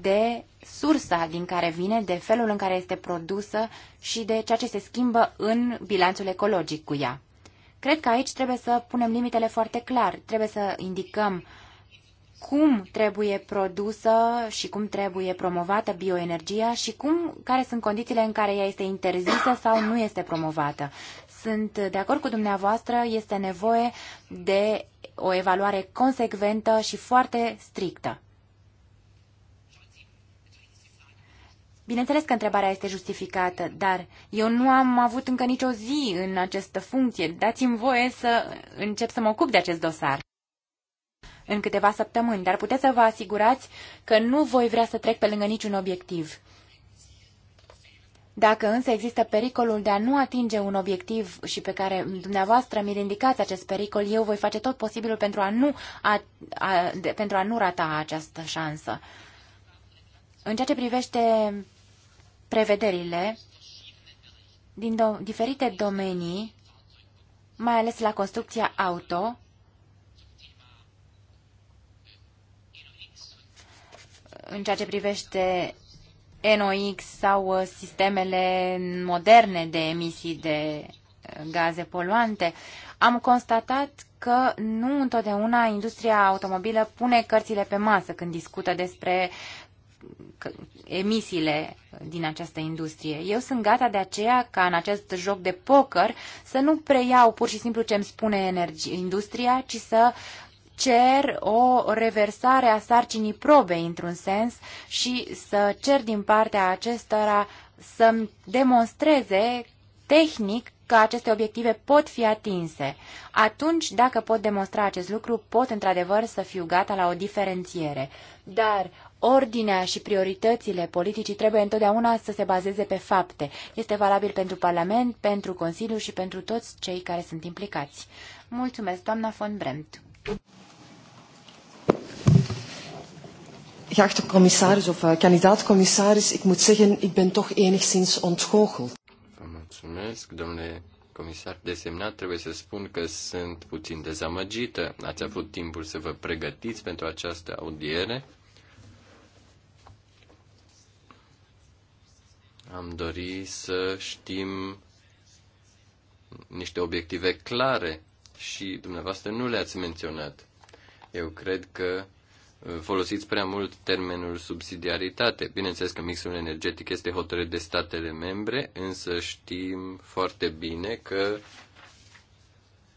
de sursa din care vine, de felul în care este produsă și de ceea ce se schimbă în bilanțul ecologic cu ea. Cred că aici trebuie să punem limitele foarte clar. Trebuie să indicăm cum trebuie produsă și cum trebuie promovată bioenergia și cum, care sunt condițiile în care ea este interzisă sau nu este promovată. Sunt de acord cu dumneavoastră, este nevoie de o evaluare consecventă și foarte strictă. Bineînțeles că întrebarea este justificată, dar eu nu am avut încă nicio zi în această funcție. Dați-mi voie să încep să mă ocup de acest dosar în câteva săptămâni, dar puteți să vă asigurați că nu voi vrea să trec pe lângă niciun obiectiv. Dacă însă există pericolul de a nu atinge un obiectiv și pe care dumneavoastră mi indicați acest pericol, eu voi face tot posibilul pentru a nu, a, a, de, pentru a nu rata această șansă. În ceea ce privește prevederile din do diferite domenii, mai ales la construcția auto, în ceea ce privește NOx sau uh, sistemele moderne de emisii de uh, gaze poluante, am constatat că nu întotdeauna industria automobilă pune cărțile pe masă când discută despre emisiile din această industrie. Eu sunt gata de aceea ca în acest joc de poker să nu preiau pur și simplu ce îmi spune energie, industria, ci să cer o reversare a sarcinii probei într-un sens și să cer din partea acestora să-mi demonstreze tehnic că aceste obiective pot fi atinse. Atunci, dacă pot demonstra acest lucru, pot într-adevăr să fiu gata la o diferențiere. Dar ordinea și prioritățile politicii trebuie întotdeauna să se bazeze pe fapte. Este valabil pentru Parlament, pentru Consiliu și pentru toți cei care sunt implicați. Mulțumesc, doamna von Bremt. Geachte commissaris of uh, kandidaat-commissaris, ik moet zeggen, ik ben toch enigszins ontgoocheld. mulțumesc, domnule comisar desemnat, trebuie să spun că sunt puțin dezamăgită. Ați avut timpul să vă pregătiți pentru această audiere. am dori să știm niște obiective clare și dumneavoastră nu le-ați menționat. Eu cred că folosiți prea mult termenul subsidiaritate. Bineînțeles că mixul energetic este hotărât de statele membre, însă știm foarte bine că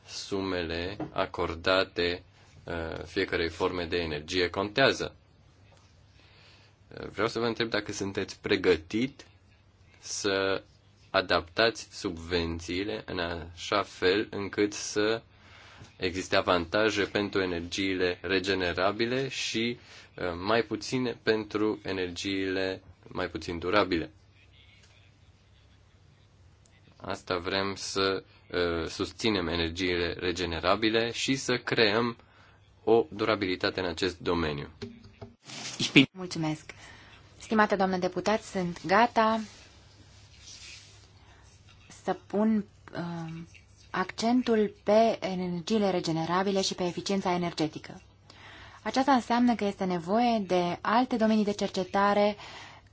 sumele acordate uh, fiecarei forme de energie contează. Uh, vreau să vă întreb dacă sunteți pregătit să adaptați subvențiile în așa fel încât să existe avantaje pentru energiile regenerabile și uh, mai puține pentru energiile mai puțin durabile. Asta vrem să uh, susținem energiile regenerabile și să creăm o durabilitate în acest domeniu. Mulțumesc! Stimate doamnă deputat, sunt gata să pun uh, accentul pe energiile regenerabile și pe eficiența energetică. Aceasta înseamnă că este nevoie de alte domenii de cercetare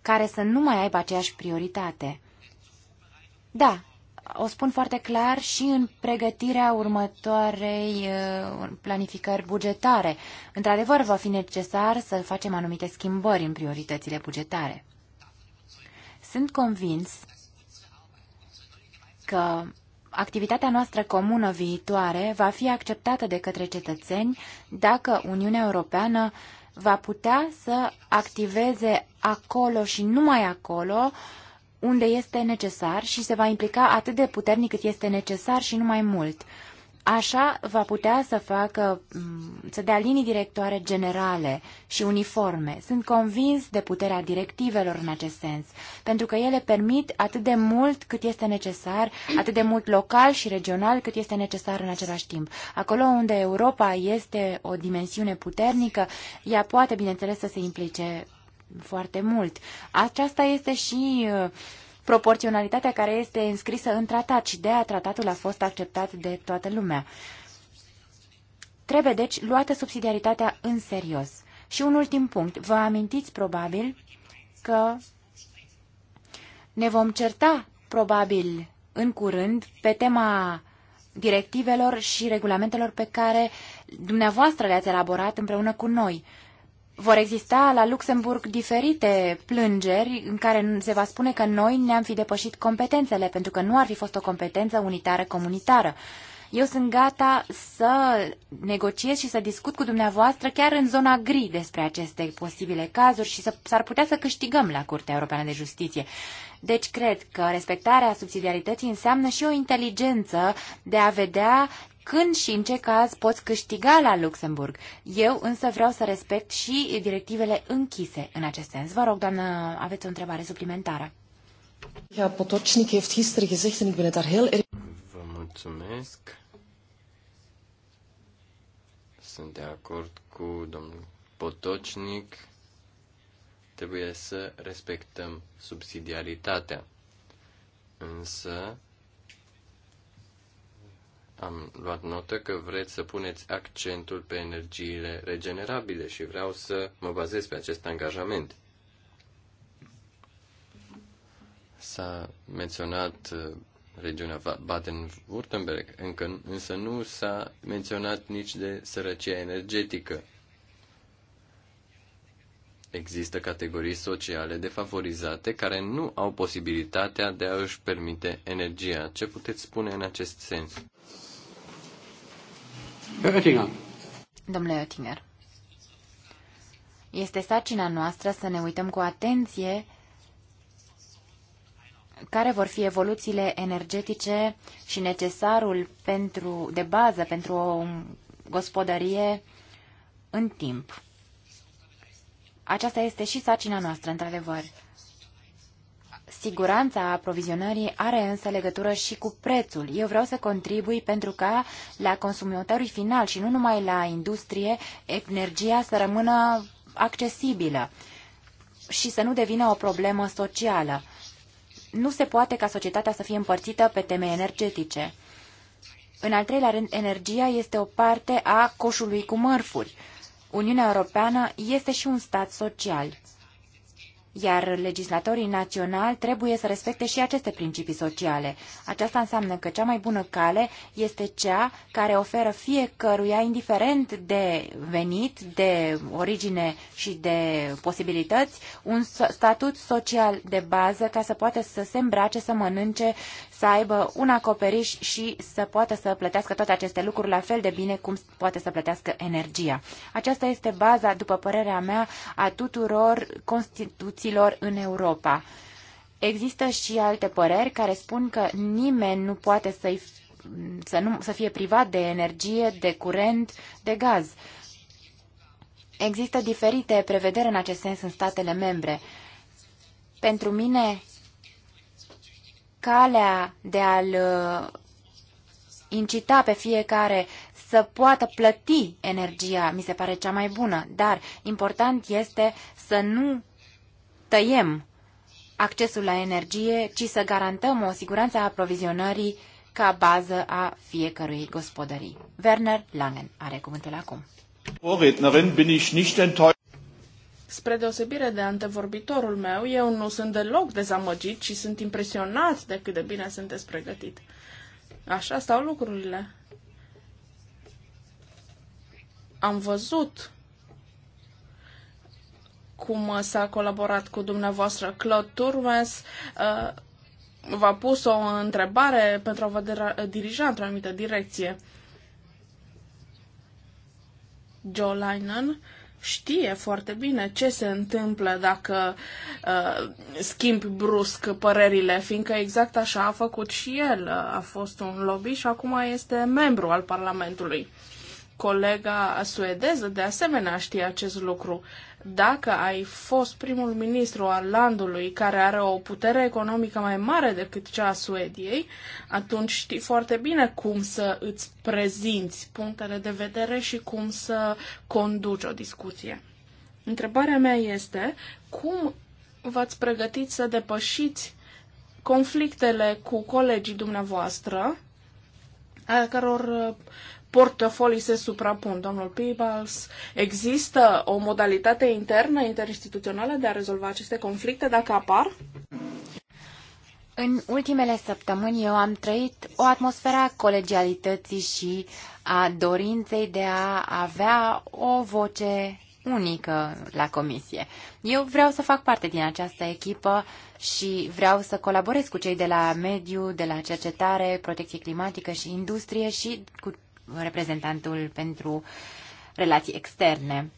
care să nu mai aibă aceeași prioritate. Da, o spun foarte clar și în pregătirea următoarei uh, planificări bugetare. Într-adevăr, va fi necesar să facem anumite schimbări în prioritățile bugetare. Sunt convins că activitatea noastră comună viitoare va fi acceptată de către cetățeni dacă Uniunea Europeană va putea să activeze acolo și numai acolo unde este necesar și se va implica atât de puternic cât este necesar și numai mult. Așa va putea să facă, mm, să dea linii directoare generale și uniforme. Sunt convins de puterea directivelor în acest sens, pentru că ele permit atât de mult cât este necesar, atât de mult local și regional cât este necesar în același timp. Acolo unde Europa este o dimensiune puternică, ea poate, bineînțeles, să se implice foarte mult. Aceasta este și uh, proporționalitatea care este înscrisă în tratat și de a tratatul a fost acceptat de toată lumea. Trebuie deci luată subsidiaritatea în serios. Și un ultim punct. Vă amintiți probabil că ne vom certa probabil în curând pe tema directivelor și regulamentelor pe care dumneavoastră le-ați elaborat împreună cu noi vor exista la Luxemburg diferite plângeri în care se va spune că noi ne-am fi depășit competențele, pentru că nu ar fi fost o competență unitară comunitară. Eu sunt gata să negociez și să discut cu dumneavoastră chiar în zona gri despre aceste posibile cazuri și să, s-ar putea să câștigăm la Curtea Europeană de Justiție. Deci cred că respectarea subsidiarității înseamnă și o inteligență de a vedea când și în ce caz poți câștiga la Luxemburg. Eu însă vreau să respect și directivele închise în acest sens. Vă rog, doamnă, aveți o întrebare suplimentară. Ja, Potocnik heeft gisteren gezegd, en ik ben het daar heel erg... Vă mulțumesc. Sunt de acord cu domnul Potocnik. Trebuie să respectăm subsidiaritatea. Însă, am luat notă că vreți să puneți accentul pe energiile regenerabile și vreau să mă bazez pe acest angajament. S-a menționat uh, regiunea Baden-Württemberg, încă, însă nu s-a menționat nici de sărăcia energetică. Există categorii sociale defavorizate care nu au posibilitatea de a își permite energia. Ce puteți spune în acest sens? Herr Oettinger. Domnule Oettinger, este sarcina noastră să ne uităm cu atenție care vor fi evoluțiile energetice și necesarul pentru, de bază pentru o gospodărie în timp. Aceasta este și sarcina noastră, într-adevăr. Siguranța aprovizionării are însă legătură și cu prețul. Eu vreau să contribui pentru ca la consumatorul final și nu numai la industrie, energia să rămână accesibilă și să nu devină o problemă socială. Nu se poate ca societatea să fie împărțită pe teme energetice. În al treilea rând, energia este o parte a coșului cu mărfuri. Uniunea Europeană este și un stat social iar legislatorii naționali trebuie să respecte și aceste principii sociale. Aceasta înseamnă că cea mai bună cale este cea care oferă fiecăruia, indiferent de venit, de origine și de posibilități, un statut social de bază ca să poată să se îmbrace, să mănânce, să aibă un acoperiș și să poată să plătească toate aceste lucruri la fel de bine cum poate să plătească energia. Aceasta este baza, după părerea mea, a tuturor constituțiilor în Europa. Există și alte păreri care spun că nimeni nu poate să să, nu, să fie privat de energie, de curent, de gaz. Există diferite prevederi în acest sens în statele membre. Pentru mine, calea de a-l uh, incita pe fiecare să poată plăti energia, mi se pare cea mai bună, dar important este să nu tăiem accesul la energie, ci să garantăm o siguranță a aprovizionării ca bază a fiecărui gospodării. Werner Langen are cuvântul acum. Spre deosebire de antevorbitorul meu, eu nu sunt deloc dezamăgit, ci sunt impresionat de cât de bine sunteți pregătit. Așa stau lucrurile. Am văzut cum s-a colaborat cu dumneavoastră Claude Turmes, uh, v-a pus o întrebare pentru a vă dirija într-o anumită direcție. Joe Linen știe foarte bine ce se întâmplă dacă uh, schimbi brusc părerile, fiindcă exact așa a făcut și el. A fost un lobby și acum este membru al Parlamentului. Colega suedeză de asemenea știe acest lucru. Dacă ai fost primul ministru al landului care are o putere economică mai mare decât cea a Suediei, atunci știi foarte bine cum să îți prezinți punctele de vedere și cum să conduci o discuție. Întrebarea mea este cum v-ați pregătit să depășiți conflictele cu colegii dumneavoastră, a căror portofolii se suprapun. Domnul Peebles, există o modalitate internă, interinstituțională de a rezolva aceste conflicte dacă apar? În ultimele săptămâni eu am trăit o atmosferă a colegialității și a dorinței de a avea o voce unică la comisie. Eu vreau să fac parte din această echipă și vreau să colaborez cu cei de la mediu, de la cercetare, protecție climatică și industrie și cu reprezentantul pentru relații externe.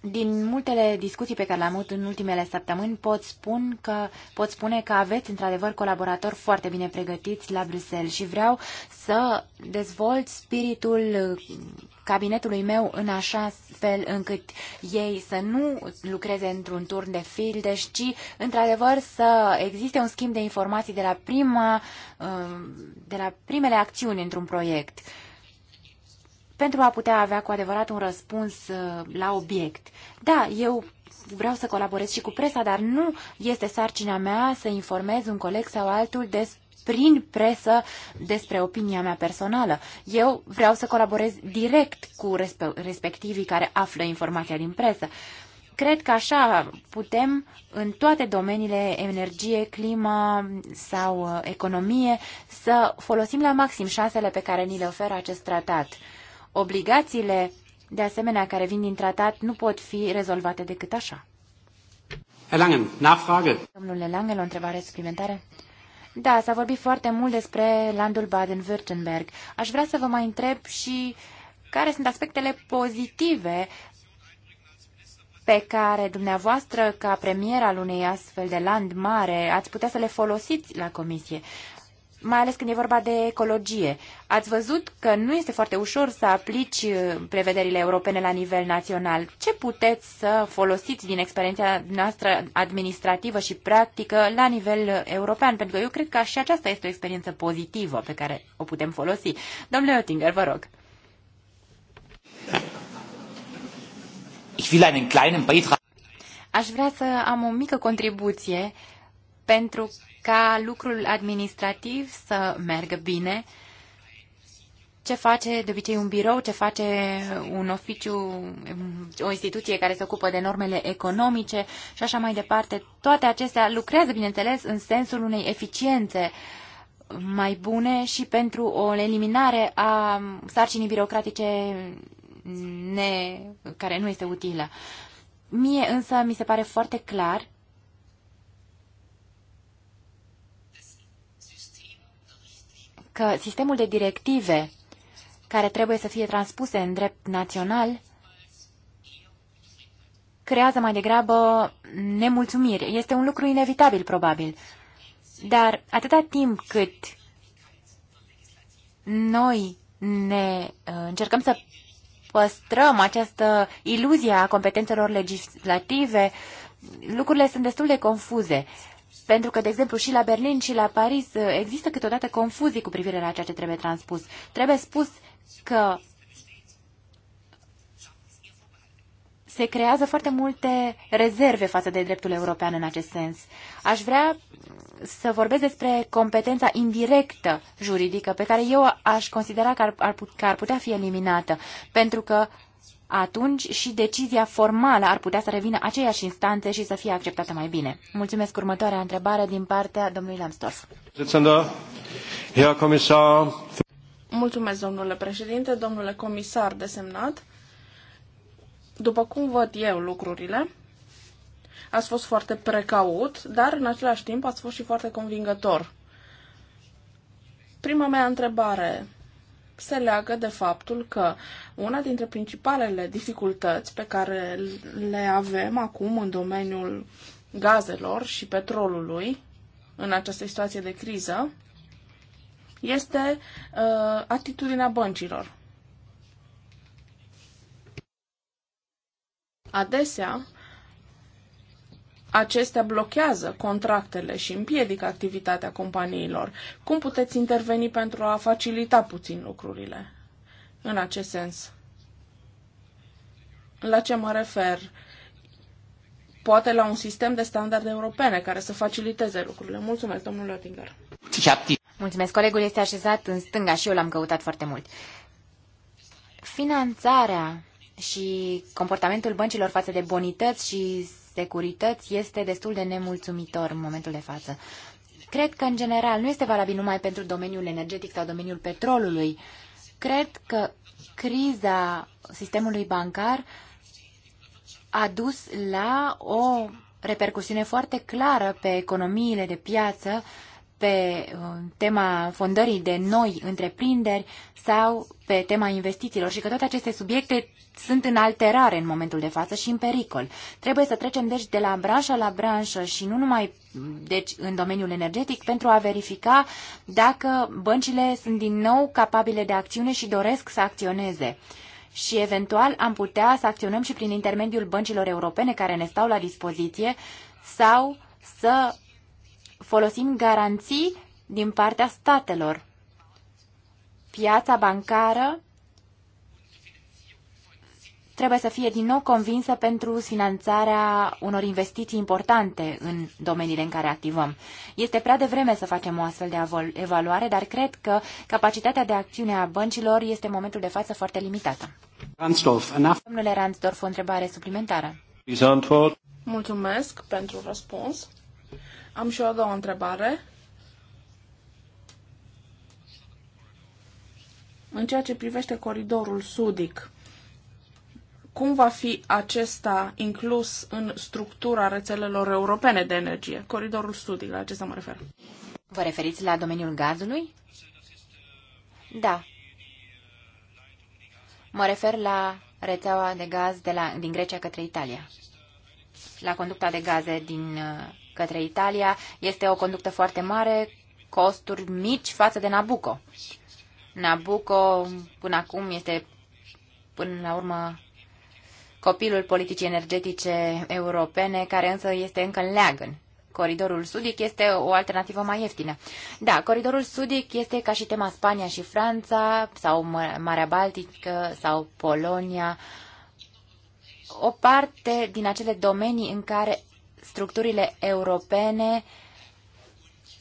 Din multele discuții pe care le-am avut în ultimele săptămâni, pot, spun că, pot spune că aveți într-adevăr colaboratori foarte bine pregătiți la Bruxelles și vreau să dezvolt spiritul cabinetului meu în așa fel încât ei să nu lucreze într-un turn de fildeș, ci într-adevăr să existe un schimb de informații de la, prima, uh, de la primele acțiuni într-un proiect pentru a putea avea cu adevărat un răspuns uh, la obiect. Da, eu vreau să colaborez și cu presa, dar nu este sarcina mea să informez un coleg sau altul despre prin presă despre opinia mea personală. Eu vreau să colaborez direct cu respectivii care află informația din presă. Cred că așa putem în toate domeniile energie, climă sau uh, economie să folosim la maxim șansele pe care ni le oferă acest tratat. Obligațiile de asemenea care vin din tratat nu pot fi rezolvate decât așa. Herr Langen, nachfrage. Domnule Langen, o întrebare suplimentare. Da, s-a vorbit foarte mult despre landul Baden-Württemberg. Aș vrea să vă mai întreb și care sunt aspectele pozitive pe care dumneavoastră, ca premier al unei astfel de land mare, ați putea să le folosiți la comisie mai ales când e vorba de ecologie. Ați văzut că nu este foarte ușor să aplici uh, prevederile europene la nivel național. Ce puteți să folosiți din experiența noastră administrativă și practică la nivel uh, european? Pentru că eu cred că și aceasta este o experiență pozitivă pe care o putem folosi. Domnule Oettinger, vă rog. Ich will einen kleinen Beitrag. Aș vrea să am o mică contribuție pentru ca lucrul administrativ să meargă bine. Ce face de obicei un birou, ce face un oficiu, o instituție care se ocupă de normele economice și așa mai departe. Toate acestea lucrează, bineînțeles, în sensul unei eficiențe mai bune și pentru o eliminare a sarcinii birocratice ne, care nu este utilă. Mie însă mi se pare foarte clar că sistemul de directive care trebuie să fie transpuse în drept național creează mai degrabă nemulțumiri. Este un lucru inevitabil, probabil. Dar atâta timp cât noi ne uh, încercăm să păstrăm această iluzie a competențelor legislative, lucrurile sunt destul de confuze. Pentru că, de exemplu, și la Berlin și la Paris uh, există câteodată confuzii cu privire la ceea ce trebuie transpus. Trebuie spus că se creează foarte multe rezerve față de dreptul european în acest sens. Aș vrea să vorbesc despre competența indirectă juridică pe care eu aș considera că ar, ar, că ar putea fi eliminată, pentru că atunci și decizia formală ar putea să revină aceeași instanțe și să fie acceptată mai bine. Mulțumesc următoarea întrebare din partea domnului Lamstorf. Mulțumesc, domnule președinte, domnule comisar desemnat. După cum văd eu lucrurile, ați fost foarte precaut, dar în același timp ați fost și foarte convingător. Prima mea întrebare se leagă de faptul că una dintre principalele dificultăți pe care le avem acum în domeniul gazelor și petrolului, în această situație de criză, este uh, atitudinea băncilor. Adesea, acestea blochează contractele și împiedică activitatea companiilor. Cum puteți interveni pentru a facilita puțin lucrurile în acest sens? La ce mă refer? Poate la un sistem de standarde europene care să faciliteze lucrurile. Mulțumesc, domnule Oettinger. Mulțumesc. Colegul este așezat în stânga și eu l-am căutat foarte mult. Finanțarea și comportamentul băncilor față de bonități și securități este destul de nemulțumitor în momentul de față. Cred că, în general, nu este valabil numai pentru domeniul energetic sau domeniul petrolului. Cred că criza sistemului bancar a dus la o repercusiune foarte clară pe economiile de piață pe uh, tema fondării de noi întreprinderi sau pe tema investițiilor și că toate aceste subiecte sunt în alterare în momentul de față și în pericol. Trebuie să trecem deci de la branșă la branșă și nu numai deci în domeniul energetic pentru a verifica dacă băncile sunt din nou capabile de acțiune și doresc să acționeze și eventual am putea să acționăm și prin intermediul băncilor europene care ne stau la dispoziție sau să folosim garanții din partea statelor. Piața bancară trebuie să fie din nou convinsă pentru finanțarea unor investiții importante în domeniile în care activăm. Este prea devreme să facem o astfel de evaluare, dar cred că capacitatea de acțiune a băncilor este în momentul de față foarte limitată. Ransdorf, Domnule Ransdorf, o întrebare suplimentară. Mulțumesc pentru răspuns. Am și o a doua întrebare. În ceea ce privește coridorul sudic, cum va fi acesta inclus în structura rețelelor europene de energie? Coridorul sudic, la acesta mă refer. Vă referiți la domeniul gazului? Da. Mă refer la rețeaua de gaz de la, din Grecia către Italia, la conducta de gaze din uh, către Italia este o conductă foarte mare, costuri mici față de Nabucco. Nabucco până acum este până la urmă copilul politicii energetice europene, care însă este încă în leagăn. Coridorul sudic este o alternativă mai ieftină. Da, coridorul sudic este ca și tema Spania și Franța, sau Marea Baltică, sau Polonia, o parte din acele domenii în care structurile europene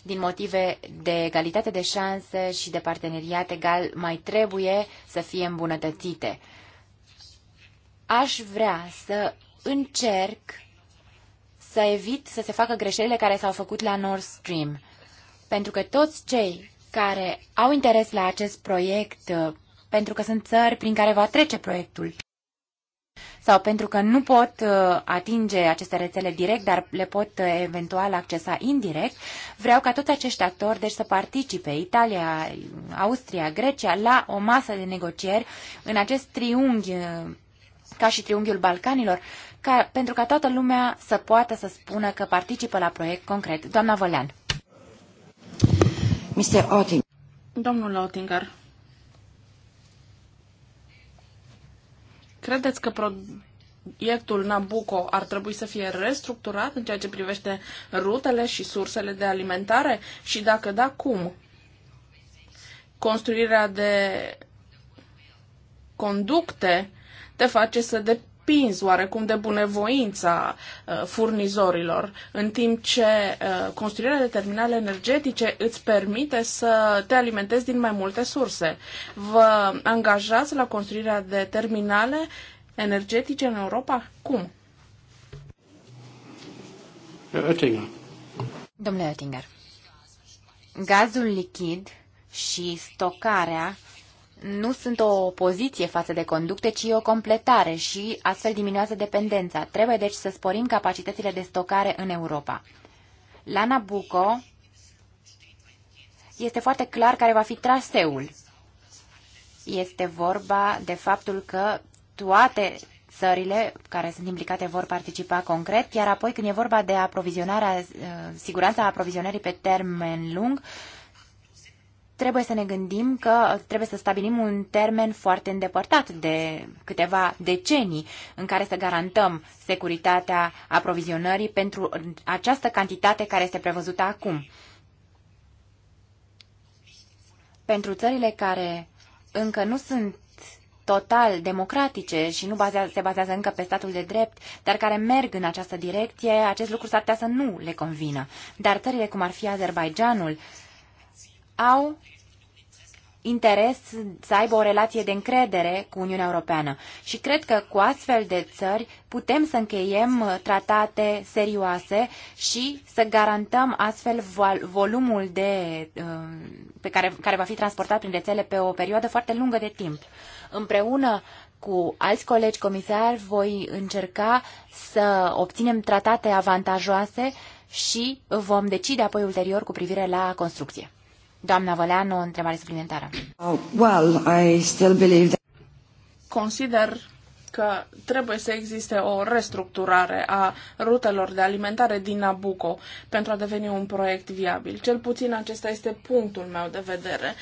din motive de egalitate de șanse și de parteneriat egal mai trebuie să fie îmbunătățite. Aș vrea să încerc să evit să se facă greșelile care s-au făcut la Nord Stream, pentru că toți cei care au interes la acest proiect, pentru că sunt țări prin care va trece proiectul, sau pentru că nu pot uh, atinge aceste rețele direct, dar le pot uh, eventual accesa indirect, vreau ca toți acești actori deci, să participe, Italia, Austria, Grecia, la o masă de negocieri în acest triunghi uh, ca și triunghiul Balcanilor, ca, pentru ca toată lumea să poată să spună că participă la proiect concret. Doamna Vălean. Mr. Oettinger. Domnul Oettinger, Credeți că proiectul Nabucco ar trebui să fie restructurat în ceea ce privește rutele și sursele de alimentare? Și dacă da, cum? Construirea de conducte te face să de- împins oarecum de bunevoința uh, furnizorilor, în timp ce uh, construirea de terminale energetice îți permite să te alimentezi din mai multe surse. Vă angajați la construirea de terminale energetice în Europa? Cum? Oettinger. Domnule Oettinger, gazul lichid și stocarea nu sunt o opoziție față de conducte, ci o completare și astfel diminuează dependența. Trebuie deci să sporim capacitățile de stocare în Europa. La Nabucco este foarte clar care va fi traseul. Este vorba de faptul că toate țările care sunt implicate vor participa concret, iar apoi când e vorba de aprovizionarea, siguranța aprovizionării pe termen lung, trebuie să ne gândim că trebuie să stabilim un termen foarte îndepărtat de câteva decenii în care să garantăm securitatea aprovizionării pentru această cantitate care este prevăzută acum. Pentru țările care încă nu sunt total democratice și nu bazează, se bazează încă pe statul de drept, dar care merg în această direcție, acest lucru s-ar putea să nu le convină. Dar țările cum ar fi Azerbaijanul au interes să aibă o relație de încredere cu Uniunea Europeană. Și cred că cu astfel de țări putem să încheiem tratate serioase și să garantăm astfel volumul de, uh, pe care, care va fi transportat prin rețele pe o perioadă foarte lungă de timp. Împreună cu alți colegi comisari voi încerca să obținem tratate avantajoase și vom decide apoi ulterior cu privire la construcție. Doamna Văleanu, o întrebare suplimentară. Oh, well, I still believe that... Consider că trebuie să existe o restructurare a rutelor de alimentare din Nabucco pentru a deveni un proiect viabil. Cel puțin acesta este punctul meu de vedere.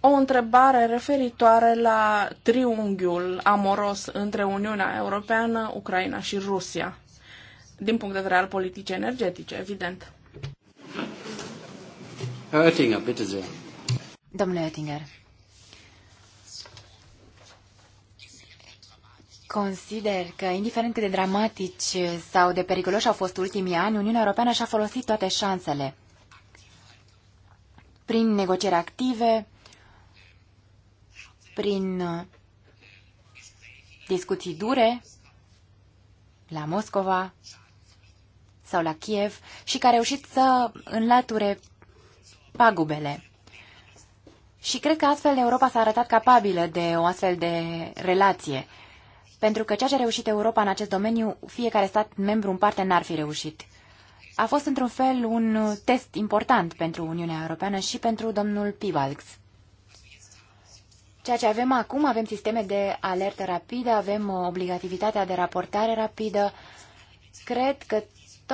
O întrebare referitoare la triunghiul amoros între Uniunea Europeană, Ucraina și Rusia, din punct de vedere al politicii energetice, evident. Herr Oettinger, bitte sehr. Domnule Oettinger, Consider că, indiferent cât de dramatici sau de periculoși au fost ultimii ani, Uniunea Europeană și-a folosit toate șansele. Prin negocieri active, prin uh, discuții dure la Moscova sau la Kiev și că a reușit să înlăture pagubele. Și cred că astfel Europa s-a arătat capabilă de o astfel de relație, pentru că ceea ce a reușit Europa în acest domeniu, fiecare stat membru în parte n-ar fi reușit. A fost într-un fel un test important pentru Uniunea Europeană și pentru domnul Pibalgs. Ceea ce avem acum, avem sisteme de alertă rapidă, avem uh, obligativitatea de raportare rapidă. Cred că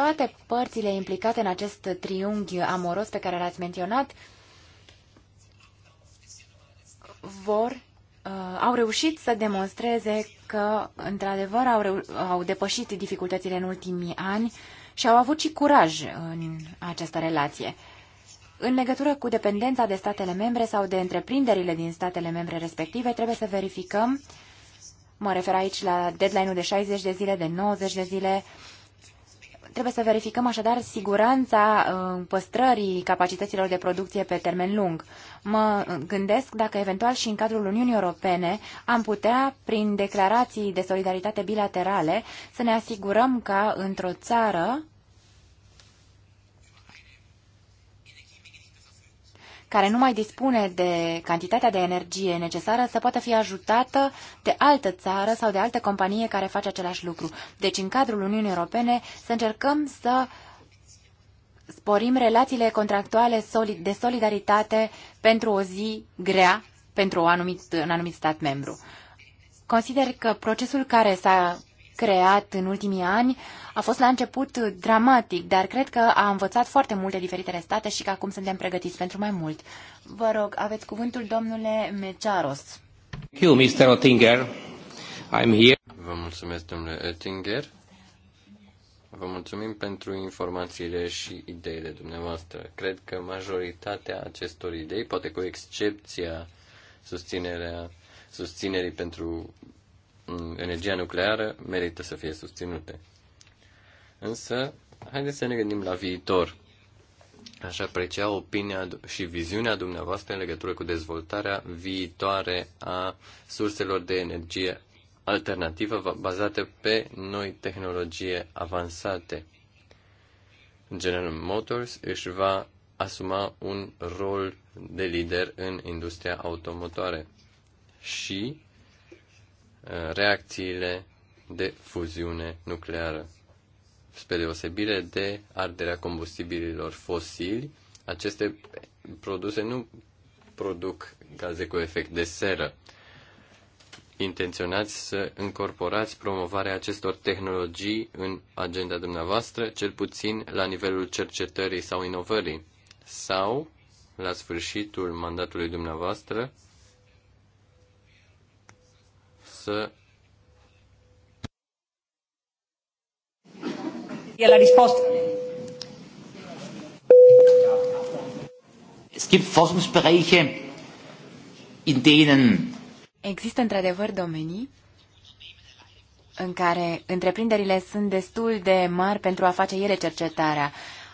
toate părțile implicate în acest triunghi amoros pe care l-ați menționat vor, uh, au reușit să demonstreze că, într-adevăr, au, au depășit dificultățile în ultimii ani și au avut și curaj în această relație. În legătură cu dependența de statele membre sau de întreprinderile din statele membre respective, trebuie să verificăm, mă refer aici la deadline-ul de 60 de zile, de 90 de zile, Trebuie să verificăm așadar siguranța uh, păstrării capacităților de producție pe termen lung. Mă gândesc dacă eventual și în cadrul Uniunii Europene am putea, prin declarații de solidaritate bilaterale, să ne asigurăm ca într-o țară care nu mai dispune de cantitatea de energie necesară să poată fi ajutată de altă țară sau de altă companie care face același lucru. Deci, în cadrul Uniunii Europene, să încercăm să sporim relațiile contractuale de solidaritate pentru o zi grea pentru un anumit, un anumit stat membru. Consider că procesul care s-a creat în ultimii ani a fost la început dramatic, dar cred că a învățat foarte multe diferitele state și că acum suntem pregătiți pentru mai mult. Vă rog, aveți cuvântul domnule Mecharos. Thank you, Mr. Oettinger. I'm here. Vă mulțumesc, domnule Oettinger. Vă mulțumim pentru informațiile și ideile dumneavoastră. Cred că majoritatea acestor idei, poate cu excepția susținerea, susținerii pentru energia nucleară merită să fie susținute. Însă, haideți să ne gândim la viitor. Aș aprecia opinia și viziunea dumneavoastră în legătură cu dezvoltarea viitoare a surselor de energie alternativă bazate pe noi tehnologie avansate. General Motors își va asuma un rol de lider în industria automotoare și reacțiile de fuziune nucleară. Spre deosebire de arderea combustibililor fosili, aceste produse nu produc gaze cu efect de seră. Intenționați să încorporați promovarea acestor tehnologii în agenda dumneavoastră, cel puțin la nivelul cercetării sau inovării, sau la sfârșitul mandatului dumneavoastră, să El la răspuns. Es gibt Forschungsbereiche, in denen Există într-adevăr domenii în care întreprinderile sunt destul de mari pentru a face ele cercetarea.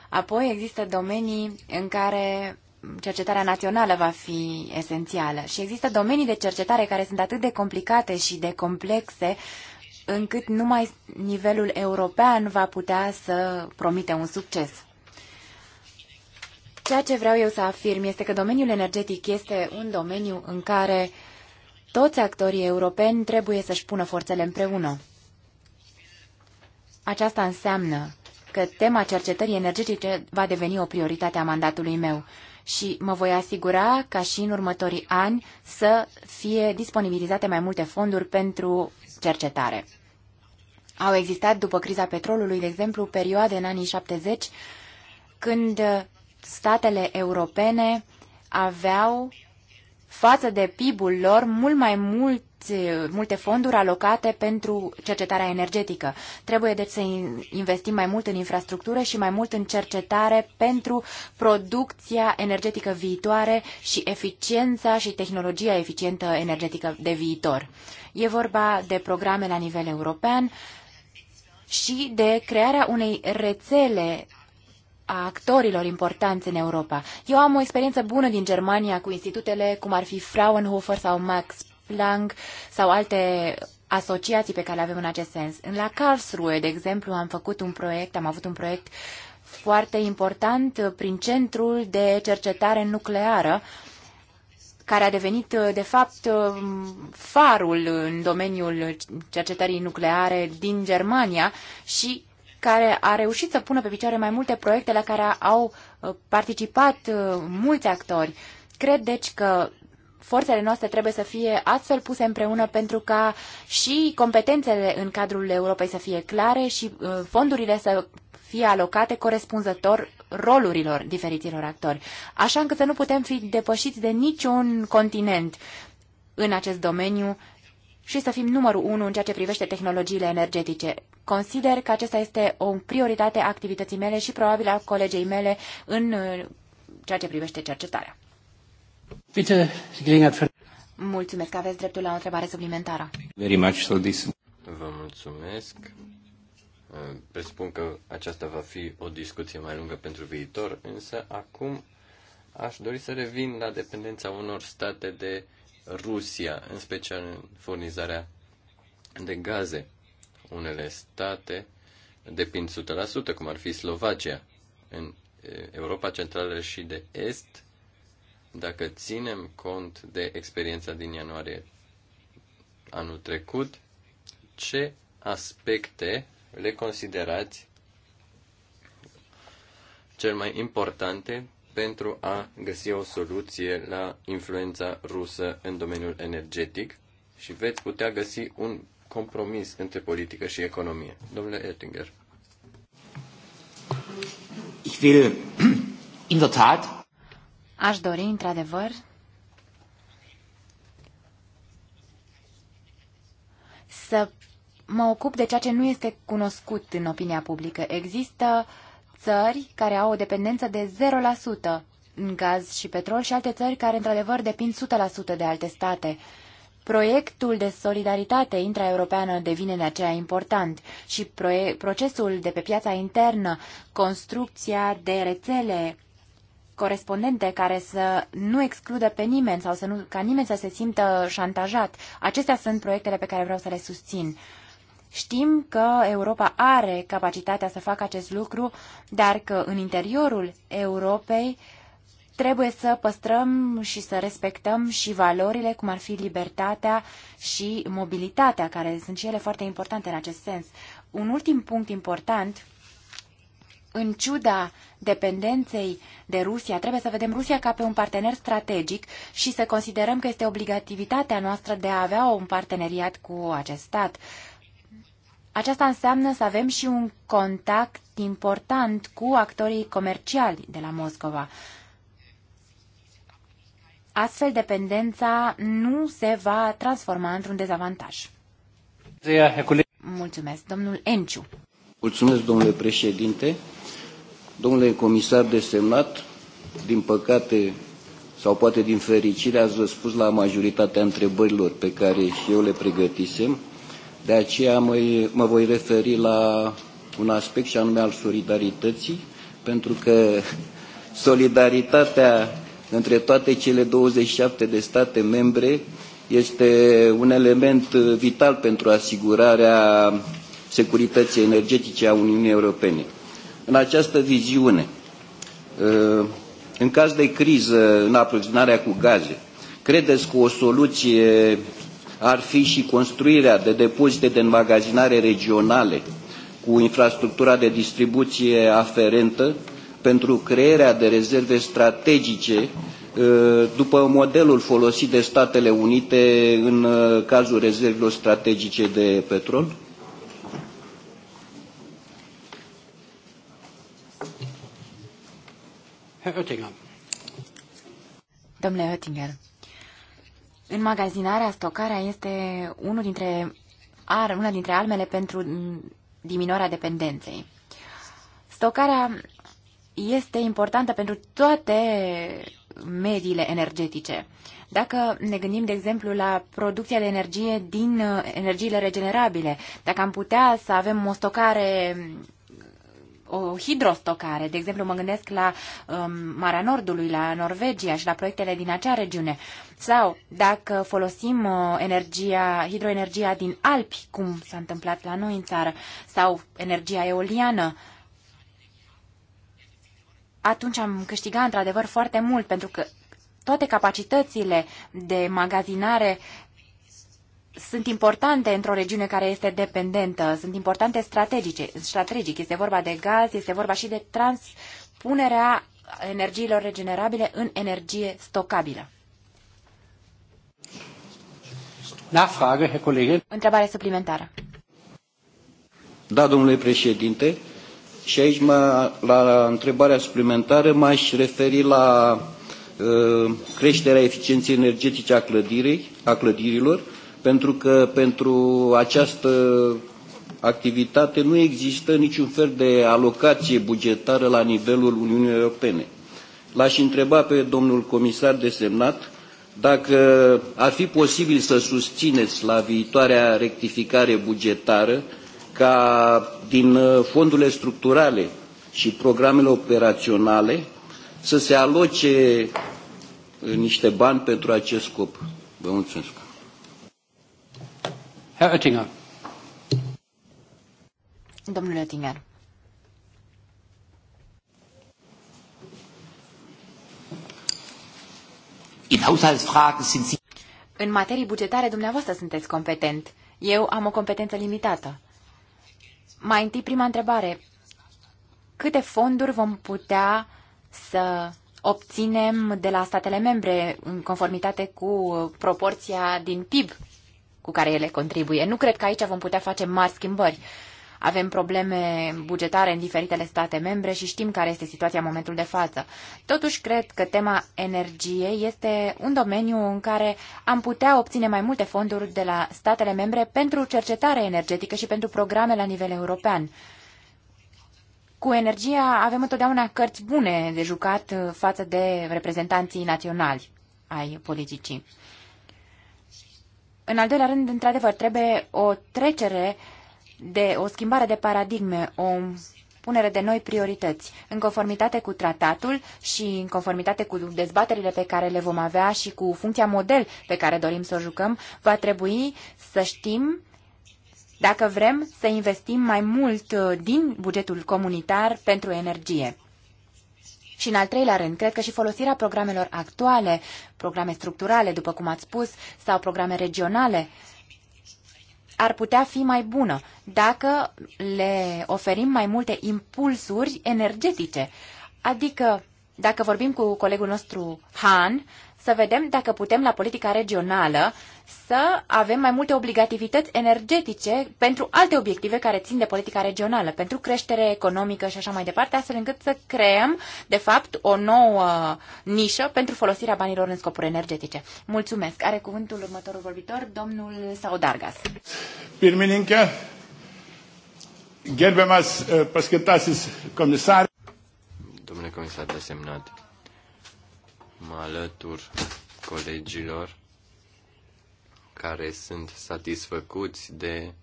Apoi există domenii în care cercetarea națională va fi esențială. Și există domenii de cercetare care sunt atât de complicate și de complexe încât numai nivelul european va putea să promite un succes. Ceea ce vreau eu să afirm este că domeniul energetic este un domeniu în care toți actorii europeni trebuie să-și pună forțele împreună. Aceasta înseamnă că tema cercetării energetice va deveni o prioritate a mandatului meu și mă voi asigura ca și în următorii ani să fie disponibilizate mai multe fonduri pentru cercetare. Au existat, după criza petrolului, de exemplu, perioade în anii 70 când statele europene aveau față de PIB-ul lor mult mai mult mulți, eh, multe fonduri alocate pentru cercetarea energetică. Trebuie deci să investim mai mult în infrastructură și mai mult în cercetare pentru producția energetică viitoare și eficiența și tehnologia eficientă energetică de viitor. E vorba de programe la nivel european și de crearea unei rețele a actorilor importanți în Europa. Eu am o experiență bună din Germania cu institutele cum ar fi Fraunhofer sau Max Planck sau alte asociații pe care le avem în acest sens. În La Karlsruhe, de exemplu, am făcut un proiect, am avut un proiect foarte important prin Centrul de Cercetare Nucleară, care a devenit, de fapt, farul în domeniul cercetării nucleare din Germania și care a reușit să pună pe picioare mai multe proiecte la care au uh, participat uh, mulți actori. Cred, deci, că forțele noastre trebuie să fie astfel puse împreună pentru ca și competențele în cadrul Europei să fie clare și uh, fondurile să fie alocate corespunzător rolurilor diferiților actori, așa încât să nu putem fi depășiți de niciun continent în acest domeniu și să fim numărul unu în ceea ce privește tehnologiile energetice. Consider că acesta este o prioritate a activității mele și probabil a colegei mele în uh, ceea ce privește cercetarea. Mulțumesc că aveți dreptul la o întrebare suplimentară. Very much so this. Vă mulțumesc. Presupun că aceasta va fi o discuție mai lungă pentru viitor, însă acum aș dori să revin la dependența unor state de Rusia, în special în furnizarea de gaze. Unele state depind 100%, cum ar fi Slovacia. În Europa Centrală și de Est, dacă ținem cont de experiența din ianuarie anul trecut, ce aspecte le considerați cel mai importante pentru a găsi o soluție la influența rusă în domeniul energetic și veți putea găsi un compromis între politică și economie. Domnule Ettinger. Ich will in der Tat Aș dori, într-adevăr, să mă ocup de ceea ce nu este cunoscut în opinia publică. Există țări care au o dependență de 0% în gaz și petrol și alte țări care, într-adevăr, depind 100% de alte state. Proiectul de solidaritate intraeuropeană devine de aceea important și procesul de pe piața internă, construcția de rețele corespondente care să nu excludă pe nimeni sau să nu, ca nimeni să se simtă șantajat. Acestea sunt proiectele pe care vreau să le susțin. Știm că Europa are capacitatea să facă acest lucru, dar că în interiorul Europei trebuie să păstrăm și să respectăm și valorile, cum ar fi libertatea și mobilitatea, care sunt și ele foarte importante în acest sens. Un ultim punct important în ciuda dependenței de Rusia, trebuie să vedem Rusia ca pe un partener strategic și să considerăm că este obligativitatea noastră de a avea un parteneriat cu acest stat. Aceasta înseamnă să avem și un contact important cu actorii comerciali de la Moscova. Astfel, dependența nu se va transforma într-un dezavantaj. Mulțumesc, domnul Enciu. Mulțumesc, domnule președinte. Domnule comisar desemnat, din păcate sau poate din fericire ați răspuns la majoritatea întrebărilor pe care și eu le pregătisem. De aceea mă, mă voi referi la un aspect și anume al solidarității, pentru că solidaritatea între toate cele 27 de state membre este un element vital pentru asigurarea securității energetice a Uniunii Europene. În această viziune, uh, în caz de criză în aprovizionarea cu gaze, credeți că o soluție ar fi și construirea de depozite de înmagazinare regionale cu infrastructura de distribuție aferentă pentru crearea de rezerve strategice uh, după modelul folosit de Statele Unite în uh, cazul rezervelor strategice de petrol? Herr Oettinger. Domnule Oettinger, înmagazinarea, stocarea este unul dintre, ar, una dintre armele pentru diminuarea dependenței. Stocarea este importantă pentru toate mediile energetice. Dacă ne gândim, de exemplu, la producția de energie din energiile regenerabile, dacă am putea să avem o stocare o hidrostocare. De exemplu, mă gândesc la um, Marea Nordului, la Norvegia și la proiectele din acea regiune. Sau dacă folosim uh, energia, hidroenergia din Alpi, cum s-a întâmplat la noi în țară, sau energia eoliană, atunci am câștigat într-adevăr foarte mult, pentru că toate capacitățile de magazinare sunt importante într-o regiune care este dependentă, sunt importante strategice, strategic. Este vorba de gaz, este vorba și de transpunerea energiilor regenerabile în energie stocabilă. Nachfrage, Herr Kollege. Întrebare suplimentară. Da, domnule președinte, și aici mă, la întrebarea suplimentară m-aș referi la uh, creșterea eficienței energetice a, clădirei, a clădirilor, pentru că pentru această activitate nu există niciun fel de alocație bugetară la nivelul Uniunii Europene. L-aș întreba pe domnul comisar desemnat dacă ar fi posibil să susțineți la viitoarea rectificare bugetară ca din uh, fondurile structurale și programele operaționale să se aloce uh, niște bani pentru acest scop. Vă mulțumesc. Herr Oettinger. Domnule Oettinger. In Haushaltsfragen sind Sie în materii bugetare, dumneavoastră sunteți competent. Eu am o competență limitată. Mai întâi, prima întrebare. Câte fonduri vom putea să obținem de la statele membre în conformitate cu proporția din PIB cu care ele contribuie. Nu cred că aici vom putea face mari schimbări. Avem probleme bugetare în diferitele state membre și știm care este situația în momentul de față. Totuși, cred că tema energiei este un domeniu în care am putea obține mai multe fonduri de la statele membre pentru cercetare energetică și pentru programe la nivel european. Cu energia avem întotdeauna cărți bune de jucat față de reprezentanții naționali ai politicii. În al doilea rând, într-adevăr, trebuie o trecere de o schimbare de paradigme, o punere de noi priorități, în conformitate cu tratatul și în conformitate cu dezbaterile pe care le vom avea și cu funcția model pe care dorim să o jucăm, va trebui să știm dacă vrem să investim mai mult uh, din bugetul comunitar pentru energie. Și în al treilea rând, cred că și folosirea programelor actuale, programe structurale, după cum ați spus, sau programe regionale, ar putea fi mai bună dacă le oferim mai multe impulsuri energetice. Adică, dacă vorbim cu colegul nostru Han, să vedem dacă putem la politica regională să avem mai multe obligativități energetice pentru alte obiective care țin de politica regională, pentru creștere economică și așa mai departe, astfel încât să creăm, de fapt, o nouă nișă pentru folosirea banilor în scopuri energetice. Mulțumesc. Are cuvântul următorul vorbitor, domnul Saudargas. Pirmininca, Gerbemas, eh, paskirtasis comisar. Domnule comisar desemnat, mă alătur colegilor care sunt satisfăcuți de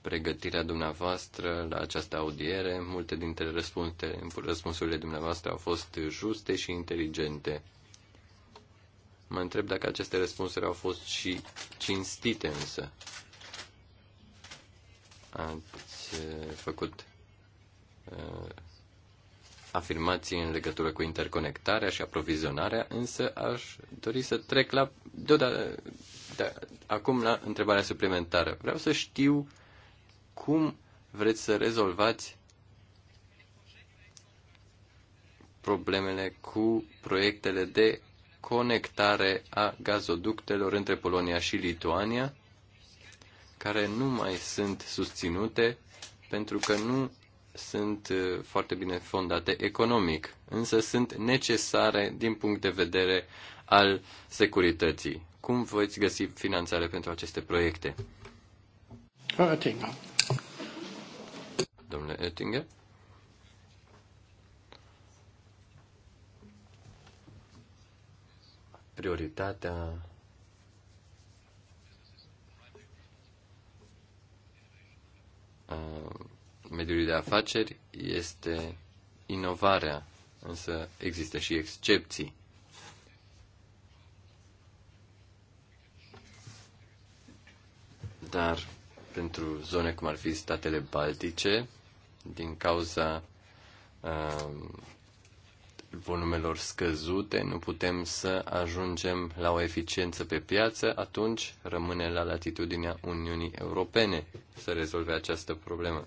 pregătirea dumneavoastră la această audiere. Multe dintre răspunsurile dumneavoastră au fost juste și inteligente. Mă întreb dacă aceste răspunsuri au fost și cinstite însă. Ați uh, făcut uh, afirmații în legătură cu interconectarea și aprovizionarea, însă aș dori să trec la, deodată, de, da, acum la întrebarea suplimentară. Vreau să știu cum vreți să rezolvați problemele cu proiectele de conectare a gazoductelor între Polonia și Lituania, care nu mai sunt susținute pentru că nu sunt uh, foarte bine fondate economic, însă sunt necesare din punct de vedere al securității. Cum veți găsi finanțare pentru aceste proiecte? Oettinger. Domnule Oettinger? Prioritatea uh, mediului de afaceri este inovarea, însă există și excepții. Dar pentru zone cum ar fi statele baltice, din cauza uh, volumelor scăzute, nu putem să ajungem la o eficiență pe piață, atunci rămâne la latitudinea Uniunii Europene să rezolve această problemă.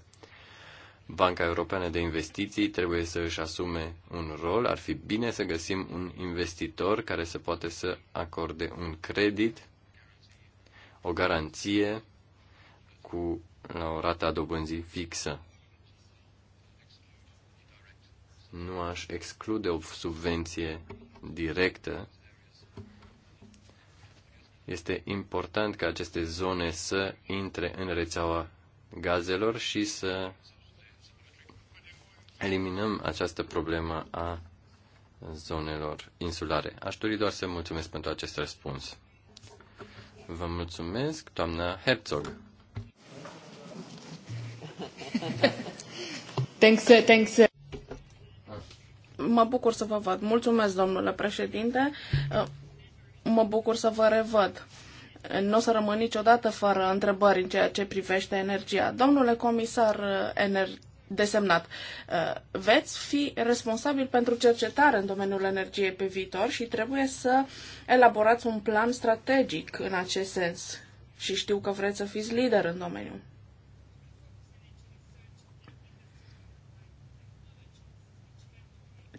Banca Europeană de Investiții trebuie să își asume un rol. Ar fi bine să găsim un investitor care să poate să acorde un credit, o garanție cu la o rată a dobânzii fixă. Nu aș exclude o subvenție directă. Este important ca aceste zone să intre în rețeaua gazelor și să eliminăm această problemă a zonelor insulare. Aș dori doar să mulțumesc pentru acest răspuns. Vă mulțumesc, doamna Herzog. thanks, thanks. Mă bucur să vă văd. Mulțumesc, domnule președinte. Mă bucur să vă revăd. Nu o să rămân niciodată fără întrebări în ceea ce privește energia. Domnule comisar, energie desemnat. Uh, veți fi responsabil pentru cercetare în domeniul energiei pe viitor și trebuie să elaborați un plan strategic în acest sens. Și știu că vreți să fiți lider în domeniu.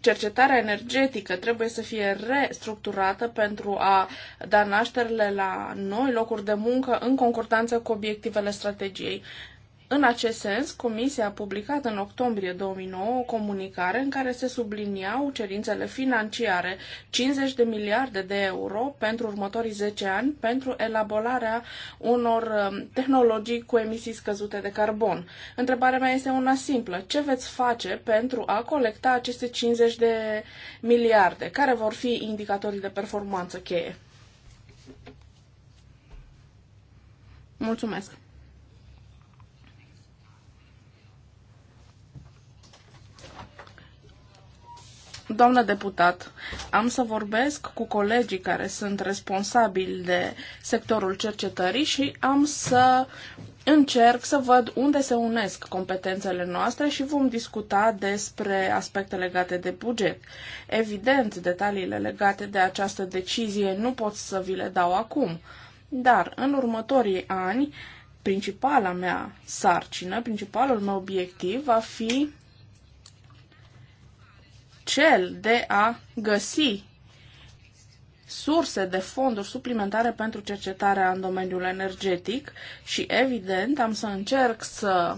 cercetarea energetică trebuie să fie restructurată pentru a da nașterile la noi locuri de muncă în concordanță cu obiectivele strategiei. În acest sens, Comisia a publicat în octombrie 2009 o comunicare în care se subliniau cerințele financiare 50 de miliarde de euro pentru următorii 10 ani pentru elaborarea unor um, tehnologii cu emisii scăzute de carbon. Întrebarea mea este una simplă. Ce veți face pentru a colecta aceste 50 de miliarde? Care vor fi indicatorii de performanță cheie? Mulțumesc! Doamnă deputat, am să vorbesc cu colegii care sunt responsabili de sectorul cercetării și am să încerc să văd unde se unesc competențele noastre și vom discuta despre aspecte legate de buget. Evident, detaliile legate de această decizie nu pot să vi le dau acum, dar în următorii ani, principala mea sarcină, principalul meu obiectiv va fi cel de a găsi surse de fonduri suplimentare pentru cercetarea în domeniul energetic și, evident, am să încerc să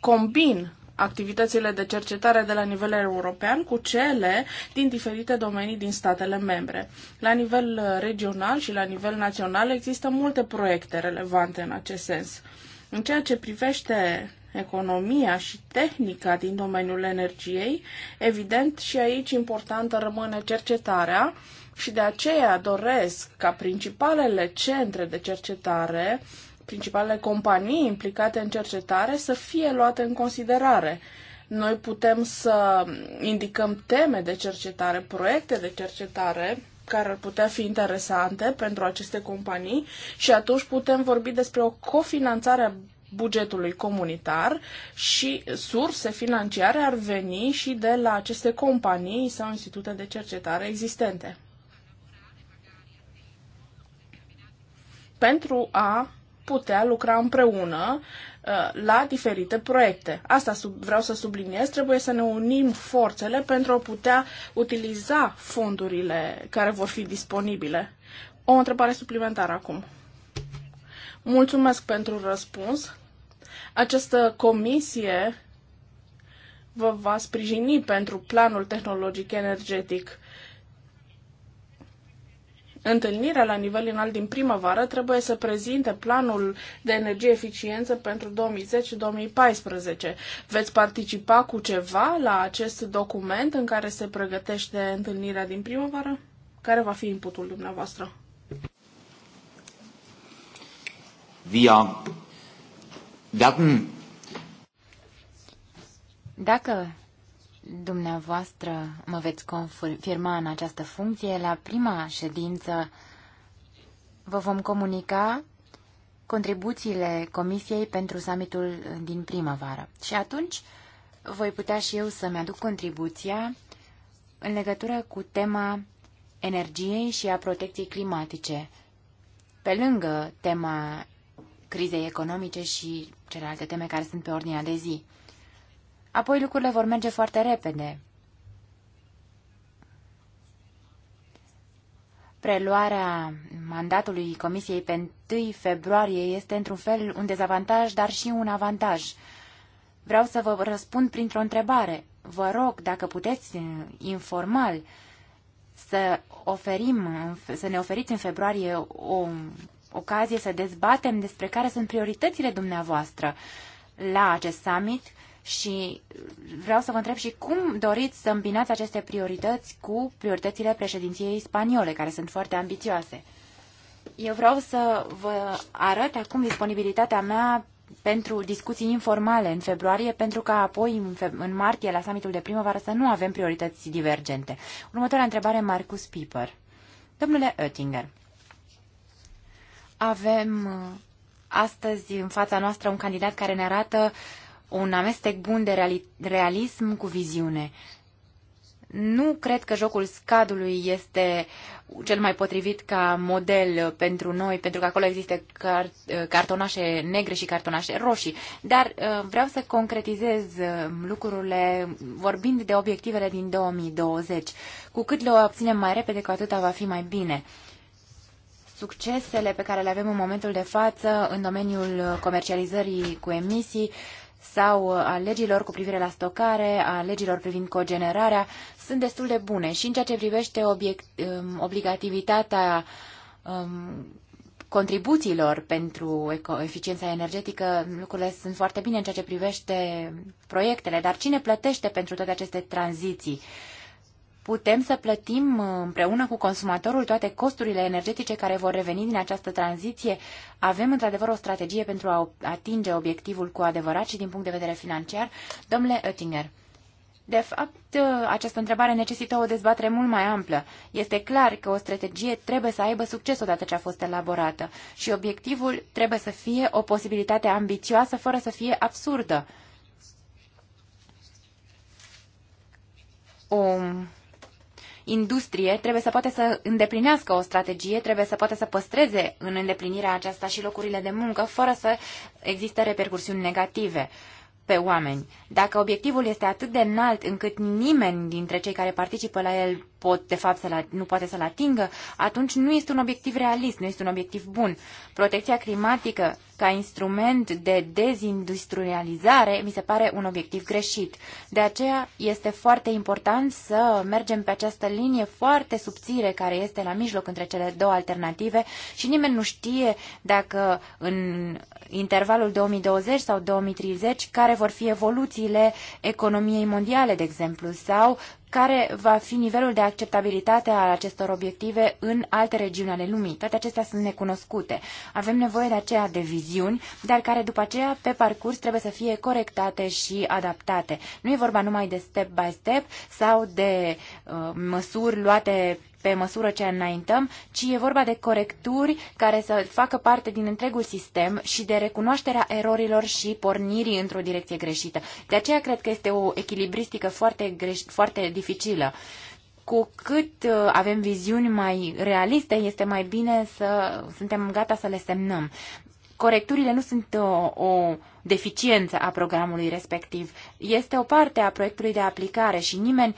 combin activitățile de cercetare de la nivel european cu cele din diferite domenii din statele membre. La nivel uh, regional și la nivel național există multe proiecte relevante în acest sens. În ceea ce privește economia și tehnica din domeniul energiei, evident și aici importantă rămâne cercetarea și de aceea doresc ca principalele centre de cercetare, principalele companii implicate în cercetare să fie luate în considerare. Noi putem să indicăm teme de cercetare, proiecte de cercetare care ar putea fi interesante pentru aceste companii și atunci putem vorbi despre o cofinanțare bugetului comunitar și surse financiare ar veni și de la aceste companii sau institute de cercetare existente. Pentru a putea lucra împreună uh, la diferite proiecte. Asta sub, vreau să subliniez, trebuie să ne unim forțele pentru a putea utiliza fondurile care vor fi disponibile. O întrebare suplimentară acum. Mulțumesc pentru răspuns. Această comisie vă va sprijini pentru planul tehnologic energetic. Întâlnirea la nivel înalt din primăvară trebuie să prezinte planul de energie eficiență pentru 2010-2014. Veți participa cu ceva la acest document în care se pregătește întâlnirea din primăvară? Care va fi inputul dumneavoastră? Via werden dacă dumneavoastră mă veți confirma în această funcție, la prima ședință vă vom comunica contribuțiile Comisiei pentru summitul din primăvară. Și atunci voi putea și eu să-mi aduc contribuția în legătură cu tema energiei și a protecției climatice, pe lângă tema crizei economice și celelalte teme care sunt pe ordinea de zi. Apoi lucrurile vor merge foarte repede. Preluarea mandatului Comisiei pe 1 februarie este într-un fel un dezavantaj, dar și un avantaj. Vreau să vă răspund printr-o întrebare. Vă rog, dacă puteți, uh, informal, să, oferim, să ne oferiți în februarie o ocazie să dezbatem despre care sunt prioritățile dumneavoastră la acest summit și vreau să vă întreb și cum doriți să îmbinați aceste priorități cu prioritățile președinției spaniole, care sunt foarte ambițioase. Eu vreau să vă arăt acum disponibilitatea mea pentru discuții informale în februarie, pentru ca apoi în, în martie, la summitul de primăvară, să nu avem priorități divergente. Următoarea întrebare, Marcus Piper. Domnule Oettinger, avem uh, astăzi în fața noastră un candidat care ne arată un amestec bun de realism cu viziune. Nu cred că jocul scadului este cel mai potrivit ca model pentru noi, pentru că acolo există car- cartonașe negre și cartonașe roșii. Dar uh, vreau să concretizez uh, lucrurile vorbind de obiectivele din 2020. Cu cât le obținem mai repede, cu atâta va fi mai bine succesele pe care le avem în momentul de față în domeniul comercializării cu emisii sau a legilor cu privire la stocare, a legilor privind cogenerarea, sunt destul de bune. Și în ceea ce privește obiect, um, obligativitatea um, contribuțiilor pentru eficiența energetică, lucrurile sunt foarte bine în ceea ce privește proiectele, dar cine plătește pentru toate aceste tranziții? Uh, putem să plătim uh, împreună cu consumatorul toate costurile energetice care vor reveni din această tranziție? Avem într-adevăr o strategie pentru a atinge obiectivul cu adevărat și din punct de vedere financiar? Domnule Oettinger, de fapt, uh, această întrebare necesită o dezbatere mult mai amplă. Este clar că o strategie trebuie să aibă succes odată ce a fost elaborată și obiectivul trebuie să fie o posibilitate ambițioasă fără să fie absurdă. O um, industrie trebuie să poată să îndeplinească o strategie, trebuie să poată să păstreze în îndeplinirea aceasta și locurile de muncă, fără să existe repercursiuni negative pe oameni. Dacă obiectivul este atât de înalt încât nimeni dintre cei care participă la el pot, de fapt, să-l, nu poate să-l atingă, atunci nu este un obiectiv realist, nu este un obiectiv bun. Protecția climatică ca instrument de dezindustrializare mi se pare un obiectiv greșit. De aceea este foarte important să mergem pe această linie foarte subțire care este la mijloc între cele două alternative și nimeni nu știe dacă în intervalul 2020 sau 2030 care vor fi evoluțiile economiei mondiale, de exemplu, sau care va fi nivelul de acceptabilitate al acestor obiective în alte regiuni ale lumii. Toate acestea sunt necunoscute. Avem nevoie de aceea de viziuni, dar care după aceea, pe parcurs, trebuie să fie corectate și adaptate. Nu e vorba numai de step by step sau de uh, măsuri luate pe măsură ce înaintăm, ci e vorba de corecturi care să facă parte din întregul sistem și de recunoașterea erorilor și pornirii într-o direcție greșită. De aceea cred că este o echilibristică foarte, greș- foarte dificilă cu cât uh, avem viziuni mai realiste, este mai bine să suntem gata să le semnăm. Corecturile nu sunt o, uh, o deficiență a programului respectiv. Este o parte a proiectului de aplicare și nimeni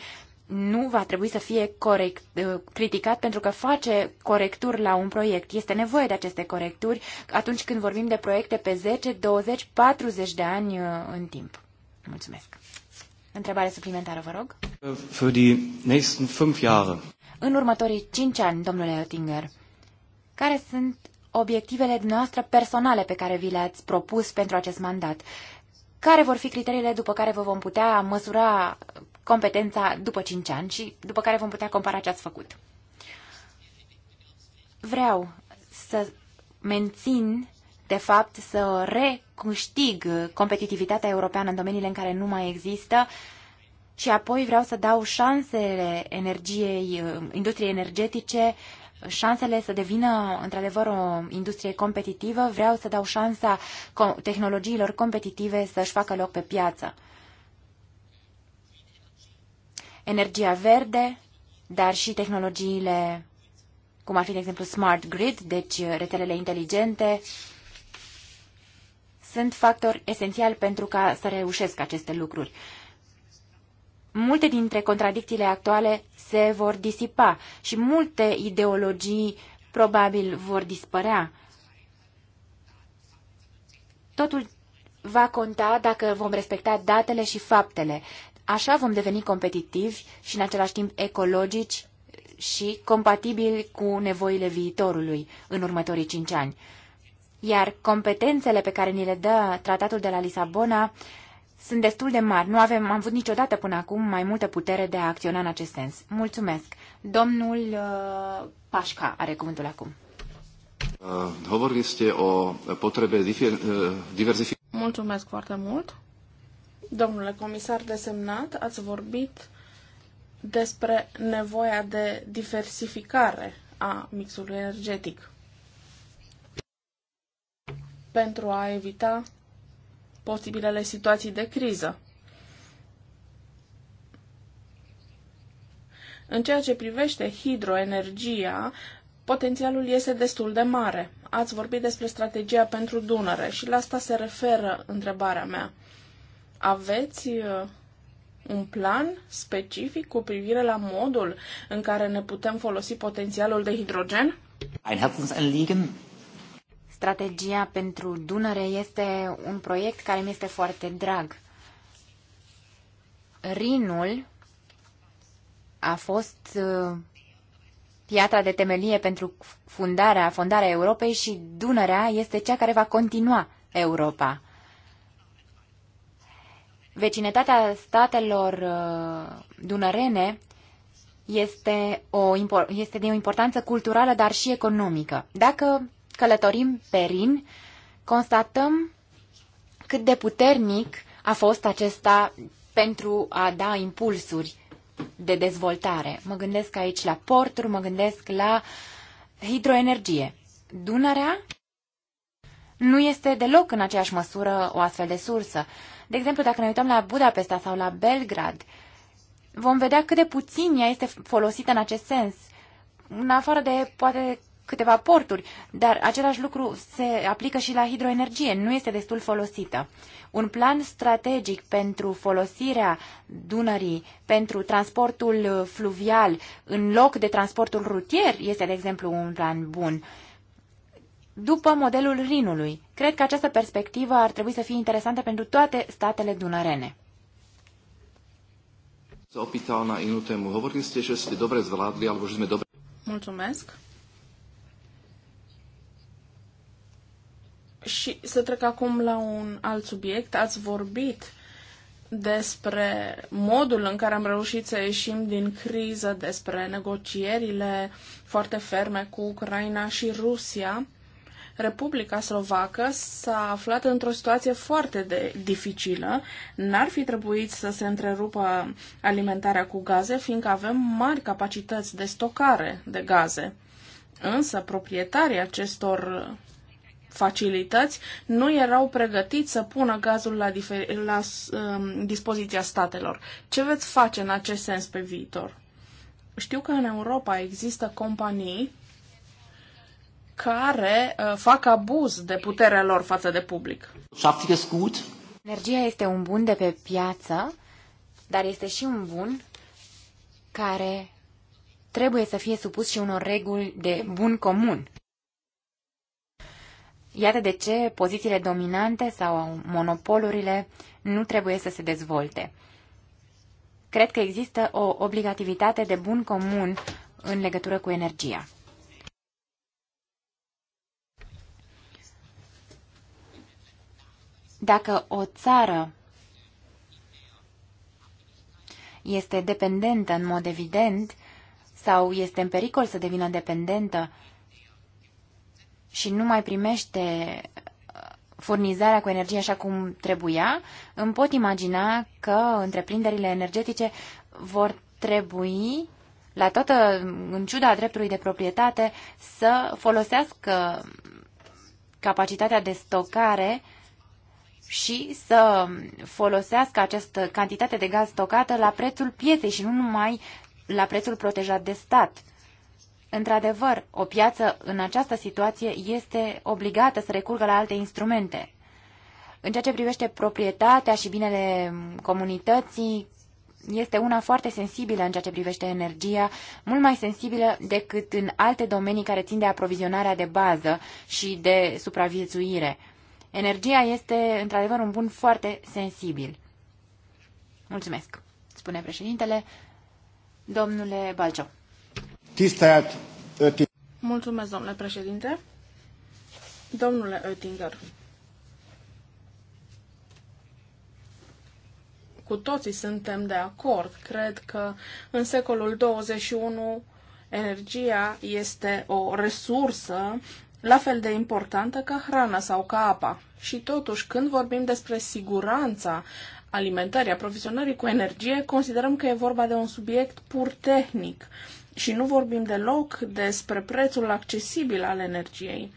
nu va trebui să fie corect, uh, criticat pentru că face corecturi la un proiect. Este nevoie de aceste corecturi atunci când vorbim de proiecte pe 10, 20, 40 de ani uh, în timp. Mulțumesc. Întrebare suplimentară, vă rog. Für die nächsten fünf Jahre. În următorii 5 ani, domnule Oettinger, care sunt obiectivele noastre personale pe care vi le-ați propus pentru acest mandat? Care vor fi criteriile după care vă vom putea măsura competența după 5 ani și după care vom putea compara ce ați făcut. Vreau să mențin, de fapt, să recunștig competitivitatea europeană în domeniile în care nu mai există și apoi vreau să dau șansele energiei, industriei energetice, șansele să devină într-adevăr o industrie competitivă, vreau să dau șansa tehnologiilor competitive să-și facă loc pe piață energia verde, dar și tehnologiile, cum ar fi, de exemplu, smart grid, deci uh, rețelele inteligente, sunt factori esențiali pentru ca să reușesc aceste lucruri. Multe dintre contradicțiile actuale se vor disipa și multe ideologii probabil vor dispărea. Totul va conta dacă vom respecta datele și faptele. Așa vom deveni competitivi și în același timp ecologici și compatibili cu nevoile viitorului în următorii cinci ani. Iar competențele pe care ni le dă tratatul de la Lisabona sunt destul de mari. Nu avem, am avut niciodată până acum mai multă putere de a acționa în acest sens. Mulțumesc. Domnul uh, Pașca are cuvântul acum. Uh, hovorili ste o potrebe uh, diversificării. Mulțumesc foarte mult. Domnule comisar desemnat, ați vorbit despre nevoia de diversificare a mixului energetic pentru a evita posibilele situații de criză. În ceea ce privește hidroenergia, potențialul este destul de mare. Ați vorbit despre strategia pentru Dunăre și la asta se referă întrebarea mea. Aveți uh, un plan specific cu privire la modul în care ne putem folosi potențialul de hidrogen? Strategia pentru Dunăre este un proiect care mi este foarte drag. Rinul a fost uh, piatra de temelie pentru fundarea, fondarea Europei și Dunărea este cea care va continua Europa vecinătatea statelor uh, dunărene este, o, este de o importanță culturală, dar și economică. Dacă călătorim pe Rin, constatăm cât de puternic a fost acesta pentru a da impulsuri de dezvoltare. Mă gândesc aici la porturi, mă gândesc la hidroenergie. Dunărea nu este deloc în aceeași măsură o astfel de sursă. De exemplu, dacă ne uităm la Budapesta sau la Belgrad, vom vedea cât de puțin ea este folosită în acest sens, în afară de poate câteva porturi, dar același lucru se aplică și la hidroenergie, nu este destul folosită. Un plan strategic pentru folosirea Dunării, pentru transportul fluvial, în loc de transportul rutier, este, de exemplu, un plan bun după modelul Rinului. Cred că această perspectivă ar trebui să fie interesantă pentru toate statele dunărene. dobre dobre... Mulțumesc. Și să trec acum la un alt subiect. Ați vorbit despre modul în care am reușit să ieșim din criză, despre negocierile foarte ferme cu Ucraina și Rusia. Republica Slovacă s-a aflat într-o situație foarte de dificilă. N-ar fi trebuit să se întrerupă alimentarea cu gaze, fiindcă avem mari capacități de stocare de gaze. Însă proprietarii acestor facilități nu erau pregătiți să pună gazul la, difer- la um, dispoziția statelor. Ce veți face în acest sens pe viitor? Știu că în Europa există companii care uh, fac abuz de puterea lor față de public. Energia este un bun de pe piață, dar este și un bun care trebuie să fie supus și unor reguli de bun comun. Iată de ce pozițiile dominante sau monopolurile nu trebuie să se dezvolte. Cred că există o obligativitate de bun comun în legătură cu energia. Dacă o țară este dependentă în mod evident sau este în pericol să devină dependentă și nu mai primește uh, furnizarea cu energie așa cum trebuia, îmi pot imagina că întreprinderile energetice vor trebui, la toată, în ciuda dreptului de proprietate, să folosească capacitatea de stocare și să folosească această cantitate de gaz stocată la prețul pieței și nu numai la prețul protejat de stat. Într-adevăr, o piață în această situație este obligată să recurgă la alte instrumente. În ceea ce privește proprietatea și binele comunității, este una foarte sensibilă în ceea ce privește energia, mult mai sensibilă decât în alte domenii care țin de aprovizionarea de bază și de supraviețuire. Energia este, într-adevăr, un bun foarte sensibil. Mulțumesc, spune președintele, domnule Balcio. Mulțumesc, domnule președinte. Domnule Oettinger, cu toții suntem de acord. Cred că în secolul 21 energia este o resursă la fel de importantă ca hrana sau ca apa. Și totuși, când vorbim despre siguranța alimentării, aprovizionării cu energie, considerăm că e vorba de un subiect pur tehnic și nu vorbim deloc despre prețul accesibil al energiei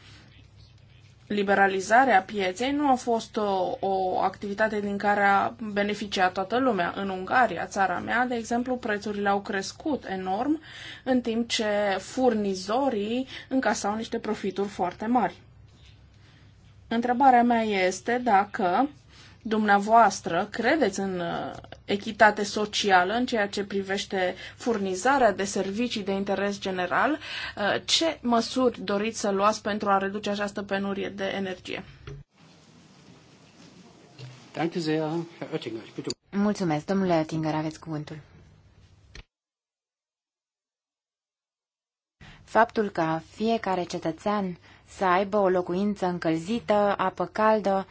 liberalizarea pieței nu a fost o, o activitate din care a beneficiat toată lumea. În Ungaria, țara mea, de exemplu, prețurile au crescut enorm, în timp ce furnizorii încasau niște profituri foarte mari. Întrebarea mea este dacă dumneavoastră credeți în uh, echitate socială în ceea ce privește furnizarea de servicii de interes general, uh, ce măsuri doriți să luați pentru a reduce această penurie de energie? Um- Mulțumesc, domnule Oettinger, aveți cuvântul. Faptul că fiecare cetățean să aibă o locuință încălzită, apă caldă,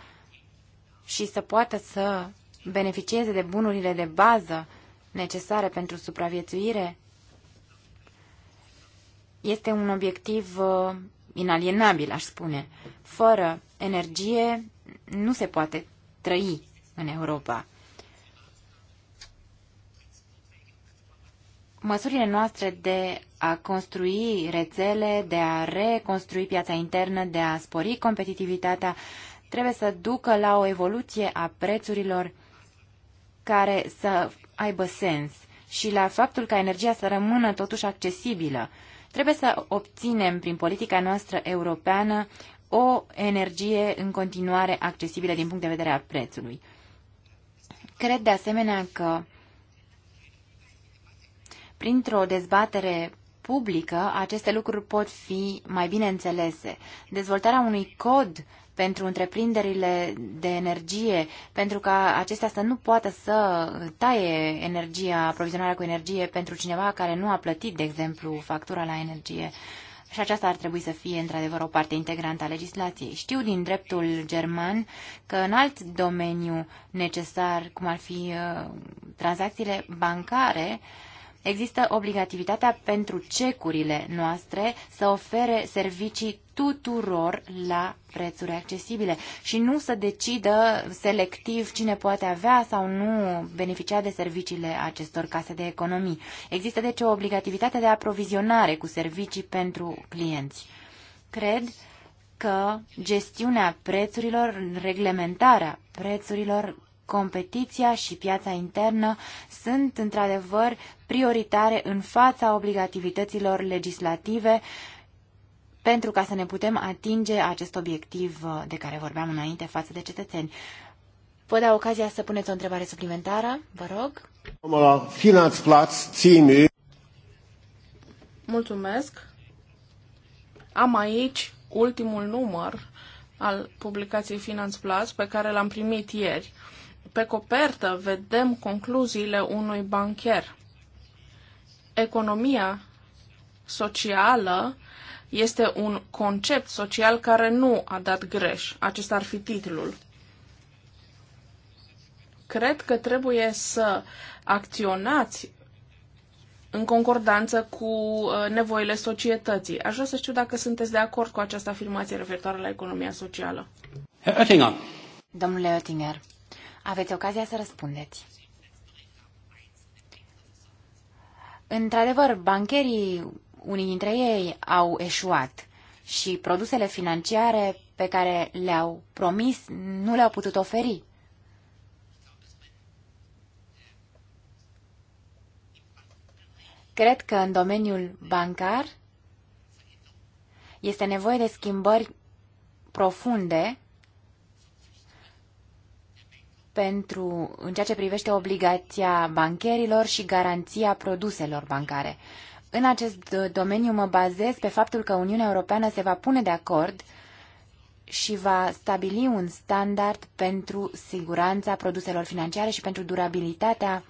și să poată să beneficieze de bunurile de bază necesare pentru supraviețuire, este un obiectiv uh, inalienabil, aș spune. Fără energie nu se poate trăi în Europa. Măsurile noastre de a construi rețele, de a reconstrui piața internă, de a spori competitivitatea, trebuie să ducă la o evoluție a prețurilor care să aibă sens și la faptul ca energia să rămână totuși accesibilă. Trebuie să obținem prin politica noastră europeană o energie în continuare accesibilă din punct de vedere al prețului. Cred de asemenea că printr-o dezbatere publică aceste lucruri pot fi mai bine înțelese. Dezvoltarea unui cod pentru întreprinderile de energie, pentru ca acestea să nu poată să taie energia, aprovizionarea cu energie pentru cineva care nu a plătit, de exemplu, factura la energie. Și aceasta ar trebui să fie, într-adevăr, o parte integrantă a legislației. Știu din dreptul german că în alt domeniu necesar, cum ar fi uh, tranzacțiile bancare, există obligativitatea pentru cecurile noastre să ofere servicii tuturor la prețuri accesibile și nu să decidă selectiv cine poate avea sau nu beneficia de serviciile acestor case de economii. Există deci o obligativitate de aprovizionare cu servicii pentru clienți. Cred că gestiunea prețurilor, reglementarea prețurilor, competiția și piața internă sunt într-adevăr prioritare în fața obligativităților legislative uh, pentru ca să ne putem atinge acest obiectiv uh, de care vorbeam înainte față de cetățeni. Vă dau ocazia să puneți o întrebare suplimentară, vă rog. Mulțumesc. Am aici ultimul număr al publicației Finance Plus pe care l-am primit ieri. Pe copertă vedem concluziile unui bancher. Economia socială este un concept social care nu a dat greș. Acesta ar fi titlul. Cred că trebuie să acționați în concordanță cu uh, nevoile societății. Aș vrea să știu dacă sunteți de acord cu această afirmație referitoare la economia socială. Domnule Oettinger, aveți ocazia să răspundeți. Într-adevăr, bancherii unii dintre ei au eșuat și produsele financiare pe care le-au promis nu le-au putut oferi. Cred că în domeniul bancar este nevoie de schimbări profunde pentru, în ceea ce privește obligația bancherilor și garanția produselor bancare. În acest uh, domeniu mă bazez pe faptul că Uniunea Europeană se va pune de acord și va stabili un standard pentru siguranța produselor financiare și pentru durabilitatea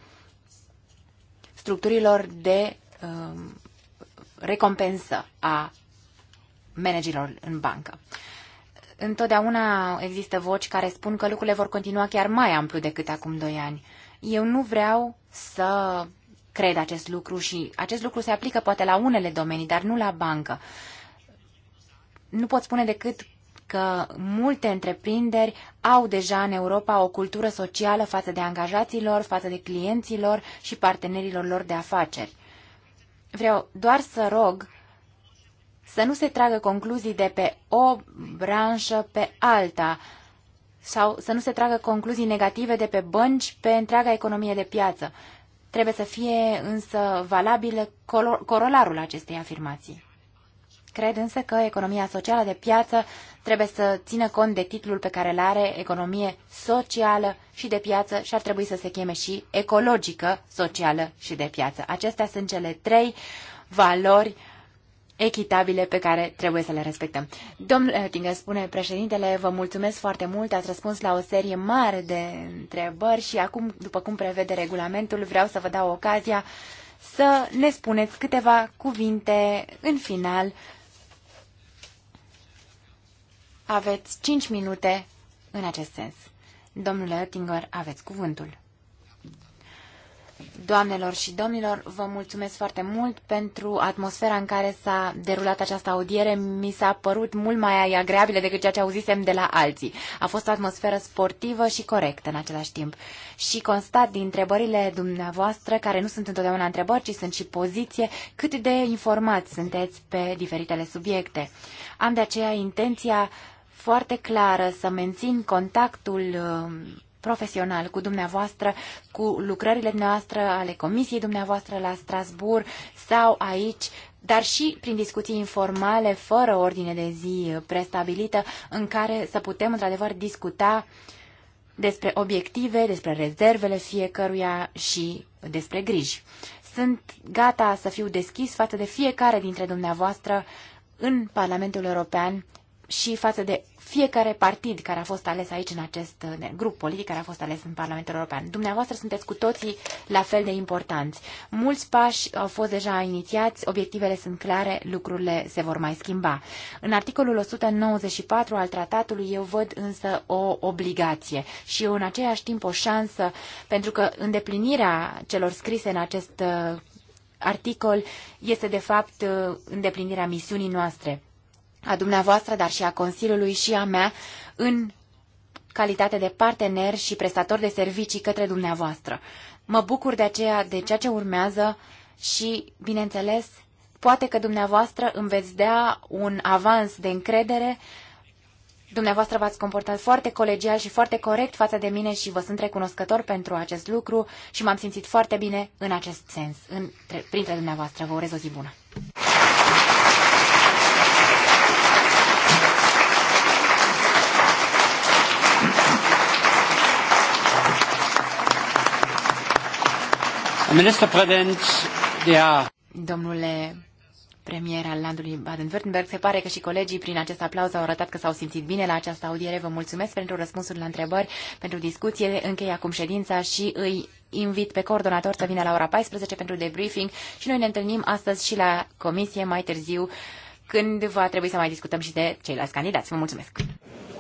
structurilor de uh, recompensă a managerilor în bancă. Întotdeauna există voci care spun că lucrurile vor continua chiar mai amplu decât acum doi ani. Eu nu vreau să cred acest lucru și acest lucru se aplică poate la unele domenii, dar nu la bancă. Nu pot spune decât că multe întreprinderi au deja în Europa o cultură socială față de angajaților, față de clienților și partenerilor lor de afaceri. Vreau doar să rog să nu se tragă concluzii de pe o branșă pe alta sau să nu se tragă concluzii negative de pe bănci pe întreaga economie de piață. Trebuie să fie însă valabil corolarul acestei afirmații. Cred însă că economia socială de piață trebuie să țină cont de titlul pe care îl are economie socială și de piață și ar trebui să se cheme și ecologică, socială și de piață. Acestea sunt cele trei valori uh, echitabile pe care trebuie să le respectăm. Domnule Oettinger, spune președintele, vă mulțumesc foarte mult, ați răspuns la o serie mare de întrebări și acum, după cum prevede regulamentul, vreau să vă dau ocazia să ne spuneți câteva cuvinte în final. Aveți 5 minute în acest sens. Domnule Oettinger, aveți cuvântul. Doamnelor și domnilor, vă mulțumesc foarte mult pentru atmosfera în care s-a derulat această audiere. Mi s-a părut mult mai agreabilă decât ceea ce auzisem de la alții. A fost o atmosferă sportivă și corectă în același timp. Și constat din întrebările dumneavoastră, care nu sunt întotdeauna întrebări, ci sunt și poziție, cât de informați sunteți pe diferitele subiecte. Am de aceea intenția foarte clară să mențin contactul profesional cu dumneavoastră, cu lucrările noastre ale comisiei dumneavoastră la Strasbourg sau aici dar și prin discuții informale, fără ordine de zi prestabilită, în care să putem într-adevăr discuta despre obiective, despre rezervele fiecăruia și despre griji. Sunt gata să fiu deschis față de fiecare dintre dumneavoastră în Parlamentul European și față de fiecare partid care a fost ales aici în acest grup politic care a fost ales în Parlamentul European. Dumneavoastră sunteți cu toții la fel de importanți. Mulți pași au fost deja inițiați, obiectivele sunt clare, lucrurile se vor mai schimba. În articolul 194 al tratatului eu văd însă o obligație și eu, în aceeași timp o șansă, pentru că îndeplinirea celor scrise în acest uh, articol este de fapt uh, îndeplinirea misiunii noastre a dumneavoastră, dar și a Consiliului și a mea, în calitate de partener și prestator de servicii către dumneavoastră. Mă bucur de aceea de ceea ce urmează și, bineînțeles, poate că dumneavoastră îmi veți dea un avans de încredere. Dumneavoastră v-ați comportat foarte colegial și foarte corect față de mine și vă sunt recunoscător pentru acest lucru și m-am simțit foarte bine în acest sens, în, printre dumneavoastră. Vă urez o zi bună! Domnule premier al landului Baden-Württemberg, se pare că și colegii prin acest aplauz au arătat că s-au simțit bine la această audiere. Vă mulțumesc pentru răspunsuri la întrebări, pentru discuție. Închei acum ședința și îi invit pe coordonator să vină la ora 14 pentru debriefing și noi ne întâlnim astăzi și la comisie mai târziu când va trebui să mai discutăm și de ceilalți candidați. Vă mulțumesc!